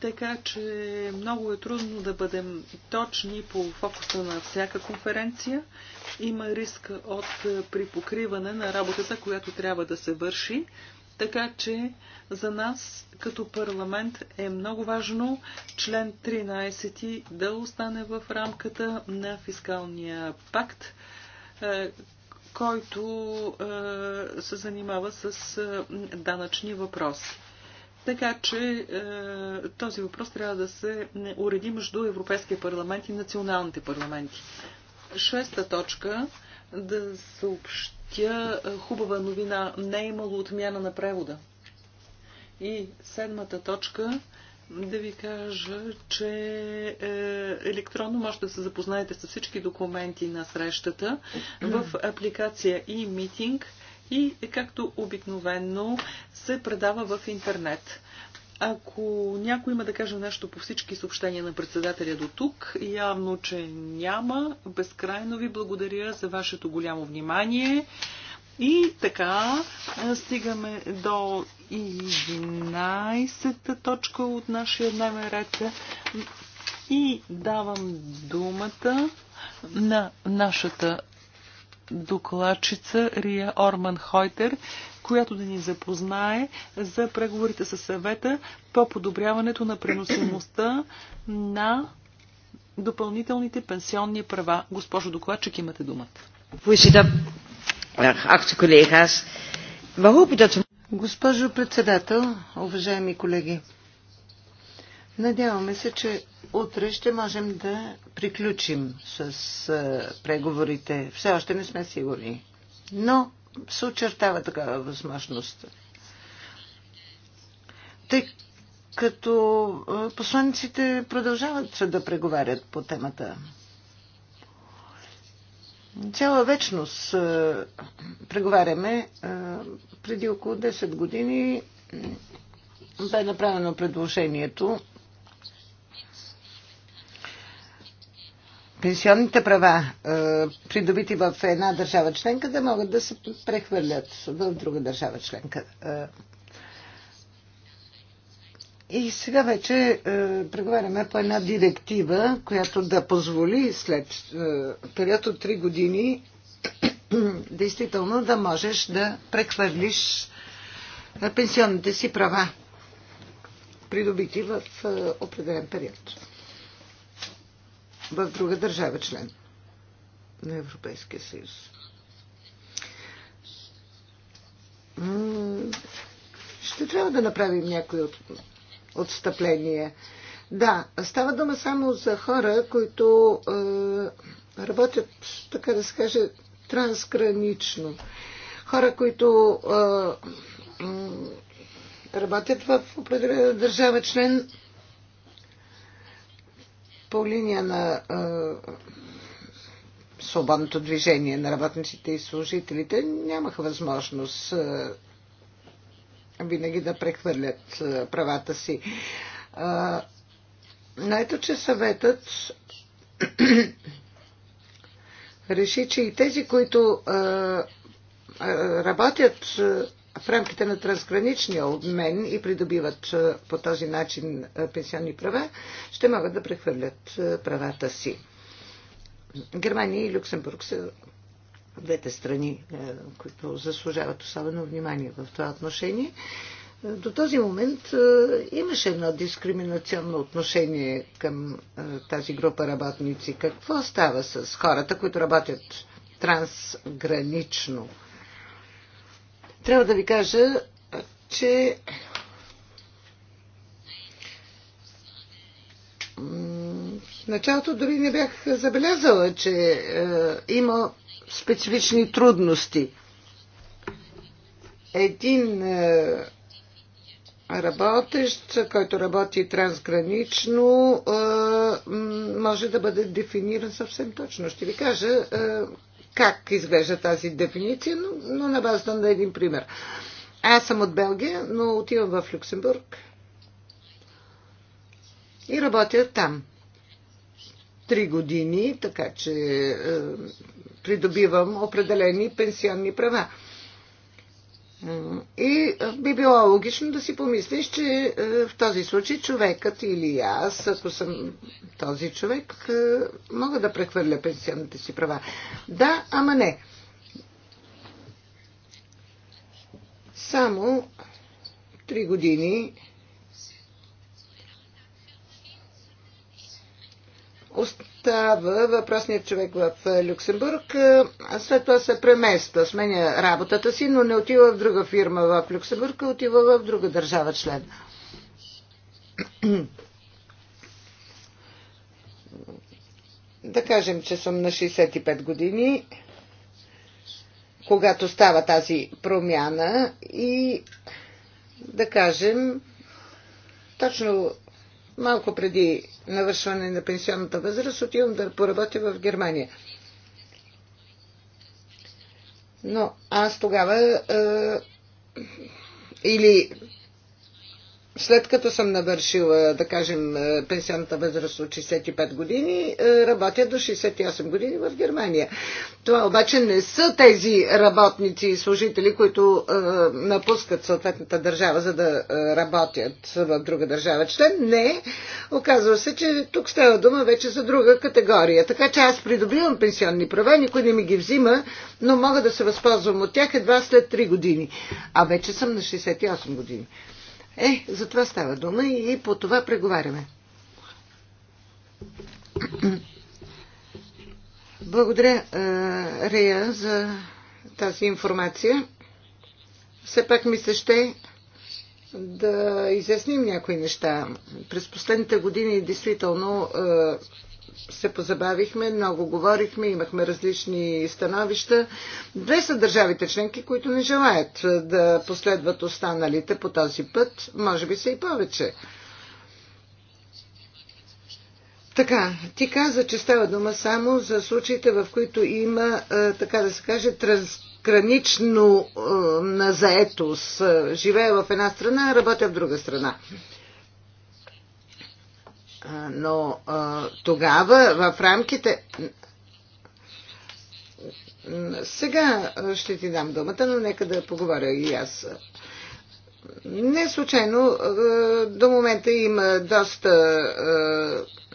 така че много е трудно да бъдем точни по фокуса на всяка конференция. Има риск от припокриване на работата, която трябва да се върши. Така че за нас като парламент е много важно член 13 да остане в рамката на фискалния пакт, е, който е, се занимава с е, данъчни въпроси. Така че е, този въпрос трябва да се уреди между Европейския парламент и националните парламенти. Шеста точка да съобщя е, хубава новина. Не е имало отмяна на превода. И седмата точка да ви кажа, че е, електронно можете да се запознаете с всички документи на срещата в апликация e-meeting – и, както обикновено, се предава в интернет. Ако някой има да каже нещо по всички съобщения на председателя до тук, явно, че няма. Безкрайно ви благодаря за вашето голямо внимание. И така, стигаме до 11-та точка от нашия дневен ред и давам думата на нашата докладчица Рия Орман Хойтер, която да ни запознае за преговорите със съвета по подобряването на преносимостта на допълнителните пенсионни права. Госпожо докладчик, имате думата. Eh, Госпожо председател, уважаеми колеги, Надяваме се, че утре ще можем да приключим с е, преговорите. Все още не сме сигурни. Но се очертава такава възможност. Тъй като е, посланиците продължават да преговарят по темата. Цяла вечност е, преговаряме. Преди около 10 години бе направено предложението пенсионните права, е, придобити в една държава членка, да могат да се прехвърлят в друга държава членка. Е, и сега вече е, преговаряме по една директива, която да позволи след период от 3 години действително да можеш да прехвърлиш пенсионните си права, придобити в определен период в друга държава член на Европейския съюз. Ще трябва да направим някои от, отстъпления. Да, става дума само за хора, които е, работят, така да се каже, трансгранично. Хора, които е, е, работят в определена държава член по линия на свободното движение на работниците и служителите нямаха възможност винаги да прехвърлят правата си. Но ето, че съветът реши, че и тези, които работят в рамките на трансграничния обмен и придобиват по този начин пенсионни права, ще могат да прехвърлят правата си. Германия и Люксембург са двете страни, които заслужават особено внимание в това отношение. До този момент имаше едно дискриминационно отношение към тази група работници. Какво става с хората, които работят трансгранично? Трябва да ви кажа, че в началото дори не бях забелязала, че е, има специфични трудности. Един е, работещ, който работи трансгранично, е, може да бъде дефиниран съвсем точно. Ще ви кажа е, как изглежда тази дефиниция, но, но на базата на един пример. Аз съм от Белгия, но отивам в Люксембург и работя там. Три години, така че е, придобивам определени пенсионни права. Е, и би било логично да си помислиш, че в този случай човекът или аз, ако съм този човек, мога да прехвърля пенсионните си права. Да, ама не. Само три години остава въпросният човек в Люксембург. След това се премества, сменя работата си, но не отива в друга фирма в Люксембург, а отива в друга държава член. Да кажем, че съм на 65 години, когато става тази промяна и да кажем, точно малко преди навършване на пенсионната възраст, отивам да поработя в Германия. Но аз тогава е, или след като съм навършила, да кажем, е, пенсионната възраст от 65 години, е, работя до 68 години в Германия. Това обаче не са тези работници и служители, които е, напускат съответната държава, за да е, работят в друга държава член. Не, оказва се, че тук става дума вече за друга категория. Така че аз придобивам пенсионни права, никой не ми ги взима, но мога да се възползвам от тях едва след 3 години. А вече съм на 68 години. Е, за това става дума и по това преговаряме. Благодаря, Рея, за тази информация. Все пак ми се ще да изясним някои неща. През последните години действително се позабавихме, много говорихме, имахме различни становища. Две са държавите членки, които не желаят да последват останалите по този път, може би са и повече. Така, ти каза, че става дума само за случаите, в които има, е, така да се каже, трансгранично е, на заетост. Живея в една страна, работя в друга страна но тогава в рамките. Сега ще ти дам думата, но нека да поговоря и аз. Не случайно до момента има доста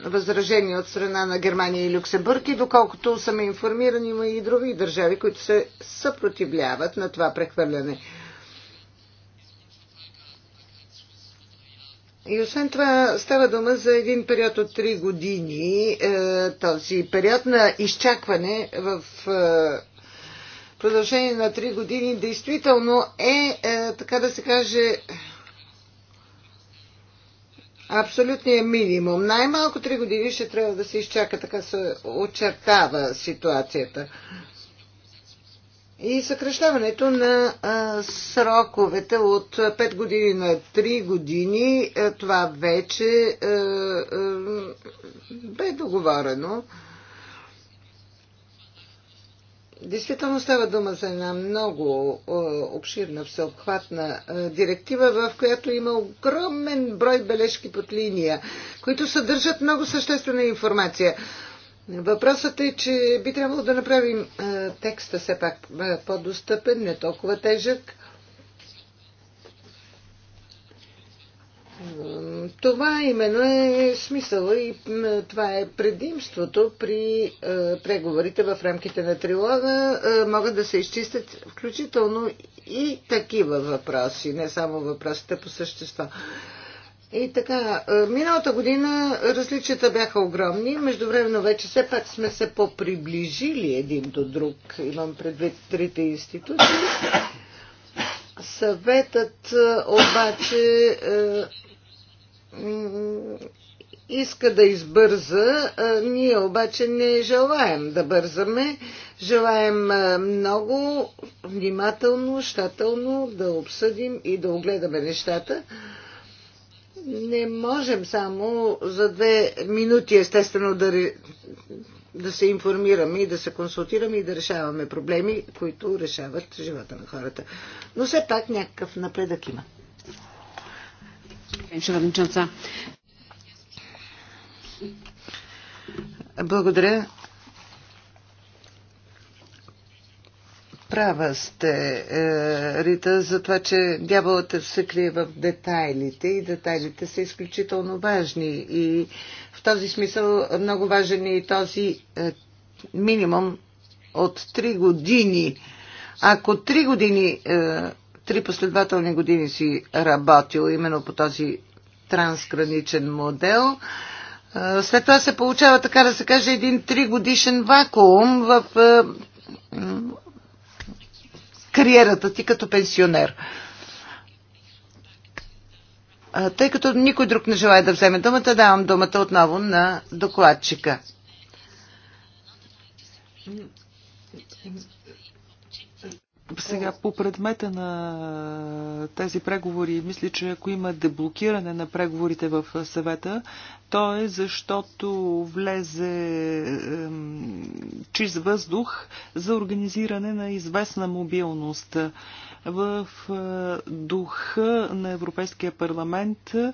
възражения от страна на Германия и Люксембург и доколкото съм информиран, има и други държави, които се съпротивляват на това прехвърляне И освен това става дума за един период от три години, е, този период на изчакване в е, продължение на три години действително е, е, така да се каже, абсолютният минимум. Най-малко три години ще трябва да се изчака, така се очертава ситуацията и съкрещаването на а, сроковете от 5 години на 3 години, а, това вече а, а, бе договорено. Действително става дума за една много а, обширна, всеобхватна а, директива, в която има огромен брой бележки под линия, които съдържат много съществена информация. Въпросът е, че би трябвало да направим а, текста все пак по-достъпен, не толкова тежък. Това именно е смисъла и това е предимството при преговорите в рамките на трилога. Могат да се изчистят включително и такива въпроси, не само въпросите по същество. И така, е, миналата година различията бяха огромни. Междувременно вече все пак сме се поприближили един до друг. Имам предвид трите институции. Съветът е, обаче е, иска да избърза. Ние обаче не желаем да бързаме. Желаем много внимателно, щателно да обсъдим и да огледаме нещата не можем само за две минути, естествено, да, да се информираме и да се консултираме и да решаваме проблеми, които решават живота на хората. Но все пак някакъв напредък има. Благодаря. права сте, е, Рита, за това, че дяволът се крие в детайлите и детайлите са изключително важни. И в този смисъл много важен е и този е, минимум от три години. Ако три години, е, три последователни години си работил именно по този трансграничен модел, след това се получава, така да се каже, един тригодишен вакуум в кариерата ти като пенсионер. Тъй като никой друг не желая да вземе думата, давам думата отново на докладчика. Сега по предмета на тези преговори, мисля, че ако има деблокиране на преговорите в съвета, то е защото влезе е, чист въздух за организиране на известна мобилност. В е, духа на Европейския парламент е,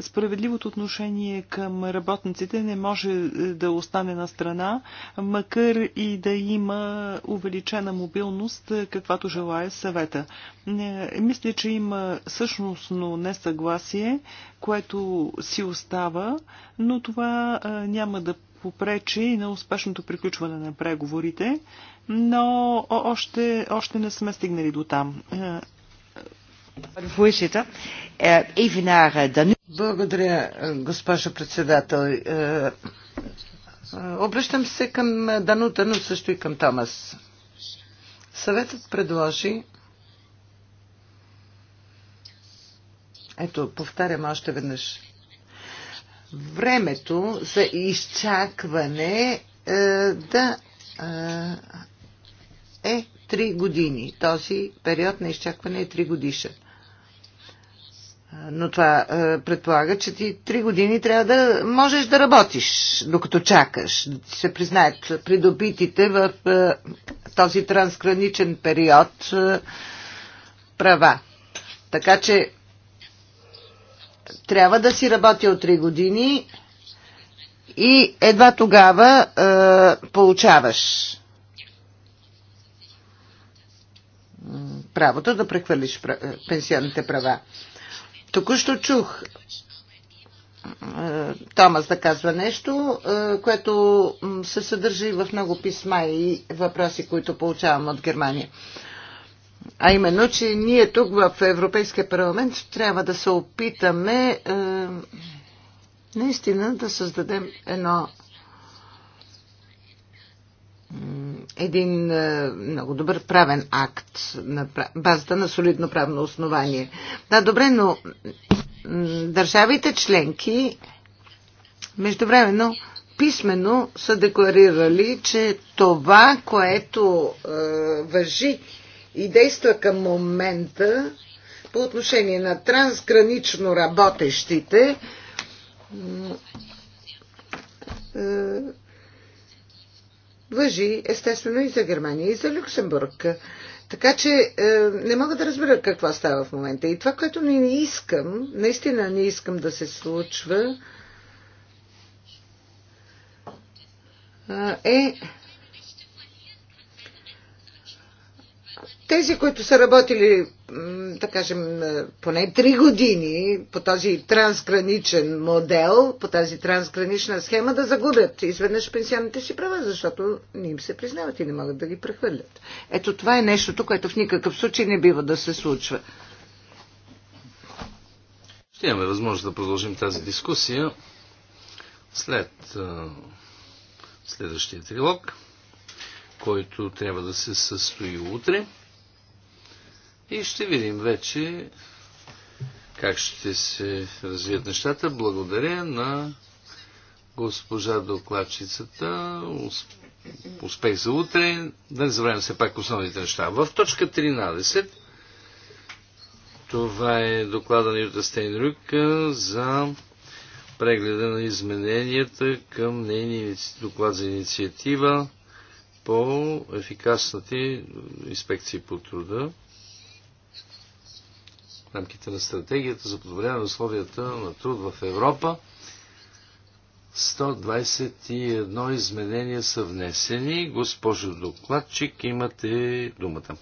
справедливото отношение към работниците не може е, да остане на страна, макар и да има увеличена мобилност, е, каквато желая съвета. Е, мисля, че има същностно несъгласие, което си остава, но това няма да попречи на успешното приключване на преговорите, но още, още не сме стигнали до там. Eh, eh, Благодаря, е, госпожо председател. Е, е, обръщам се към Данута, но също и към Томас. Съветът предложи ето, повтарям още веднъж. Времето за изчакване е, да е 3 години. Този период на изчакване е 3 годишен. Но това предполага, че ти три години трябва да можеш да работиш, докато чакаш, да ти се признаят придобитите в този трансграничен период права. Така че трябва да си от 3 години и едва тогава е, получаваш правото да прехвърлиш пенсионните права. Току-що чух е, Томас да казва нещо, е, което се съдържа и в много писма и въпроси, които получавам от Германия. А именно, че ние тук в Европейския парламент трябва да се опитаме е, наистина да създадем едно един е, много добър правен акт на базата на солидно правно основание. Да, добре, но държавите членки междувременно писменно са декларирали, че това, което е, въжи и действа към момента по отношение на трансгранично работещите, е, въжи естествено и за Германия, и за Люксембург. Така че е, не мога да разбера какво става в момента. И това, което не искам, наистина не искам да се случва, е Тези, които са работили, да кажем, е, поне 3 години по този трансграничен модел, по тази трансгранична схема, да загубят изведнъж пенсионните си права, защото не им се признават и не могат да ги прехвърлят. Ето това е нещото, което в никакъв случай не бива да се случва. Ще имаме възможност да продължим тази дискусия след е, следващия трилог, който трябва да се състои утре. И ще видим вече как ще се развият нещата. Благодаря на госпожа докладчицата. Успех за утре. Да не забравяме все пак основните неща. В точка 13 това е доклада на Юта Стейнрюк за прегледа на измененията към нейния доклад за инициатива по ефикасните инспекции по труда рамките на стратегията за подобряване на условията на труд в Европа. 121 изменения са внесени. Госпожо докладчик, имате думата.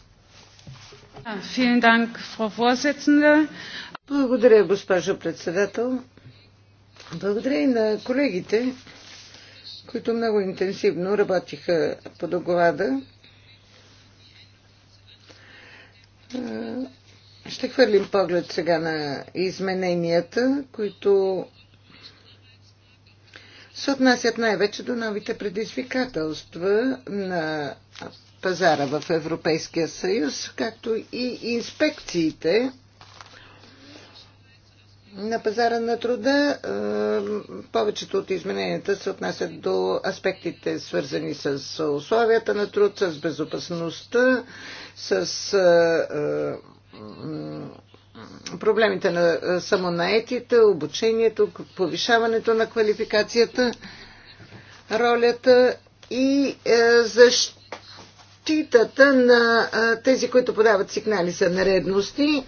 Благодаря, госпожо председател. Благодаря и на колегите, които много интенсивно работиха по доклада. Ще хвърлим поглед сега на измененията, които се отнасят най-вече до новите предизвикателства на пазара в Европейския съюз, както и инспекциите на пазара на труда. Повечето от измененията се отнасят до аспектите, свързани с условията на труд, с безопасността, с е, е, проблемите на самонаетите, обучението, повишаването на квалификацията, ролята и е, защитата на тези, които подават сигнали за нередности.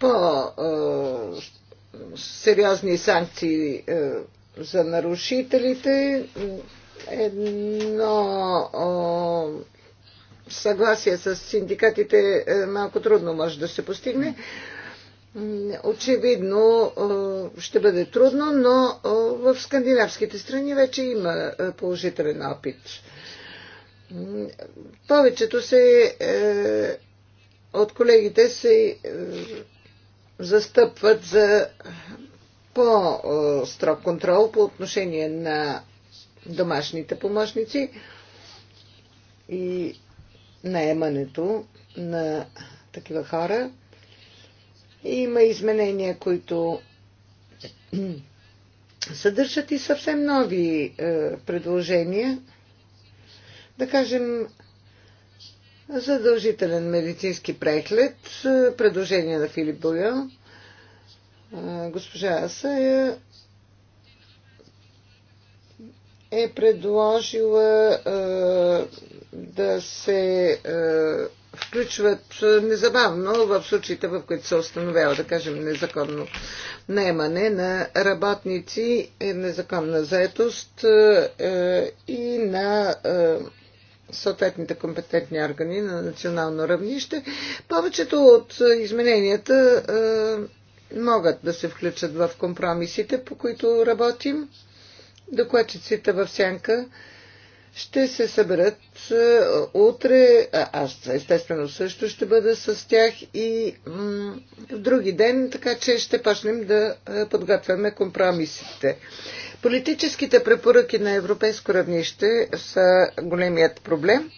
По сериозни санкции е, за нарушителите едно о, съгласие с синдикатите е, малко трудно може да се постигне. Очевидно ще бъде трудно, но в скандинавските страни вече има положителен опит. Повечето се е, от колегите се е, застъпват за по-строг контрол по отношение на домашните помощници и наемането на такива хора. Има изменения, които съдържат и съвсем нови е, предложения. Да кажем, задължителен медицински преглед, е, предложение на Филип Бойон, госпожа Асая е предложила да се включват незабавно в случаите, в които се установява, да кажем, незаконно наемане на работници, е незаконна заетост е, и на съответните компетентни органи на национално равнище. Повечето от измененията могат да се включат в компромисите, по които работим. Докладчиците в сянка ще се съберат е, утре, аз естествено също ще бъда с тях и в други ден, така че ще почнем да е, подготвяме компромисите. Политическите препоръки на европейско равнище са големият проблем.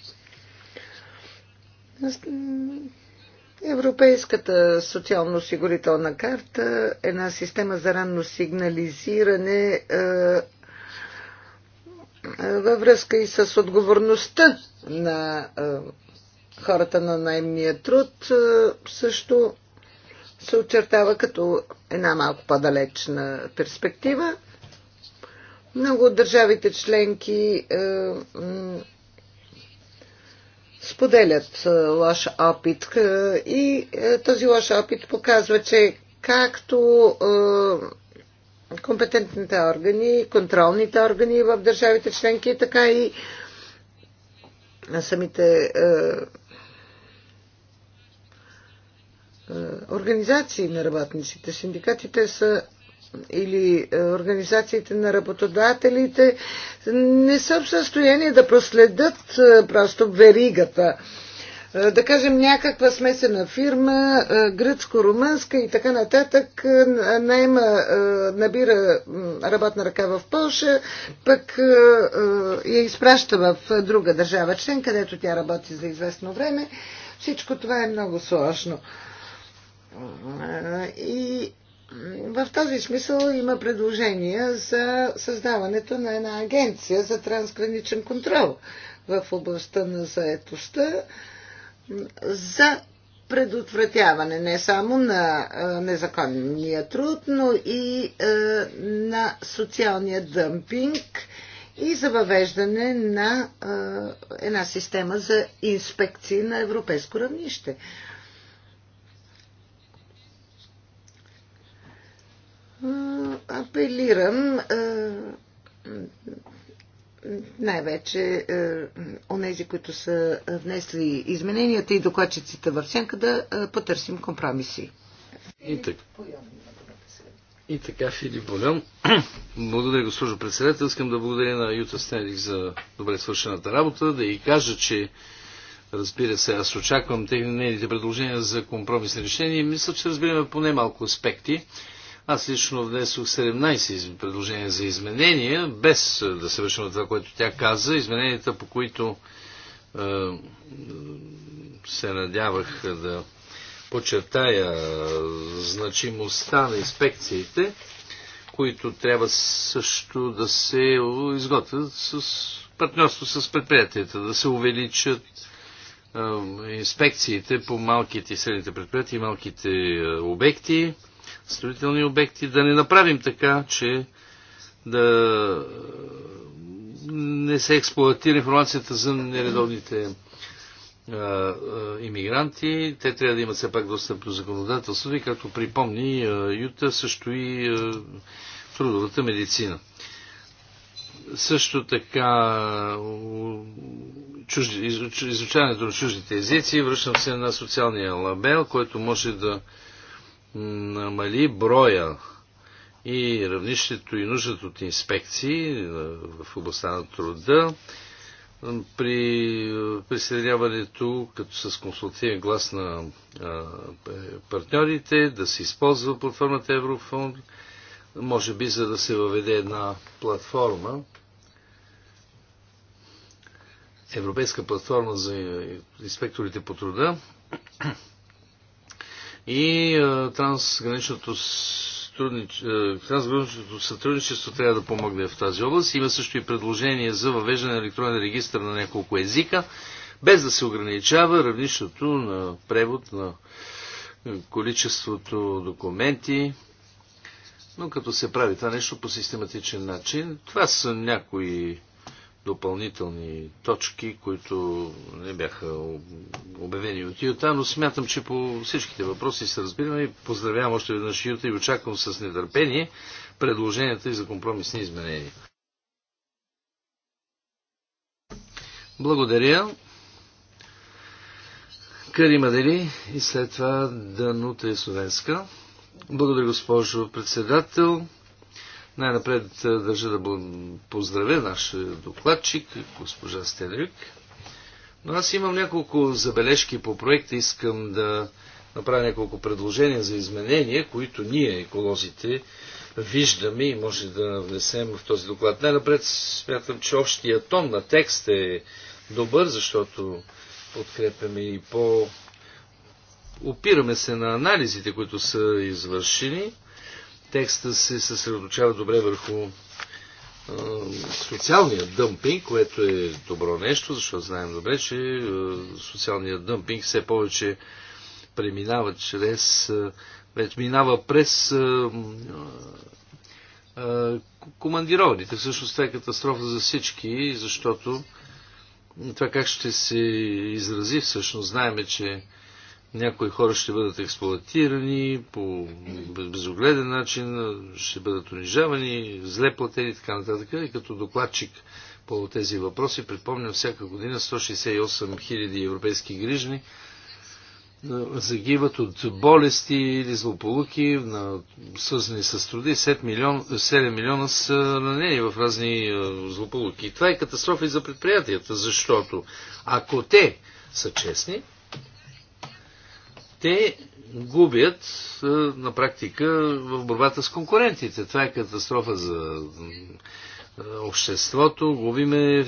Европейската социално-осигурителна карта, една система за ранно сигнализиране е, е, във връзка и с отговорността на е, хората на наймния труд, също се очертава като една малко по-далечна перспектива. Много от държавите членки споделят лош опит и този лош опит показва, че както компетентните органи, контролните органи в държавите членки, така и самите организации на работниците, синдикатите са или е, организациите на работодателите не са в състояние да проследят е, просто веригата. Е, да кажем някаква смесена фирма, гръцко-румънска и така нататък, найма, набира работна ръка в Польша, пък я изпраща в друга държава член, където тя работи за известно време. Всичко това е много сложно. И в този смисъл има предложения за създаването на една агенция за трансграничен контрол в областта на заетостта за предотвратяване не само на незаконния труд, но и на социалния дъмпинг и за въвеждане на една система за инспекции на европейско равнище. апелирам най-вече онези, които са внесли измененията и докладчиците в сенка, да потърсим компромиси. И, така. и така, Филип Болян. благодаря, госпожо председател. Искам да благодаря на Юта Стенрик за добре свършената работа, да и кажа, че Разбира се, аз очаквам техните предложения за компромисни решения мисля, че разбираме поне малко аспекти. Аз лично внесох 17 предложения за изменения, без е, да се вършим на това, което тя каза. Измененията, по които е, се надявах да подчертая е, значимостта на инспекциите, които трябва също да се изготвят с партньорство с предприятията, да се увеличат е, инспекциите по малките и средните предприятия и малките обекти, строителни обекти, да не направим така, че да не се експлуатира информацията за нередовните иммигранти. Те трябва да имат все пак достъп до законодателството и, както припомни Юта, също и трудовата медицина. Също така чужди, изучаването на чуждите езици, връщам се на социалния лабел, който може да намали броя и равнището и нуждата от инспекции в областта на труда при присъединяването като с консултативен глас на партньорите, да се използва платформата Еврофонд, може би за да се въведе една платформа, Европейска платформа за инспекторите по труда, и трансграничното трансграничното сътрудничество трябва да помогне в тази област. Има също и предложение за въвеждане на електронен регистр на няколко езика, без да се ограничава равнището на превод на количеството документи, но като се прави това нещо по систематичен начин, това са някои допълнителни точки, които не бяха обявени от Юта, но смятам, че по всичките въпроси се разбираме и поздравявам още веднъж Юта и очаквам с нетърпение предложенията и за компромисни изменения. Благодаря. Кари Дели и след това Данута Словенска. Благодаря, госпожо председател. Най-напред е, държа да поздравя нашия докладчик, госпожа Стенрик. Но аз имам няколко забележки по проекта. Искам да направя няколко предложения за изменения, които ние, еколозите, виждаме и може да внесем в този доклад. Най-напред смятам, че общия тон на текст е добър, защото подкрепяме и по... Опираме се на анализите, които са извършени Текста се съсредоточава добре върху социалния дъмпинг, което е добро нещо, защото знаем добре, че социалният дъмпинг все повече преминава чрез, вече минава през командированите. Всъщност това е катастрофа за всички, защото това как ще се изрази всъщност, знаеме, че някои хора ще бъдат експлуатирани по безогледен начин, ще бъдат унижавани, зле платени и така нататък. И като докладчик по тези въпроси, припомням всяка година 168 000 европейски грижни загиват от болести или злополуки, на, свързани с труди 7 милиона, 7 милиона са ранени в разни злополуки. И това е катастрофа и за предприятията, защото ако те са честни, те губят на практика в борбата с конкурентите. Това е катастрофа за обществото, губиме,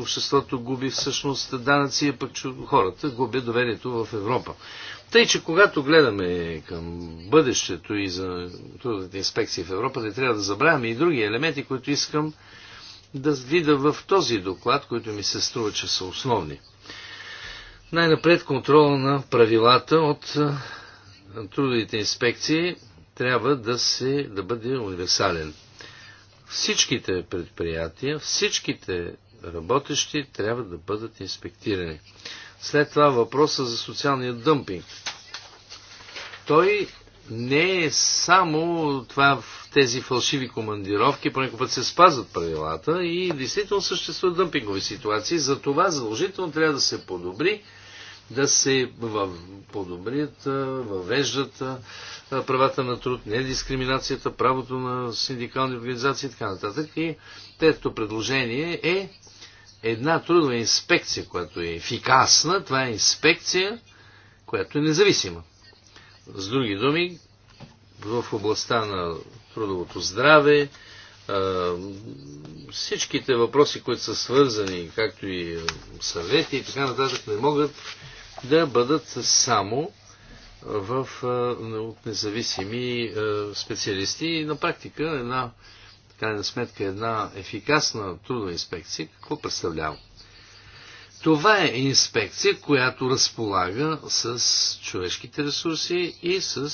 обществото губи всъщност данъци, а пък хората губят доверието в Европа. Тъй, че когато гледаме към бъдещето и за трудните инспекции в Европа, не трябва да забравяме и други елементи, които искам да видя в този доклад, които ми се струва, че са основни. Най-напред контрола на правилата от трудовите инспекции трябва да, се, да бъде универсален. Всичките предприятия, всичките работещи трябва да бъдат инспектирани. След това въпроса за социалния дъмпинг. Той не е само това в тези фалшиви командировки, понякога път се спазват правилата и действително съществуват дъмпингови ситуации. За това задължително трябва да се подобри да се подобрят, въвеждат правата на труд, недискриминацията, правото на синдикални организации и така нататък. И тето предложение е една трудова инспекция, която е ефикасна. Това е инспекция, която е независима. С други думи, в областта на трудовото здраве, всичките въпроси, които са свързани, както и съвети и така нататък, не могат да бъдат само в, от независими специалисти и на практика една, крайна сметка, една ефикасна трудна инспекция, какво представлява? Това е инспекция, която разполага с човешките ресурси и с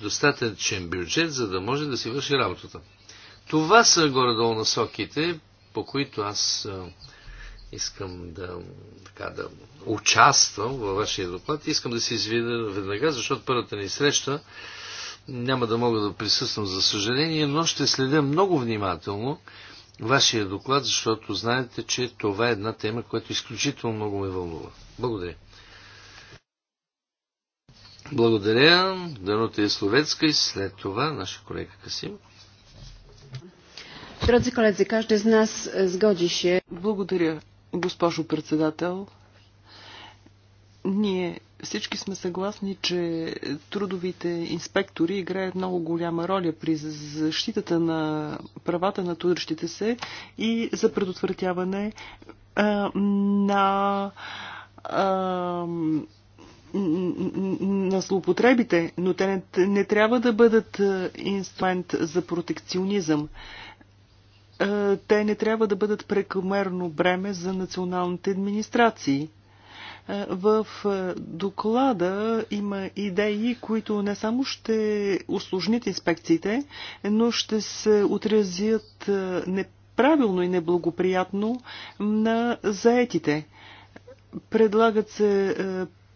достатъчен бюджет, за да може да си върши работата. Това са горе-долу насоките, по които аз искам да, така, да участвам във вашия доклад. Искам да се извида веднага, защото първата ни среща няма да мога да присъствам, за съжаление, но ще следя много внимателно вашия доклад, защото знаете, че това е една тема, която изключително много ме вълнува. Благодаря. Благодаря. Данута е Словецка и след това наша колега Касим. Drodzy koledzy, każdy z nas zgodzi się. Благодаря госпожо председател. Ние всички сме съгласни, че трудовите инспектори играят много голяма роля при защитата на правата на трудещите се и за предотвратяване а, на а, на злоупотребите, но те не, не трябва да бъдат инструмент за протекционизъм. А, е, те не трябва да бъдат прекомерно бреме за националните администрации. Е, в е, доклада има идеи, които не само ще усложнят инспекциите, но ще се отразят неправилно и неблагоприятно на заетите. Предлагат се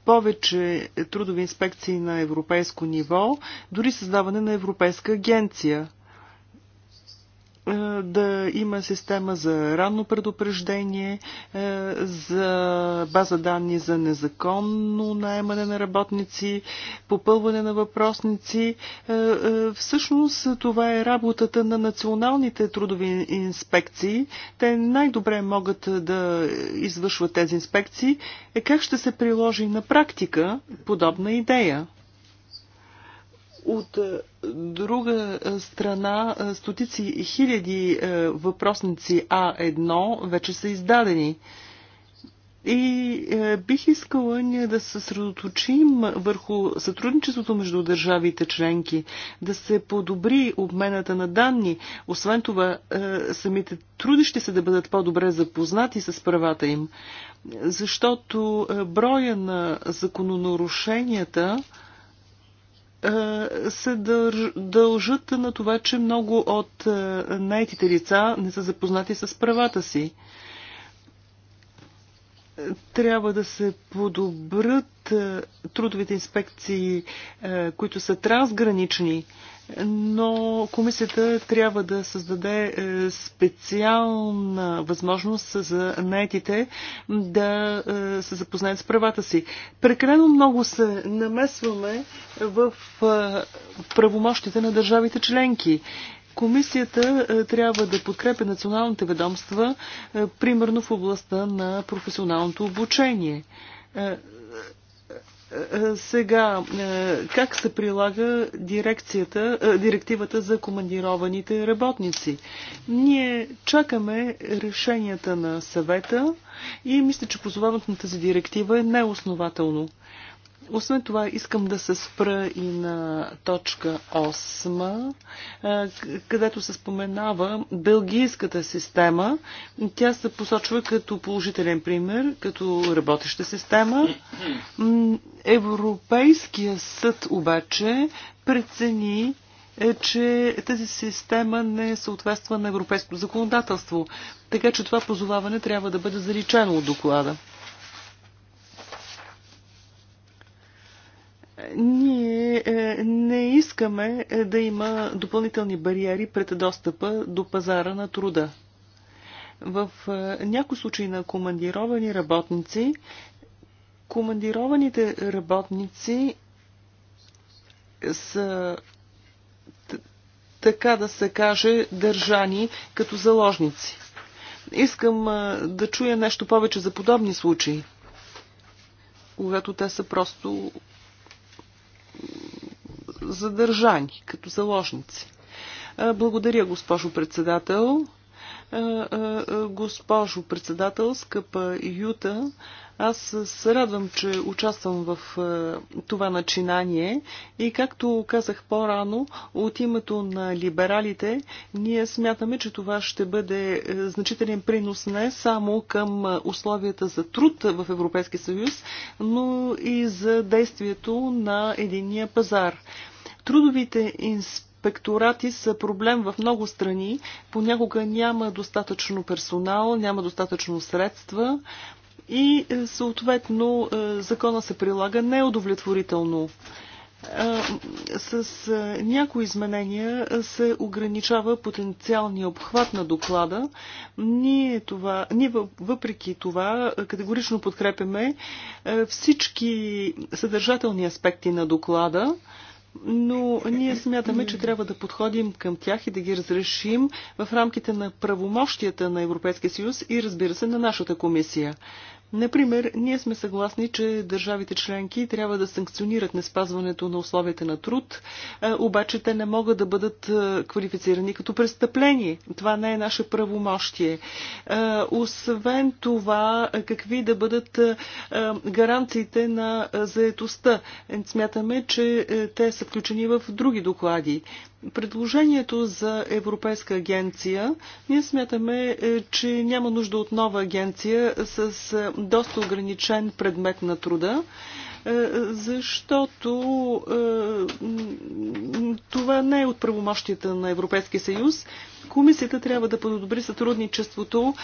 повече трудови инспекции на европейско ниво, дори създаване на Европейска агенция – е, да има система за ранно предупреждение, е, за база данни за незаконно найемане на работници, попълване на въпросници. Е, всъщност това е работата на националните трудови инспекции. Те най-добре могат да извършват тези инспекции. Как ще се приложи на практика подобна идея? От е, друга е, страна, е, стотици хиляди въпросници А1 вече са издадени. И бих искала ние да се съсредоточим върху сътрудничеството между държавите членки, да се подобри обмената на данни, освен това самите трудещи се да бъдат по-добре запознати с правата им, защото броя на закононарушенията се дължат на това, че много от наетите лица не са запознати с правата си. Трябва да се подобрят трудовите инспекции, които са трансгранични, но комисията трябва да създаде е, специална възможност за наетите да е, се запознаят с правата си. Прекалено много се намесваме в е, правомощите на държавите членки. Комисията трябва да подкрепя националните ведомства, примерно в областта на професионалното обучение е, е, сега, е, как се прилага дирекцията, директивата за командированите работници? Ние чакаме решенията на съвета и мисля, че позоваването на тази директива е неоснователно. Освен това, искам да се спра и на точка 8, където се споменава бългийската система. Тя се посочва като положителен пример, като работеща система. Европейския съд обаче прецени е, че тази система не съответства на европейското законодателство. Така че това позоваване трябва да бъде заличено от доклада. Ние е, не искаме е, да има допълнителни бариери пред достъпа до пазара на труда. В е, някои случаи на командировани работници, командированите работници са така да се каже, държани като заложници. Искам да чуя нещо повече за подобни случаи, когато те са просто задържани като заложници. Благодаря, госпожо председател. Госпожо председател, скъпа Юта, аз се радвам, че участвам в това начинание и както казах по-рано, от името на либералите, ние смятаме, че това ще бъде е, значителен принос не само към условията за труд в Европейския съюз, но и за действието на единия пазар. Трудовите инспекторати са проблем в много страни. Понякога няма достатъчно персонал, няма достатъчно средства и е, съответно е, закона се прилага неудовлетворително е, с някои изменения се ограничава потенциалния обхват на доклада. Ние, това, ние въпреки това категорично подкрепяме всички съдържателни аспекти на доклада но ние смятаме, че трябва да подходим към тях и да ги разрешим в рамките на правомощията на Европейския съюз и разбира се на нашата комисия. Например, ние сме съгласни, че държавите членки трябва да санкционират неспазването на условията на труд, обаче те не могат да бъдат квалифицирани като престъпление. Това не е наше правомощие. Освен това, какви да бъдат гаранциите на заетостта? Смятаме, че те са включени в други доклади. Предложението за Европейска агенция, ние смятаме, е, че няма нужда от нова агенция с е, доста ограничен предмет на труда е, защото това не е от правомощията на Европейския съюз. Комисията трябва да подобри сътрудничеството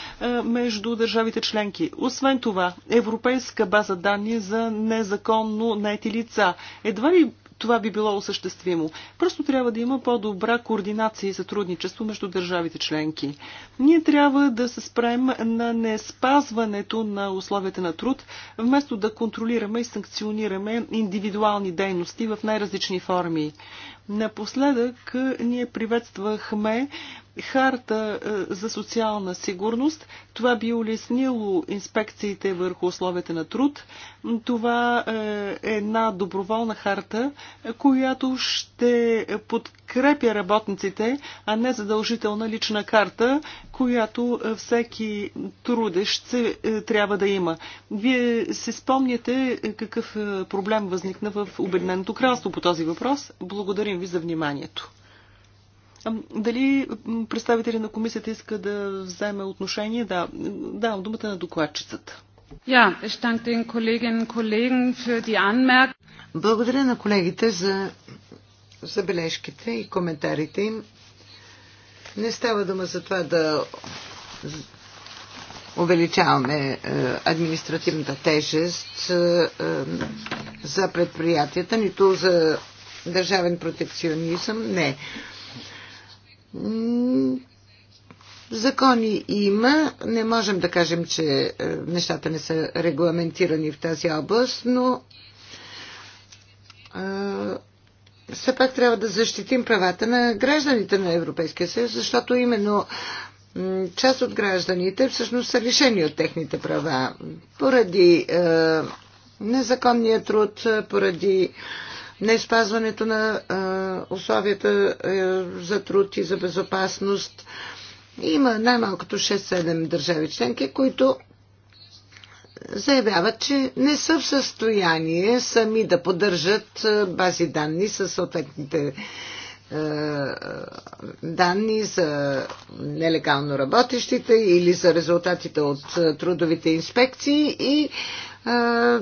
между държавите членки. Освен това, Европейска база данни за незаконно наети лица. Едва ли това би било осъществимо. Просто трябва да има по-добра координация и сътрудничество между държавите членки. Ние трябва да се спрем на не спазването на условията на труд, вместо да контролираме и санкционираме индивидуални дейности в най-различни форми. Напоследък е, ние приветствахме харта е, за социална сигурност. Това би улеснило инспекциите върху условията на труд. Това е, е една доброволна харта, която ще подкрепя работниците, а не задължителна лична карта, която всеки трудещ трябва да има. Вие се спомняте какъв проблем възникна в Обединеното кралство по този въпрос. Благодарим Благодарим ви за вниманието. Дали представители на комисията иска да вземе отношение? Да, давам думата на докладчицата. Ja, ich danke den Kolleginnen und Kollegen für die Благодаря на колегите за забележките и коментарите им. Не става дума за това да увеличаваме е, административната тежест е, е, за предприятията, нито за държавен протекционизъм? Не. Закони има. Не можем да кажем, че е, нещата не са регламентирани в тази област, но е, все пак трябва да защитим правата на гражданите на Европейския съюз, защото именно част от гражданите всъщност са лишени от техните права поради е, незаконния труд, поради е, не спазването на условията за труд и за безопасност. Има най-малкото 6-7 държави членки, които заявяват, че не са в състояние сами да поддържат бази данни с съответните данни за нелегално работещите или за резултатите от трудовите инспекции и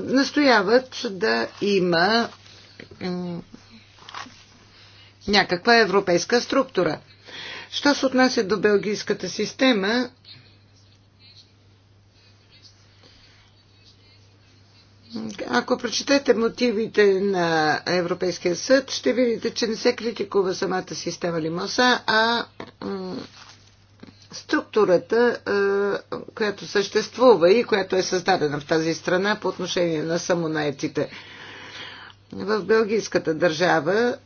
настояват да има някаква европейска структура. Що се отнася до белгийската система, Ако прочетете мотивите на Европейския съд, ще видите, че не се критикува самата система Лимоса, а структурата, която съществува и която е създадена в тази страна по отношение на самонаетите в Белгийската държава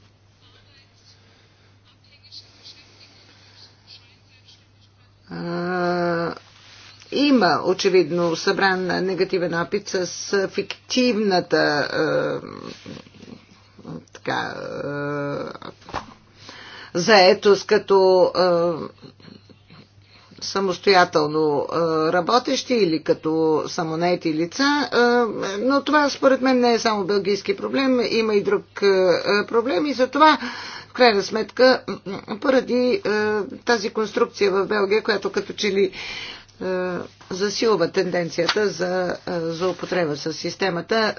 има очевидно събран негативен опит с фиктивната така, заетост като самостоятелно работещи или като самонети лица, но това според мен не е само бългийски проблем, има и друг проблем и за това в крайна сметка поради тази конструкция в Белгия, която като че ли засилва тенденцията за злоупотреба с системата.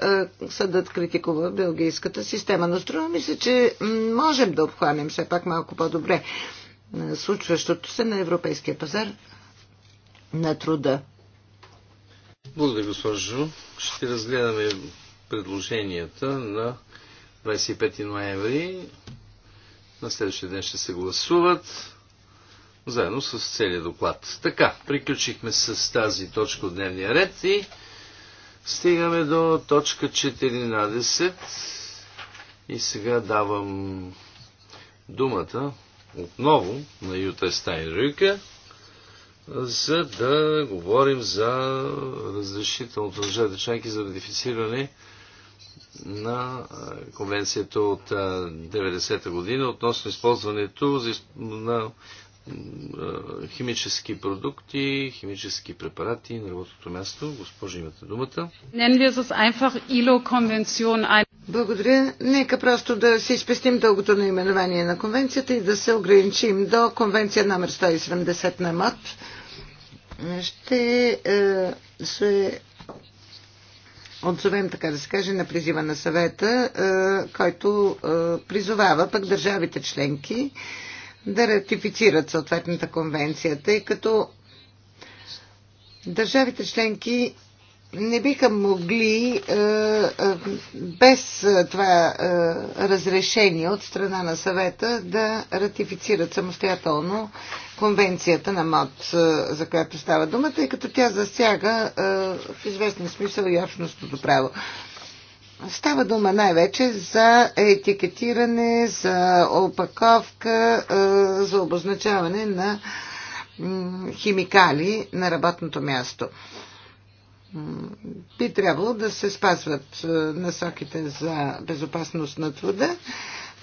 Съдът критикува белгийската система, но струва ми се, че можем да обхванем все пак малко по-добре е, случващото се на европейския пазар на труда. Благодаря, госпожо. Ще разгледаме предложенията на 25 ноември. На следващия ден ще се гласуват заедно с целият доклад. Така, приключихме с тази точка от дневния ред и стигаме до точка 14. И сега давам думата отново на Юта Стайнрюке, за да говорим за разрешителното държавите членки за ратифициране на конвенцията от 90-та година относно използването на е, химически продукти, химически препарати на работното място. Госпожа, имате думата. Благодаря. Нека просто да си спестим дългото наименование на конвенцията и да се ограничим до конвенция номер 170 на МАТ. Ще е, се отзовем, така да се каже, на призива на съвета, е, който е, призовава пък държавите членки е, да ратифицират съответната конвенция, тъй като държавите членки не биха могли е, е, без е, това разрешение от страна на съвета да ратифицират самостоятелно конвенцията на МОД, за която става дума, тъй като тя засяга в известен смисъл и общностното право. Става дума най-вече за етикетиране, за опаковка, е, за обозначаване на химикали на работното място. Би трябвало да се спазват е, насоките за безопасност на труда,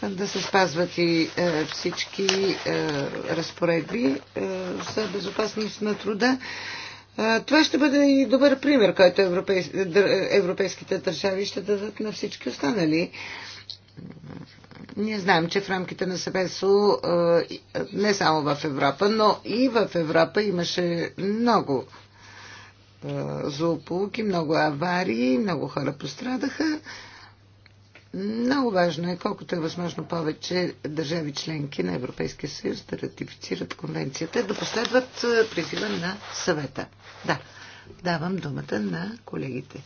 да се спазват и е, всички разпоредби за безопасност на труда. Това ще бъде и добър пример, който европейските държави ще дадат на всички останали. Ние знаем, че в рамките на СВСО, не само в Европа, но и в Европа имаше много злополуки, много аварии, много хора пострадаха. Много важно е, колкото е възможно повече държави членки на Европейския съюз да ратифицират конвенцията, да последват призива на съвета. Да, давам думата на колегите.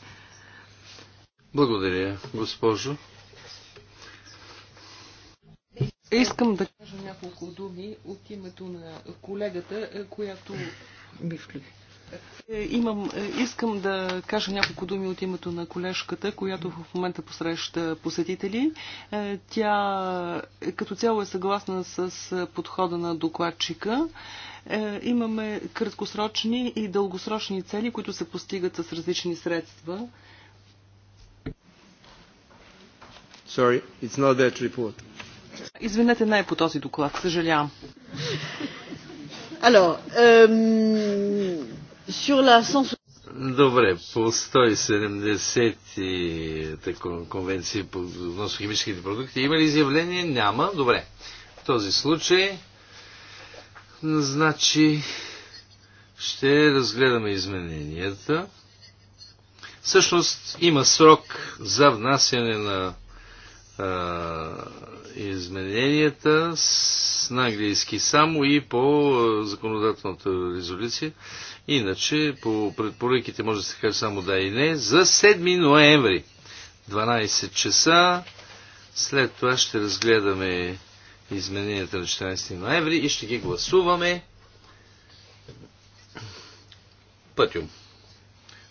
Благодаря, госпожо. Искам да кажа няколко думи от името на колегата, която ми включи е, имам, е, искам да кажа няколко думи от името на колежката, която в момента посреща посетители. Е, тя като цяло е съгласна с подхода на докладчика. Имаме краткосрочни и дългосрочни цели, които се постигат с различни средства. Sorry, it's not that report. Извинете, не е по този доклад, съжалявам. Alors, euh... Добре, по 170-та конвенция по относно химическите продукти има ли изявление? Няма. Добре. В този случай, значи, ще разгледаме измененията. Всъщност има срок за внасяне на а, измененията с, на английски само и по законодателната резолюция. Иначе по предпоръките може да се каже само да и не. За 7 ноември, 12 часа. След това ще разгледаме измененията на 14 ноември и ще ги гласуваме. Пътюм.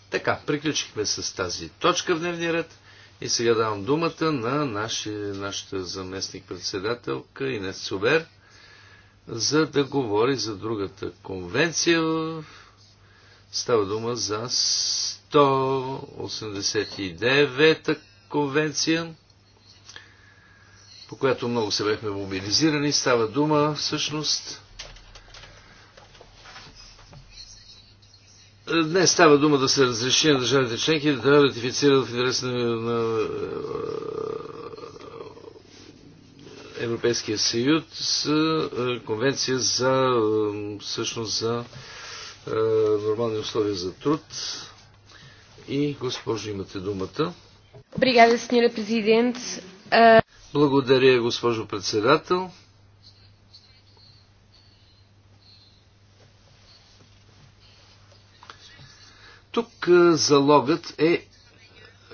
Така, приключихме с тази точка в дневния ред и сега давам думата на наши, нашата заместник-председателка Инес Субер, за да говори за другата конвенция в Става дума за 189-та конвенция, по която много се бяхме мобилизирани. Става дума всъщност Днес става дума да се разреши на държавите членки да ратифицират в интерес на, на е, Европейския съюз е, конвенция за е, всъщност за е, нормални условия за труд. И, госпожо, имате думата. Бригада, сеньора президент. Е, Благодаря, госпожо председател. Тук е, залогът е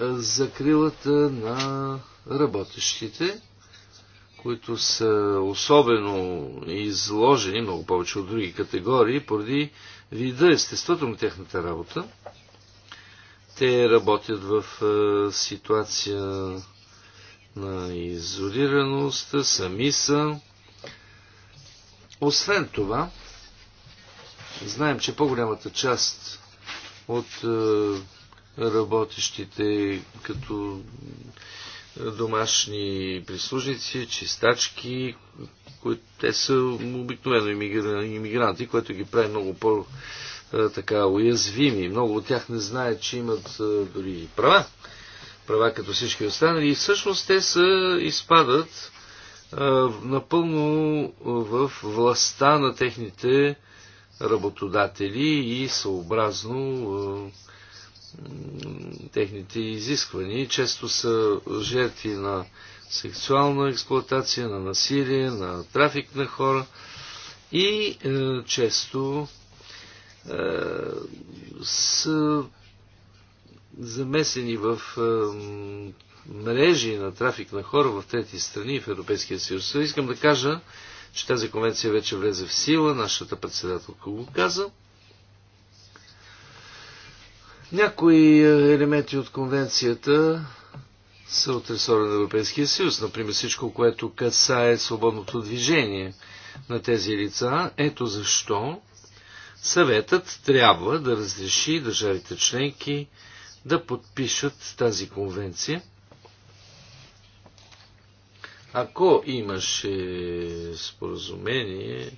закрилата на работещите, които са особено изложени, много повече от други категории, поради вида, естеството на техната работа. Те работят в е, ситуация на изолираност, сами са. Освен това, знаем, че по-голямата част от е, работещите като домашни прислужници, чистачки, които те са обикновено иммигранти, което ги прави много по- е, така уязвими. Много от тях не знаят, че имат е, дори права, права като всички останали. И всъщност те са изпадат е, напълно в властта на техните работодатели и съобразно техните изисквания и често са жертви на сексуална експлоатация, на насилие, на трафик на хора и е, често е, са замесени в е, мрежи на трафик на хора в трети страни в Европейския съюз. Искам да кажа, че тази конвенция вече влезе в сила, нашата председателка го каза. Някои е, елементи от конвенцията са от ресора на Европейския съюз, например всичко, което касае свободното движение на тези лица. Ето защо съветът трябва да разреши държавите членки да подпишат тази конвенция. Ако имаше споразумение,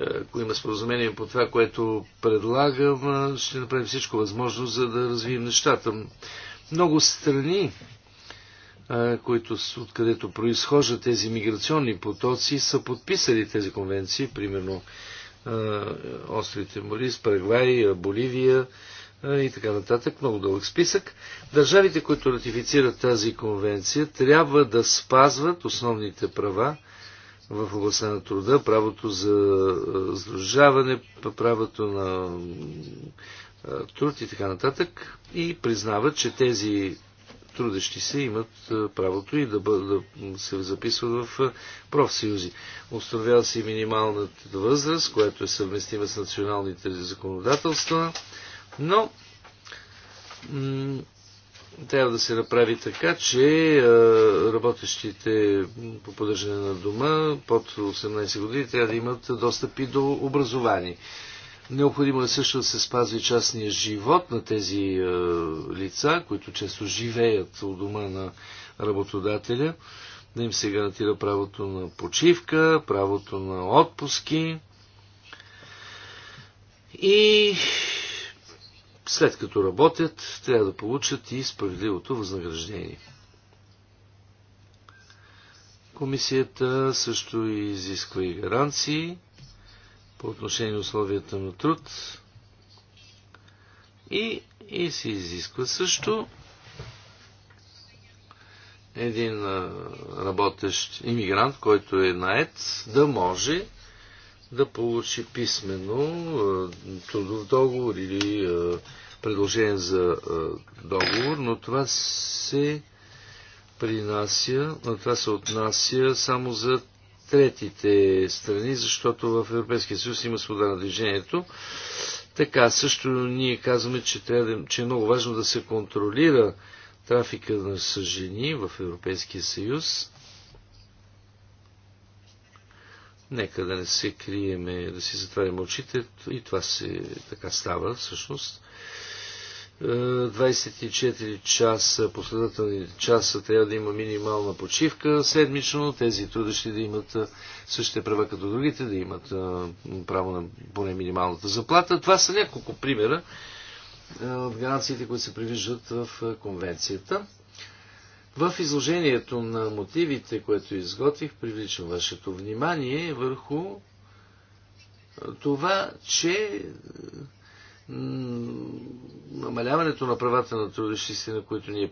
ако има споразумение по това, което предлагам, ще направим всичко възможно, за да развием нещата. Много страни, които, откъдето произхождат тези миграционни потоци, са подписали тези конвенции, примерно острите Морис, Парагвай, Боливия и така нататък, много дълъг списък. Държавите, които ратифицират тази конвенция, трябва да спазват основните права, в областта на труда, правото за сдружаване, правото на труд и така нататък и признават, че тези трудещи се имат правото и да, бъд, да се записват в профсъюзи. Установява се и минималната възраст, която е съвместима с националните законодателства, но трябва да се направи така, че работещите по поддържане на дома под 18 години трябва да имат достъп и до образование. Необходимо е също да се спазва и частния живот на тези лица, които често живеят у дома на работодателя, да им се гарантира правото на почивка, правото на отпуски и след като работят, трябва да получат и справедливото възнаграждение. Комисията също изисква и гаранции по отношение условията на труд и, и се изисква също един работещ иммигрант, който е наед, да може да получи писменно трудов договор или предложение за договор, но това се принася, но това се отнася само за третите страни, защото в Европейския съюз има свобода на движението. Така, също ние казваме, че, трябва че е много важно да се контролира трафика на жени в Европейския съюз. Нека да не се криеме, да си затваряме очите. И това се така става всъщност. 24 е, часа, последователни часа трябва да има минимална почивка седмично, тези трудещи да имат е, същите права като другите, да имат е, право на поне минималната заплата. Това са няколко примера от гаранциите, които се привиждат в конвенцията. В изложението на мотивите, което изготвих, привличам вашето внимание върху това, че намаляването на правата на трудещи се, на които ние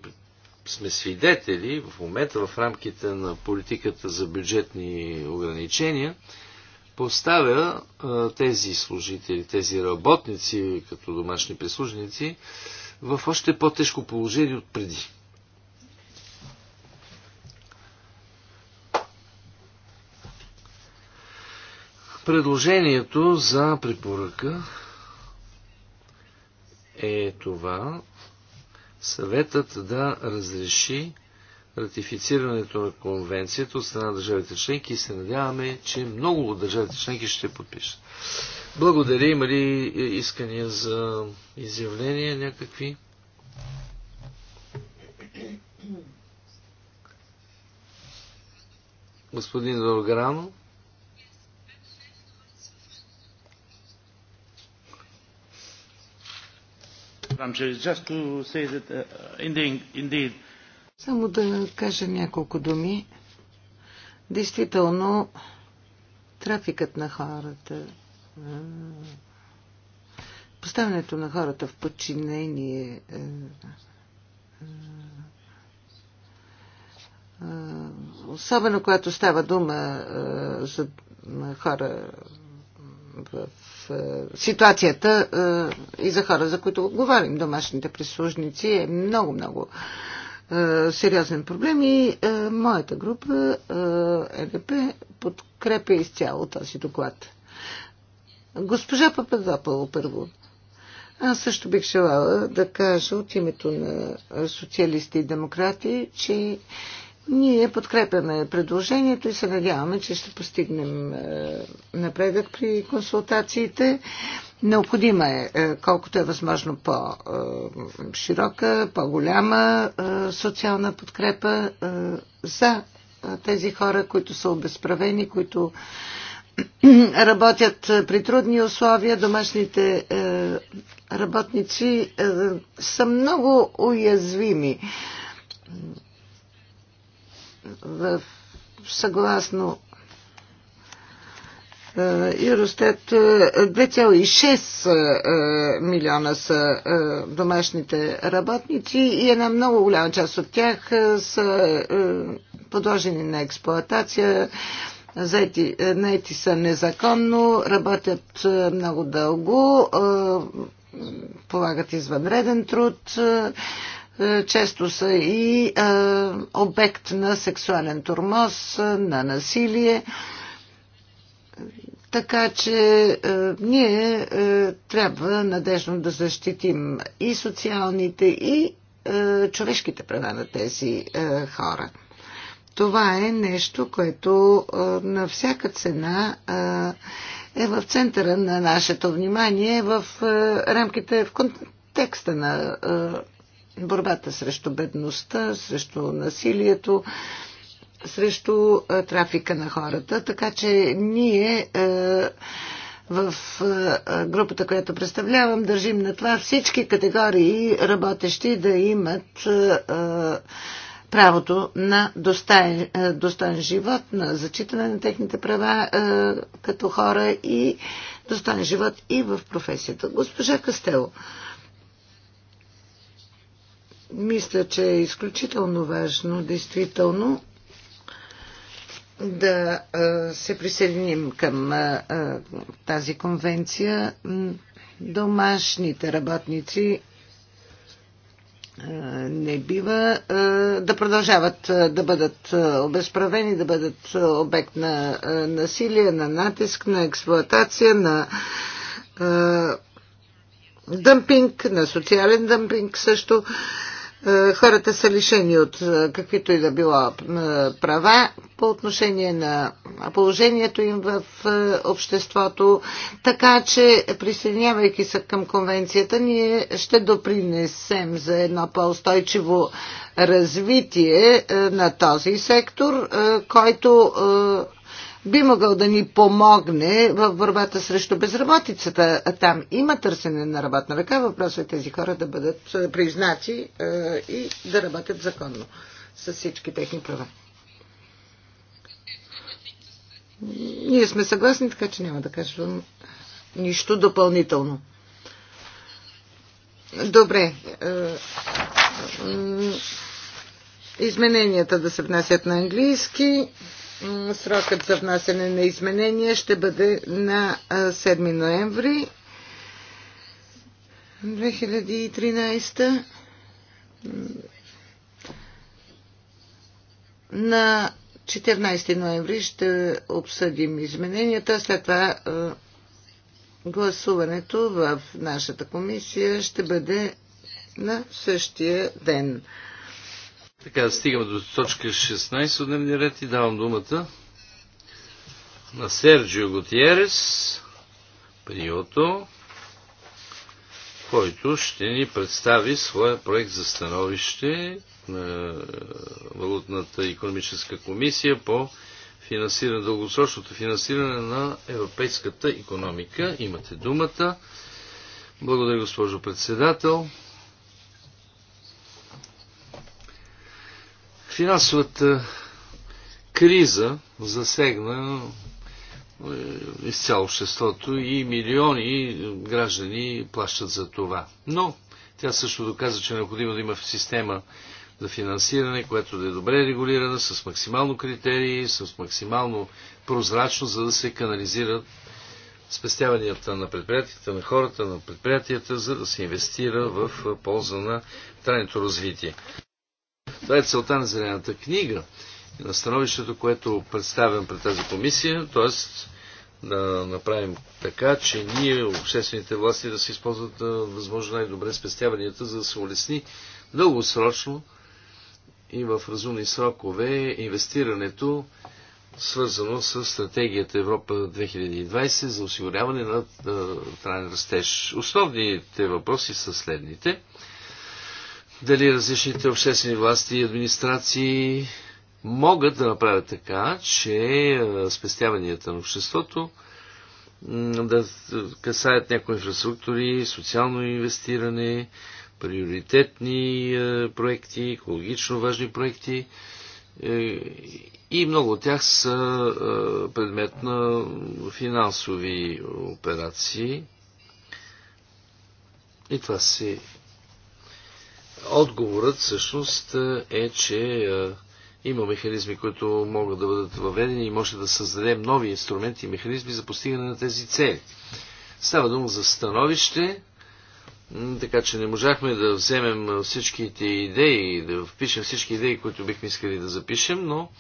сме свидетели в момента в рамките на политиката за бюджетни ограничения, поставя тези служители, тези работници като домашни прислужници в още по-тежко положение от преди. Предложението за препоръка е това съветът да разреши ратифицирането на конвенцията от страна на държавите членки и се надяваме, че много от държавите членки ще подпишат. Благодаря. Има ли искания за изявления някакви? Господин Дорграно. Uh, Само да кажа няколко думи. Действително, трафикът на хората, поставянето на хората в подчинение, особено когато става дума за хора в е, ситуацията е, и за хора, за които говорим, домашните прислужници, е много-много е, сериозен проблем и моята група ЕДП подкрепя изцяло този доклад. Госпожа Пападопол първо. Аз също бих желала да кажа от името на социалисти и демократи, че ние подкрепяме предложението и се надяваме, че ще постигнем е, напредък при консултациите. Необходима е, е, колкото е възможно по-широка, по-голяма е, социална подкрепа за тези хора, които са обезправени, които работят при трудни условия. Домашните работници са много уязвими в, съгласно Юростет е, е, 2,6 е, милиона са домашните работници и една много голяма част от тях са подложени на експлоатация, заети, наети са незаконно, работят много дълго, полагат извънреден труд е, често са и е, обект на сексуален тормоз, е, на насилие. Така че е, ние е, трябва надежно да защитим и социалните, и е, човешките права на тези е, хора. Това е нещо, което е, на всяка цена е, е в центъра на нашето внимание, в е, рамките, в контекста на. Е, борбата срещу бедността, срещу насилието, срещу трафика на хората. Така че ние в групата, която представлявам, държим на това всички категории работещи да имат правото на достоен, живот, на зачитане на техните права като хора и достоен живот и в професията. Госпожа Кастело. Мисля, че е изключително важно, действително, да се присъединим към тази конвенция. Домашните работници не бива да продължават да бъдат обезправени, да бъдат обект на насилие, на натиск, на експлоатация, на дъмпинг, на социален дъмпинг също. Е, хората са лишени от е, каквито и да било е, права по отношение на положението им в обществото. Така че, присъединявайки се към конвенцията, ние ще допринесем за едно по-устойчиво развитие на този сектор, който би могъл да ни помогне в борбата срещу безработицата. Там има търсене на работна ръка. Въпросът е тези хора да бъдат е, признати е, и да работят законно с всички техни права. Ние сме съгласни, така че няма да кажем нищо допълнително. Добре. Е, измененията да се внасят на английски. Срокът за внасене на изменения ще бъде на 7 ноември 2013 на 14 ноември ще обсъдим измененията. След това гласуването в нашата комисия ще бъде на същия ден. Така, стигаме до точка 16 от дневния ред и давам думата на Серджио Готиерес, Приото, който ще ни представи своя проект за становище на Валутната економическа комисия по финансиране, дългосрочното финансиране на европейската економика. Имате думата. Благодаря, госпожо председател. Финансовата криза засегна е, изцяло обществото и милиони граждани плащат за това. Но тя също доказа, че е необходимо да има система за финансиране, което да е добре регулирана, с максимално критерии, с максимално прозрачно, за да се канализират спестяванията на предприятията, на хората, на предприятията, за да се инвестира в полза на трайното развитие. Това е целта на Зелената книга и на становището, което представям пред тази комисия, т.е. да направим така, че ние, обществените власти, да се използват възможно най-добре спестяванията, за да се улесни дългосрочно и в разумни срокове инвестирането, свързано с стратегията Европа 2020 за осигуряване на трайен растеж. Основните въпроси са следните дали различните обществени власти и администрации могат да направят така, че спестяванията на обществото да касаят някои инфраструктури, социално инвестиране, приоритетни проекти, екологично важни проекти е, и много от тях са предмет на финансови операции. И това се Отговорът всъщност е, е че е, има механизми, които могат да бъдат въведени и може да създадем нови инструменти и механизми за постигане на тези цели. Става дума за становище, така че не можахме да вземем всичките идеи, да впишем всички идеи, които бихме искали да запишем, но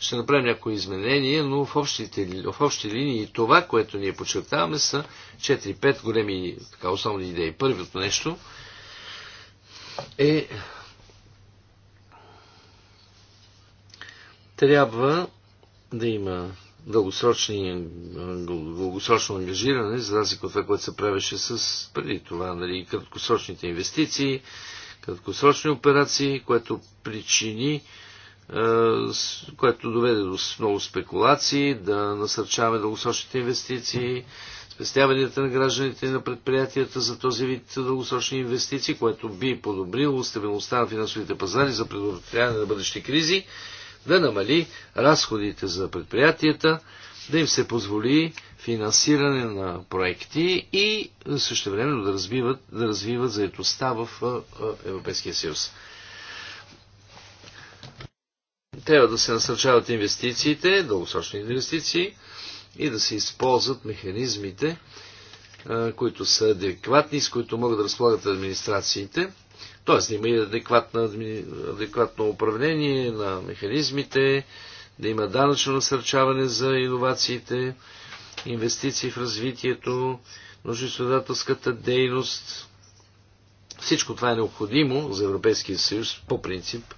ще направим някои изменения, но в, общите, в общи линии това, което ние подчертаваме, са 4-5 големи така, основни идеи. Първото нещо – е трябва да има дългосрочни, е, дългосрочно ангажиране, за разлика от това, което се правеше с преди това, нали, краткосрочните инвестиции, краткосрочни операции, което причини, е, което доведе до много спекулации, да насърчаваме дългосрочните инвестиции, спестяванията на гражданите на предприятията за този вид дългосрочни инвестиции, което би подобрило стабилността на финансовите пазари за предотвратяване на бъдещи кризи, да намали разходите за предприятията, да им се позволи финансиране на проекти и също време да развиват, да развиват заедостта в Европейския съюз. Трябва да се насърчават инвестициите, дългосрочни инвестиции, и да се използват механизмите, които са адекватни, с които могат да разполагат администрациите. Тоест да има и адекватно, адекватно управление на механизмите, да има данъчно насърчаване за иновациите, инвестиции в развитието, научно-изследователската дейност. Всичко това е необходимо за Европейския съюз по принцип –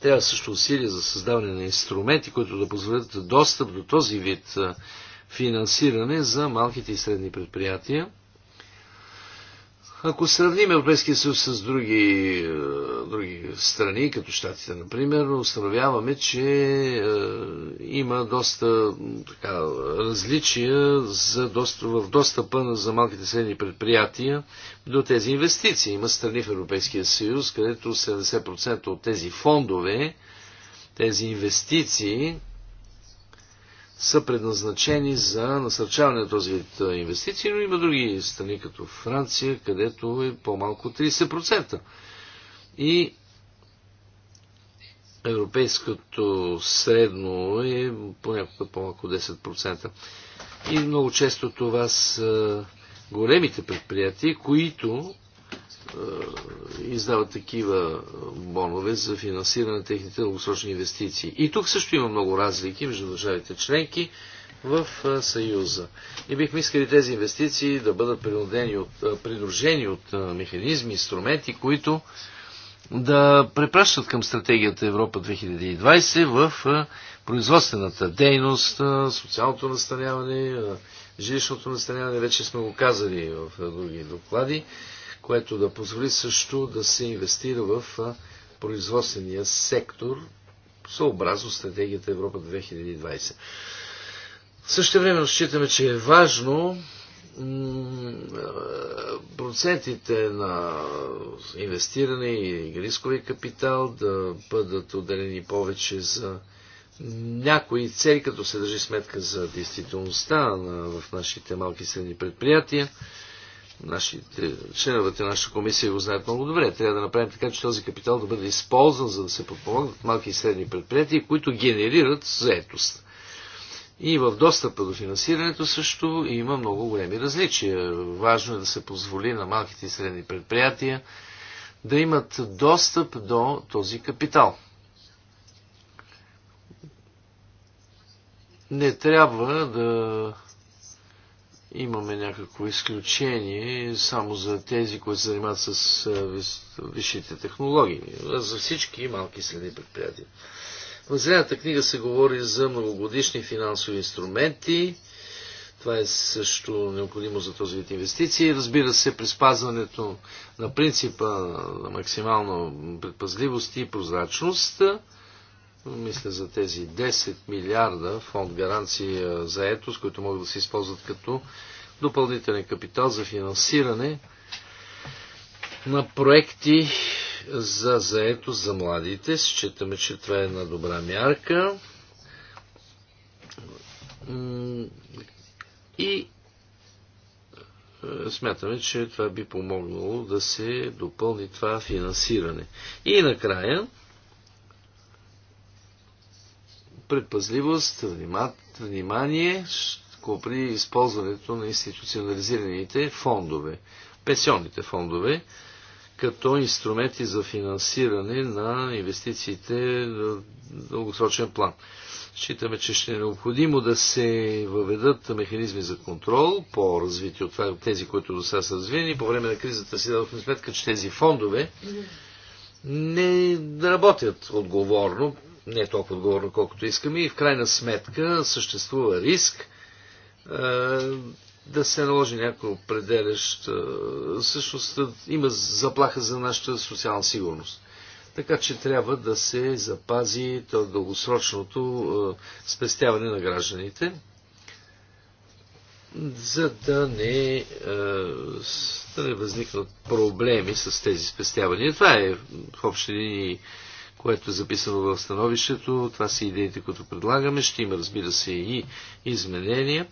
трябва също усилия за създаване на инструменти, които да позволят достъп до този вид финансиране за малките и средни предприятия ако сравним Европейския съюз с други, е, други страни, като щатите, например, установяваме, че е, има доста така, различия за доста, в достъпа за малките средни предприятия до тези инвестиции. Има страни в Европейския съюз, където 70% от тези фондове, тези инвестиции са предназначени за насърчаване на този вид инвестиции, но има други страни, като Франция, където е по-малко 30%. И европейското средно е понякога по-малко 10%. И много често това са големите предприятия, които е, издават такива бонове за финансиране на техните дългосрочни инвестиции. И тук също има много разлики между държавите членки в е, Съюза. И бихме искали тези инвестиции да бъдат от, е, придружени от механизми, инструменти, които да препращат към стратегията Европа 2020 в производствената дейност, социалното настаняване, жилищното настаняване, вече сме го казали в други доклади което да позволи също да се инвестира в производствения сектор съобразно стратегията Европа 2020. Също време считаме, че е важно процентите на инвестиране и рискови капитал да бъдат отделени повече за някои цели, като се държи сметка за действителността на, в нашите малки и средни предприятия нашите членовете на нашата комисия го знаят много добре. Трябва да направим така, че този капитал да бъде използван, за да се подпомогнат малки и средни предприятия, които генерират заетост. И в достъпа до финансирането също има много големи различия. Важно е да се позволи на малките и средни предприятия да имат достъп до този капитал. Не трябва да имаме някакво изключение само за тези, които се занимават с висшите технологии, за всички малки следи предприятия. В Зелената книга се говори за многогодишни финансови инструменти. Това е също необходимо за този вид инвестиции. Разбира се, при спазването на принципа на максимална предпазливост и прозрачност, мисля за тези 10 милиарда фонд гаранции за етос, които могат да се използват като допълнителен капитал за финансиране на проекти за заето за младите. Считаме, че това е една добра мярка. И е, смятаме, че това би помогнало да се допълни това финансиране. И накрая, предпазливост, внимание при използването на институционализираните фондове, пенсионните фондове, като инструменти за финансиране на инвестициите в дългосрочен план. Считаме, че ще е необходимо да се въведат механизми за контрол, по-развити от тези, които до сега са развиени. По време на кризата си дадохме сметка, че тези фондове не работят отговорно не е толкова отговорно, колкото искаме и в крайна сметка съществува риск е, да се наложи някой определящ. Е, всъщност има заплаха за нашата социална сигурност. Така че трябва да се запази то дългосрочното е, спестяване на гражданите, за да не, е, да не възникнат проблеми с тези спестявания. Това е в общи линии което е записано в становището. Това са идеите, които предлагаме. Ще има, разбира се, и изменения,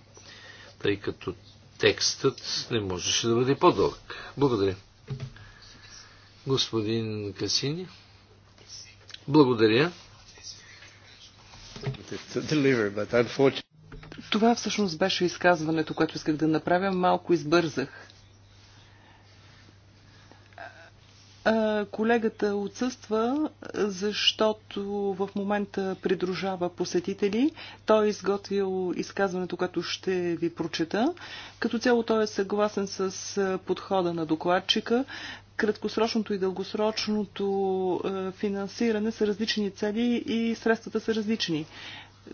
тъй като текстът не можеше да бъде по-дълъг. Благодаря. Господин Касини. Благодаря. Това всъщност беше изказването, което исках да направя. Малко избързах. Колегата отсъства, защото в момента придружава посетители. Той е изготвил изказването, което ще ви прочета. Като цяло той е съгласен с подхода на докладчика. Краткосрочното и дългосрочното финансиране са различни цели и средствата са различни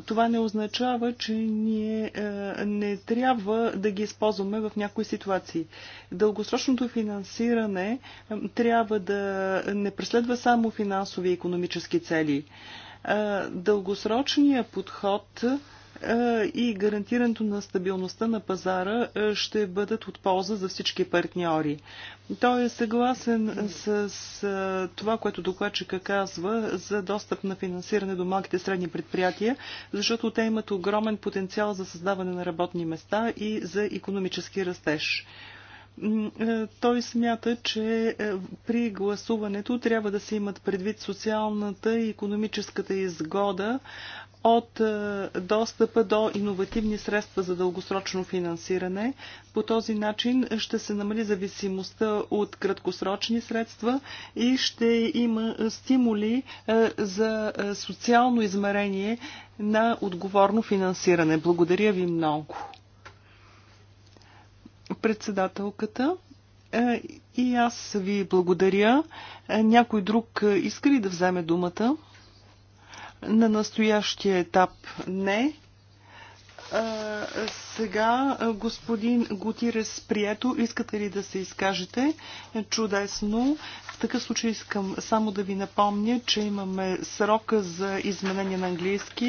това не означава, че ние е, не трябва да ги използваме в някои ситуации. Дългосрочното финансиране трябва да не преследва само финансови и економически цели. Е, дългосрочният подход е, и гарантирането на стабилността на пазара е, ще бъдат от полза за всички партньори. Той е съгласен с, с е, това, което докладчика казва за достъп на финансиране до малките средни предприятия, защото те имат огромен потенциал за създаване на работни места и за економически растеж. Е, той смята, че е, при гласуването трябва да се имат предвид социалната и економическата изгода от е, достъпа до иновативни средства за дългосрочно финансиране. По този начин ще се намали зависимостта от краткосрочни средства и ще има стимули за социално измерение на отговорно финансиране. Благодаря ви много. Председателката е, и аз ви благодаря. Е, някой друг иска ли да вземе думата? На настоящия етап не. Е, сега, господин Гутирес Прието, искате ли да се изкажете? Чудесно. В такъв случай искам само да ви напомня, че имаме срока за изменение на английски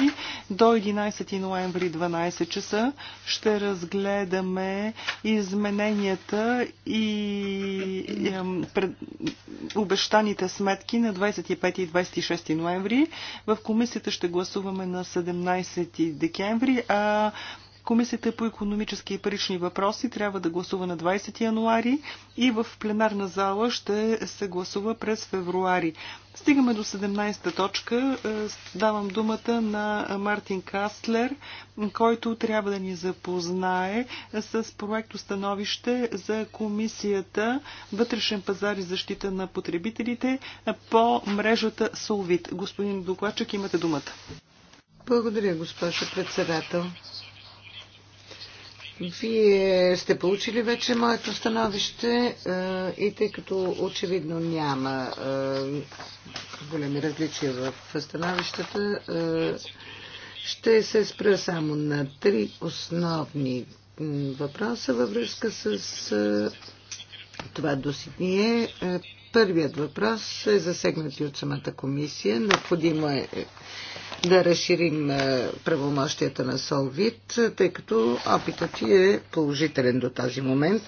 до 11 ноември 12 часа. Ще разгледаме измененията и обещаните сметки на 25 и 26 ноември. В комисията ще гласуваме на 17 декември, а Комисията по економически и парични въпроси трябва да гласува на 20 януари и в пленарна зала ще се гласува през февруари. Стигаме до 17-та точка. Е, давам думата на Мартин Кастлер, който трябва да ни запознае с проекто становище за Комисията Вътрешен пазар и защита на потребителите по мрежата Солвит. Господин докладчик, имате думата. Благодаря, госпожа председател. Вие сте получили вече моето становище е, и тъй като очевидно няма е, големи различия в становищата, е, ще се спра само на три основни въпроса във връзка с това досидние. Първият въпрос е засегнат и от самата комисия. Необходимо е, е да разширим е, правомощията на Солвит, тъй като опитът ти е положителен до този момент.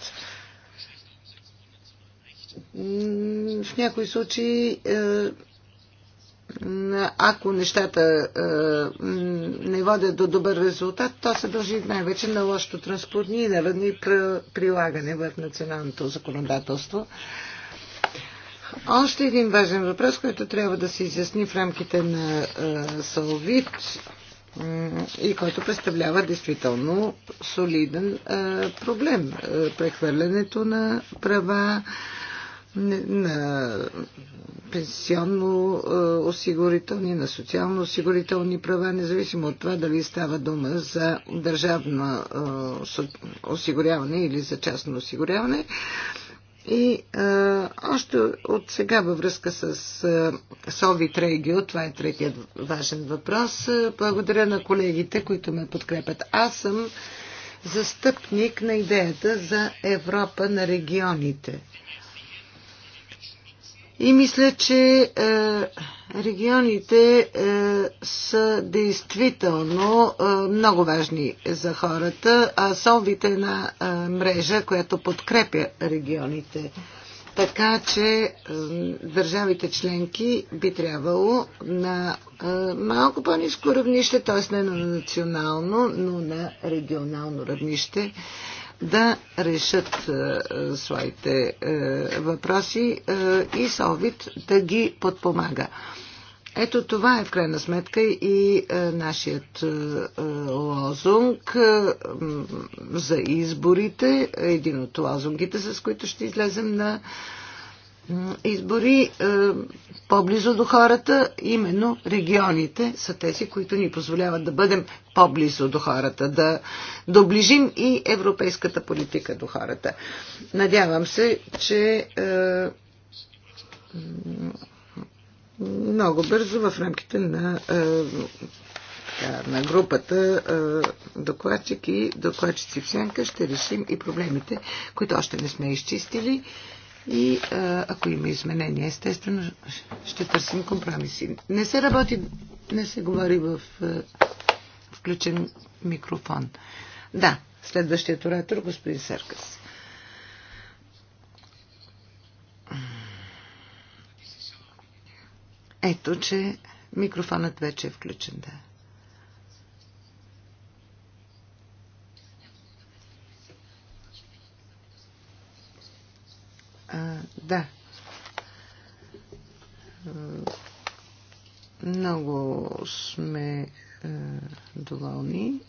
В някои случаи е, ако нещата не водят до добър резултат, то се дължи най-вече на лошото транспортни и прилагане в националното законодателство. Още един важен въпрос, който трябва да се изясни в рамките на Салвит и който представлява действително солиден проблем. Прехвърлянето на права на пенсионно-осигурителни, на социално-осигурителни права, независимо от това дали става дума за държавно осигуряване или за частно осигуряване. И а, още от сега във връзка с а, е, Регио, това е третият важен въпрос, а, благодаря на колегите, които ме подкрепят. Аз съм застъпник на идеята за Европа на регионите. И мисля, че е, регионите е, са действително е, много важни за хората, а Солвит е една е, мрежа, която подкрепя регионите. Така че е, държавите членки би трябвало на е, малко по-низко равнище, т.е. не на национално, но на регионално равнище, да решат е, е, своите е, въпроси и Солвит да ги подпомага. Ето това е в крайна сметка и е, нашият е, лозунг е, за изборите, един от лозунгите, с които ще излезем на е, избори е, по-близо до хората, именно регионите са тези, които ни позволяват да бъдем по-близо до хората, да доближим и европейската политика до хората. Надявам се, че е, много бързо в рамките на, е, така, на групата е, докладчик и докладчици в сянка ще решим и проблемите, които още не сме изчистили. И а, ако има изменения, естествено, ще търсим компромиси. Не се работи, не се говори в а, включен микрофон. Да, следващият оратор, господин Серкас. Ето, че микрофонът вече е включен, да. Да. Много сме е, доволни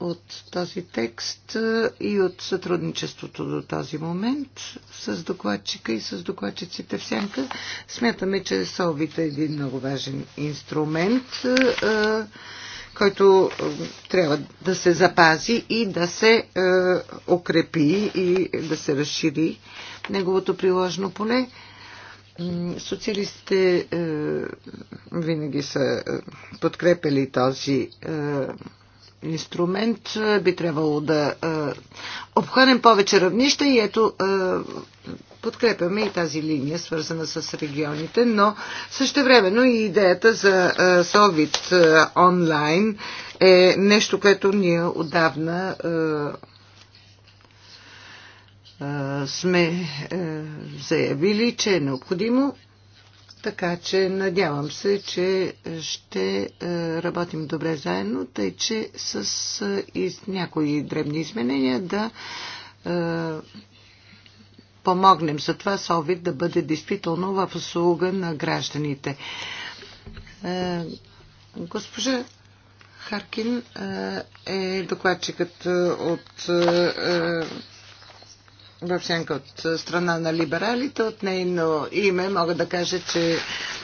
от този текст е, и от сътрудничеството до този момент с докладчика и с докладчиците в сянка. Смятаме, че СОВИТ е един много важен инструмент е, който е, трябва да се запази и да се е, укрепи и да се разшири неговото приложено поле. Социалистите е, винаги са е, подкрепили този е, инструмент. Е, би трябвало да е, обхванем повече равнища и ето е, подкрепяме и тази линия, свързана с регионите, но същевременно и идеята за совид онлайн е нещо, което ние отдавна сме заявили, че е необходимо. Така че надявам се, че ще работим добре заедно, тъй че с някои дребни изменения да помогнем за това СОВИД да бъде действително в услуга на гражданите. Е, госпожа Харкин е, е докладчикът е, от в от страна на либералите. От нейно име мога да кажа, че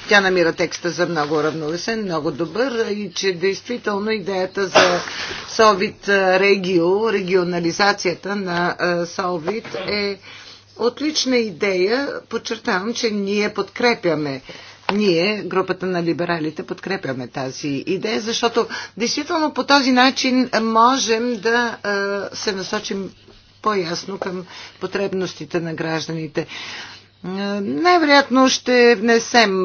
тя намира текста за много равновесен, много добър и че действително идеята за Солвит Регио, регионализацията на Солвит е отлична идея. Подчертавам, че ние подкрепяме ние, групата на либералите, подкрепяме тази идея, защото действително по този начин можем да се насочим по-ясно към потребностите на гражданите. Най-вероятно ще внесем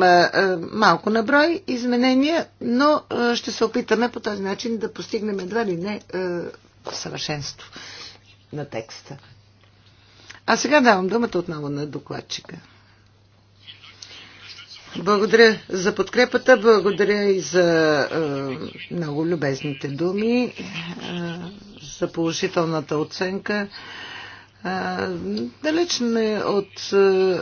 малко на брой изменения, но ще се опитаме по този начин да постигнем едва ли не съвършенство на текста. А сега давам думата отново на докладчика. Благодаря за подкрепата, благодаря и за е, много любезните думи, е, за положителната оценка. Е, далеч не от е,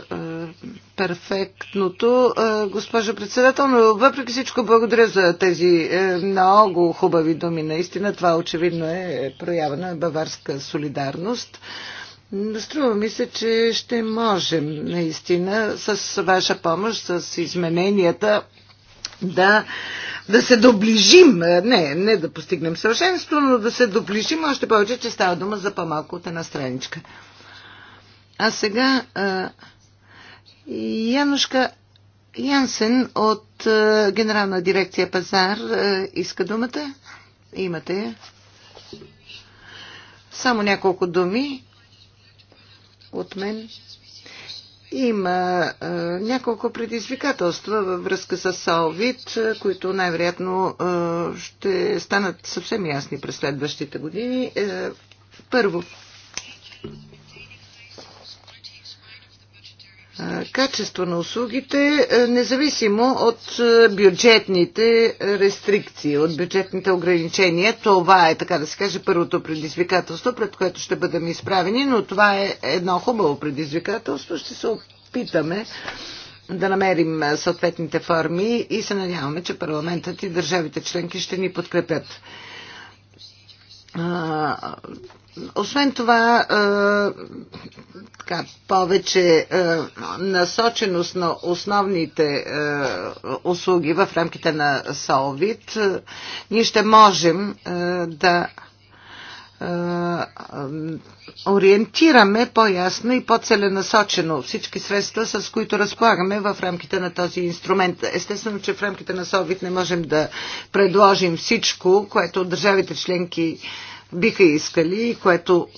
перфектното, е, госпожа председател, но въпреки всичко благодаря за тези е, много хубави думи. Наистина това очевидно е проява на баварска солидарност. Е, Струва ми се, че ще можем наистина с ваша помощ, с измененията да, да се доближим, не, не да постигнем съвършенство, но да се доближим, още повече, че става дума за по-малко от една страничка. А сега Янушка Янсен от Генерална дирекция Пазар иска думата. Имате я. Само няколко думи от мен. Има е, няколко предизвикателства във връзка с Салвит, които най-вероятно е, ще станат съвсем ясни през следващите години. Е, първо, качество на услугите, независимо от бюджетните рестрикции, от бюджетните ограничения. Това е, така да се каже, първото предизвикателство, пред което ще бъдем изправени, но това е едно хубаво предизвикателство. Ще се опитаме да намерим съответните форми и се надяваме, че парламентът и държавите членки ще ни подкрепят освен това, така, повече е, насоченост на основните услуги в рамките на Солвит, ние ще можем да ориентираме по-ясно и по-целенасочено всички средства, с които разполагаме в рамките на този инструмент. Естествено, че в рамките на СОВИД не можем да предложим всичко, което държавите членки биха искали и което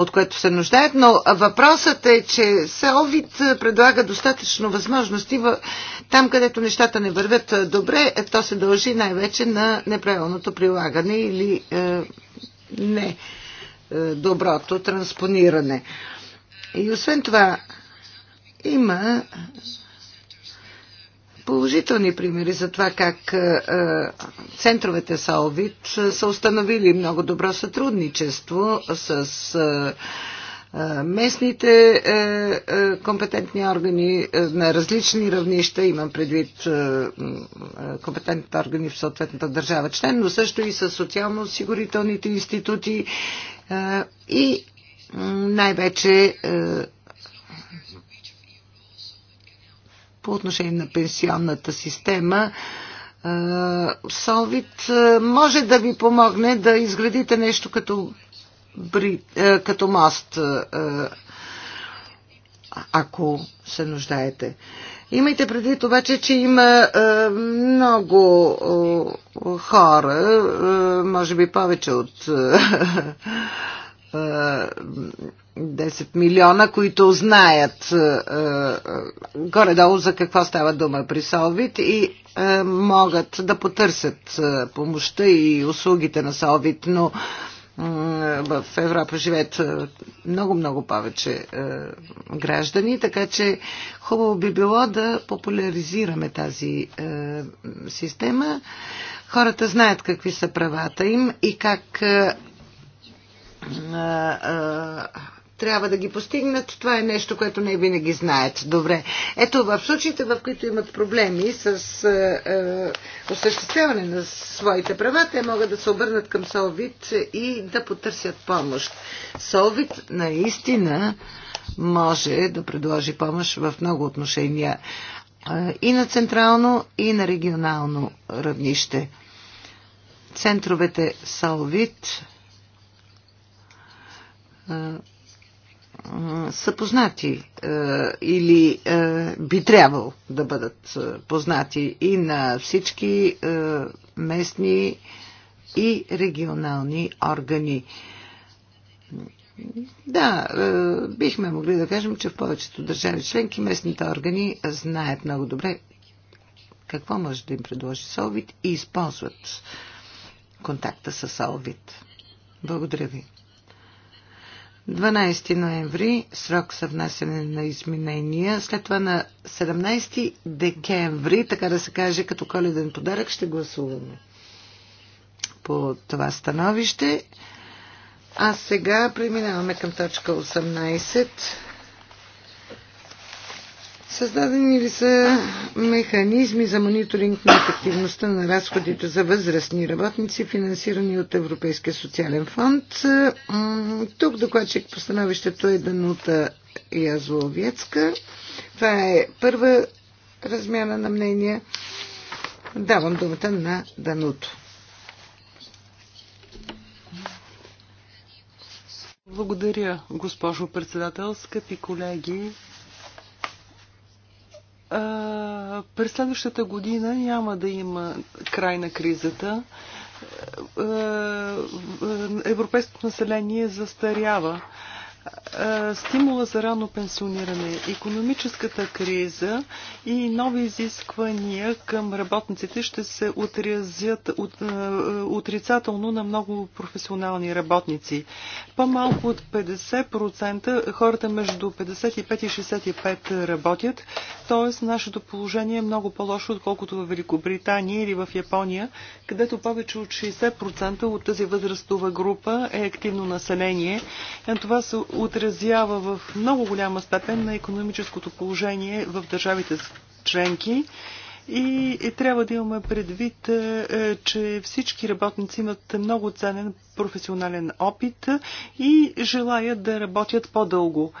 от което се нуждаят, но въпросът е, че овид предлага достатъчно възможности в... там, където нещата не вървят е, добре, е, то се дължи най-вече на неправилното прилагане или е, не е, доброто транспониране. И освен това, има положителни примери за това как е, е, центровете Салвит е, са установили много добро сътрудничество с местните компетентни органи на различни равнища, имам предвид компетентните органи в съответната държава член, но също и с социално-осигурителните институти и най-вече по отношение на пенсионната система. Е, Солвит е, може да ви помогне да изградите нещо като, бри, е, като мост, ако се нуждаете. Имайте предвид обаче, че има е, много е, хора, е, може би повече от 10 милиона, които знаят е, е, горе-долу за какво става дума при Солвит и е, могат да потърсят помощта и услугите на Солвит, но в Европа живеят много-много повече граждани, така че хубаво би било да популяризираме тази система. Хората знаят какви са правата им и как трябва да ги постигнат, това е нещо, което не винаги знаят. Добре. Ето в случаите, в които имат проблеми с е, е, осъществяване на своите права, те могат да се обърнат към Солвит и да потърсят помощ. Солвит наистина може да предложи помощ в много отношения е, и на централно, и на регионално равнище. Центровете Салвит са познати е, или е, би трябвало да бъдат е, познати и на всички местни и регионални органи. Да, бихме могли да кажем, че в повечето държави членки местните органи знаят много добре какво може да им предложи Солвит и използват контакта с Солвит. Благодаря ви. 12 ноември, срок за внасяне на изменения. След това на 17 декември, така да се каже, като коледен подарък, ще гласуваме по това становище. А сега преминаваме към точка 18. Създадени ли са механизми за мониторинг на ефективността на разходите за възрастни работници, финансирани от Европейския социален фонд? Тук докладчик по становището е Данута Язловецка. Това е първа размяна на мнения. Давам думата на Дануто. Благодаря, госпожо председател, скъпи колеги, през следващата година няма да има край на кризата. Европейското население застарява. Е, стимула за рано пенсиониране, економическата криза и нови изисквания към работниците ще се отразят от, е, отрицателно на много професионални работници. По-малко от 50% хората между 55 и 65 работят, т.е. нашето положение е много по-лошо, отколкото в Великобритания или в Япония, където повече от 60% от тази възрастова група е активно население. Е, това се отразява в много голяма степен на економическото положение в държавите членки. И, и трябва да имаме предвид, е, е, че всички работници имат много ценен професионален опит и желаят да работят по-дълго.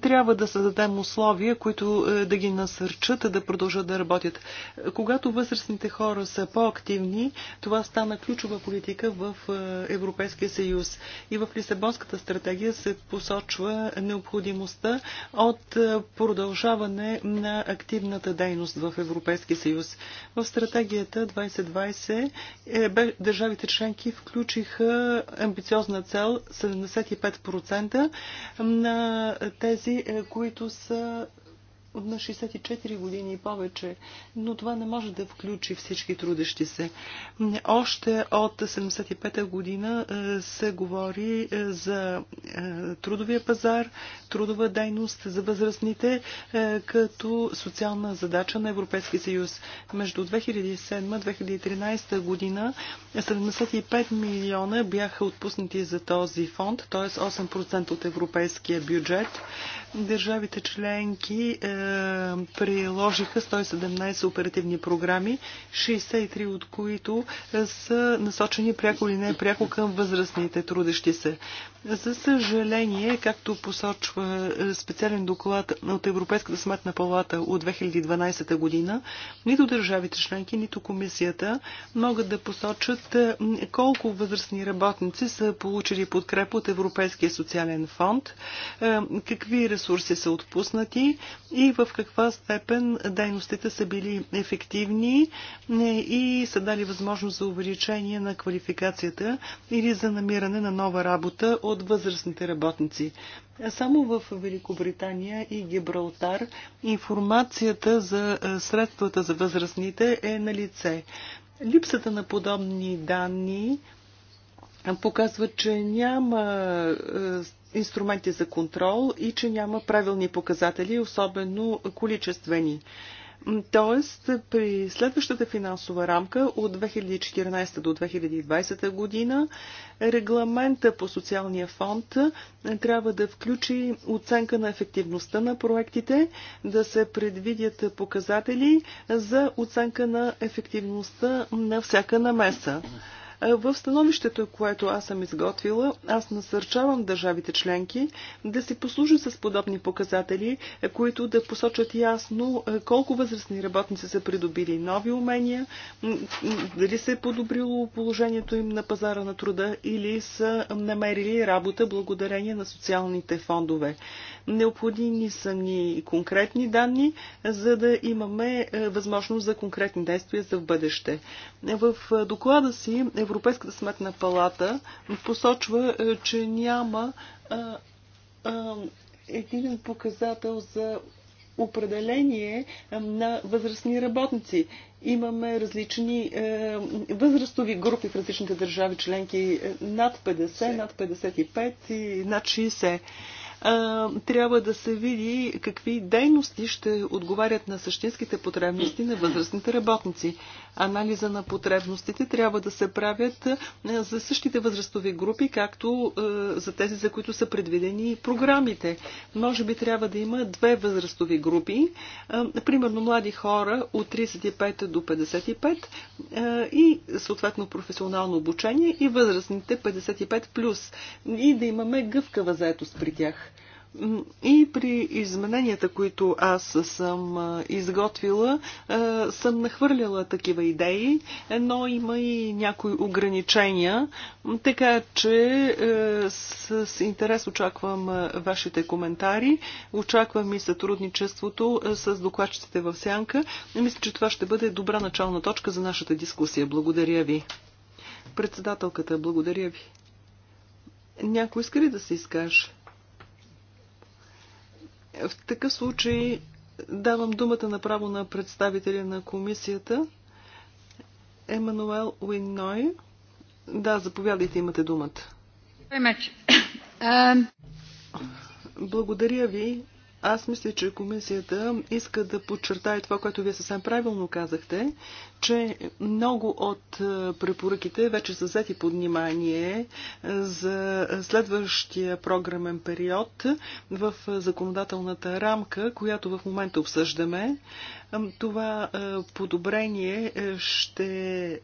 Трябва да създадем условия, които е, да ги насърчат да продължат да работят. Когато възрастните хора са по-активни, това стана ключова политика в е, Европейския съюз. И в Лисабонската стратегия се посочва необходимостта от е, продължаване на активната дейност в Европейския съюз. В стратегията 2020 държавите членки включиха амбициозна цел 75% на тези, е, които са на 64 години и повече, но това не може да включи всички трудещи се. Още от 75-та година е, се говори е, за е, трудовия пазар, трудова дейност за възрастните като социална задача на Европейския съюз. Между 2007-2013 година 75 милиона бяха отпуснати за този фонд, т.е. 8% от европейския бюджет. Държавите членки е, приложиха 117 оперативни програми, 63 от които е, са насочени пряко или не пряко към възрастните трудещи се. За съжаление, както посочва е, специален доклад от Европейската сметна палата от 2012 година, нито държавите членки, нито комисията могат да посочат е, колко възрастни работници са получили подкрепа от Европейския социален фонд, какви ресурси са отпуснати и в каква степен дейностите са били ефективни е, и са дали възможност за увеличение на квалификацията или за намиране на нова работа от възрастните работници. Само в Великобритания и Гибралтар информацията за е, средствата за възрастните е на лице. Липсата на подобни данни показва, че няма е, инструменти за контрол и че няма правилни показатели, особено количествени. Тоест, при следващата финансова рамка от 2014 до 2020 година, регламента по социалния фонд е, трябва да включи оценка на ефективността на проектите, да се предвидят показатели за оценка на ефективността на всяка намеса. Е, в становището, което аз съм изготвила, аз насърчавам държавите членки да си послужат с подобни показатели, е, които да посочат ясно е, колко възрастни работници са придобили нови умения, дали се е подобрило положението им на пазара на труда или са намерили работа благодарение на социалните фондове. Необходими са ни конкретни данни, за да имаме възможност за конкретни действия за в бъдеще. В доклада си Европейската сметна палата посочва, е, че няма е, е, един показател за определение на възрастни работници. Имаме различни е, възрастови групи в различните държави членки над 50, над 55 и над 60 трябва да се види какви дейности ще отговарят на същинските потребности на възрастните работници. Анализа на потребностите трябва да се правят за същите възрастови групи, както за тези, за които са предвидени програмите. Може би трябва да има две възрастови групи, примерно млади хора от 35 до 55 и съответно професионално обучение и възрастните 55+, плюс, и да имаме гъвкава заетост при тях. И при измененията, които аз съм изготвила, съм нахвърляла такива идеи, но има и някои ограничения, така че с интерес очаквам вашите коментари, очаквам и сътрудничеството с докладчиците в Сянка. Мисля, че това ще бъде добра начална точка за нашата дискусия. Благодаря ви. Председателката, благодаря ви. Някой иска ли да се изкаже? В такъв случай давам думата направо на представителя на комисията Емануел Уинной. Да, заповядайте, имате думата. Um, Благодаря ви. Аз мисля, че комисията иска да подчертае това, което вие съвсем правилно казахте, че много от е, препоръките вече са взети под внимание е, за следващия програмен период в законодателната рамка, която в момента обсъждаме. Е, това подобрение ще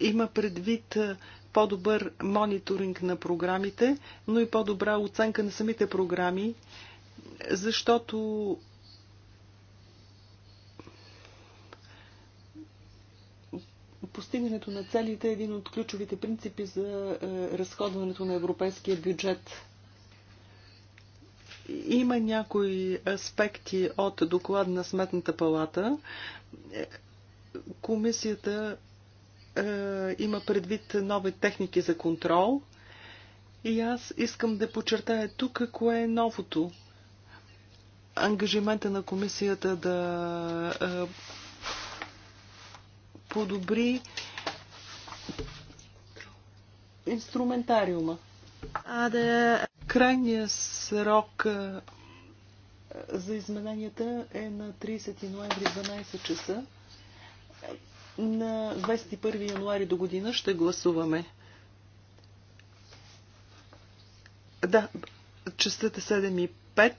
има предвид по-добър мониторинг на програмите, но и по-добра оценка на самите програми, защото постигането на целите е един от ключовите принципи за е, разходването на европейския бюджет. Има някои аспекти от доклад на Сметната палата. Е, комисията е, има предвид нови техники за контрол. И аз искам да подчертая тук кое е новото. Ангажимента на комисията да е, подобри инструментариума. А да... Крайният срок е, за измененията е на 30 ноември 12 часа. На 21 януари до година ще гласуваме. Да, частата 7 е и 5.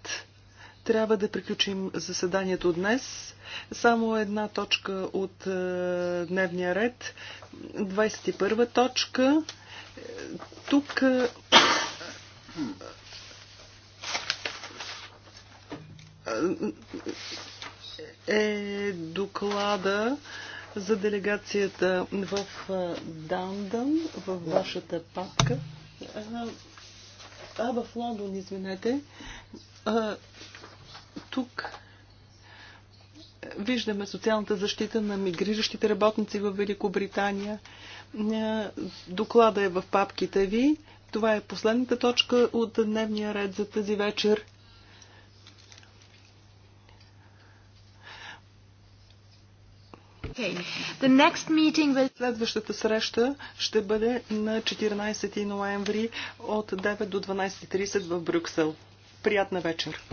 Трябва да приключим заседанието днес. Само една точка от е, дневния ред. 21 точка. Тук е, е, е доклада е, за делегацията в Дандън, в вашата папка. А, в Лондон, извинете. А, тук виждаме социалната защита на мигриращите работници в Великобритания. Доклада е в папките ви. Това е последната точка от дневния ред за тази вечер. Следващата среща ще бъде на 14 ноември от 9 до 12.30 в Брюксел. Приятна вечер!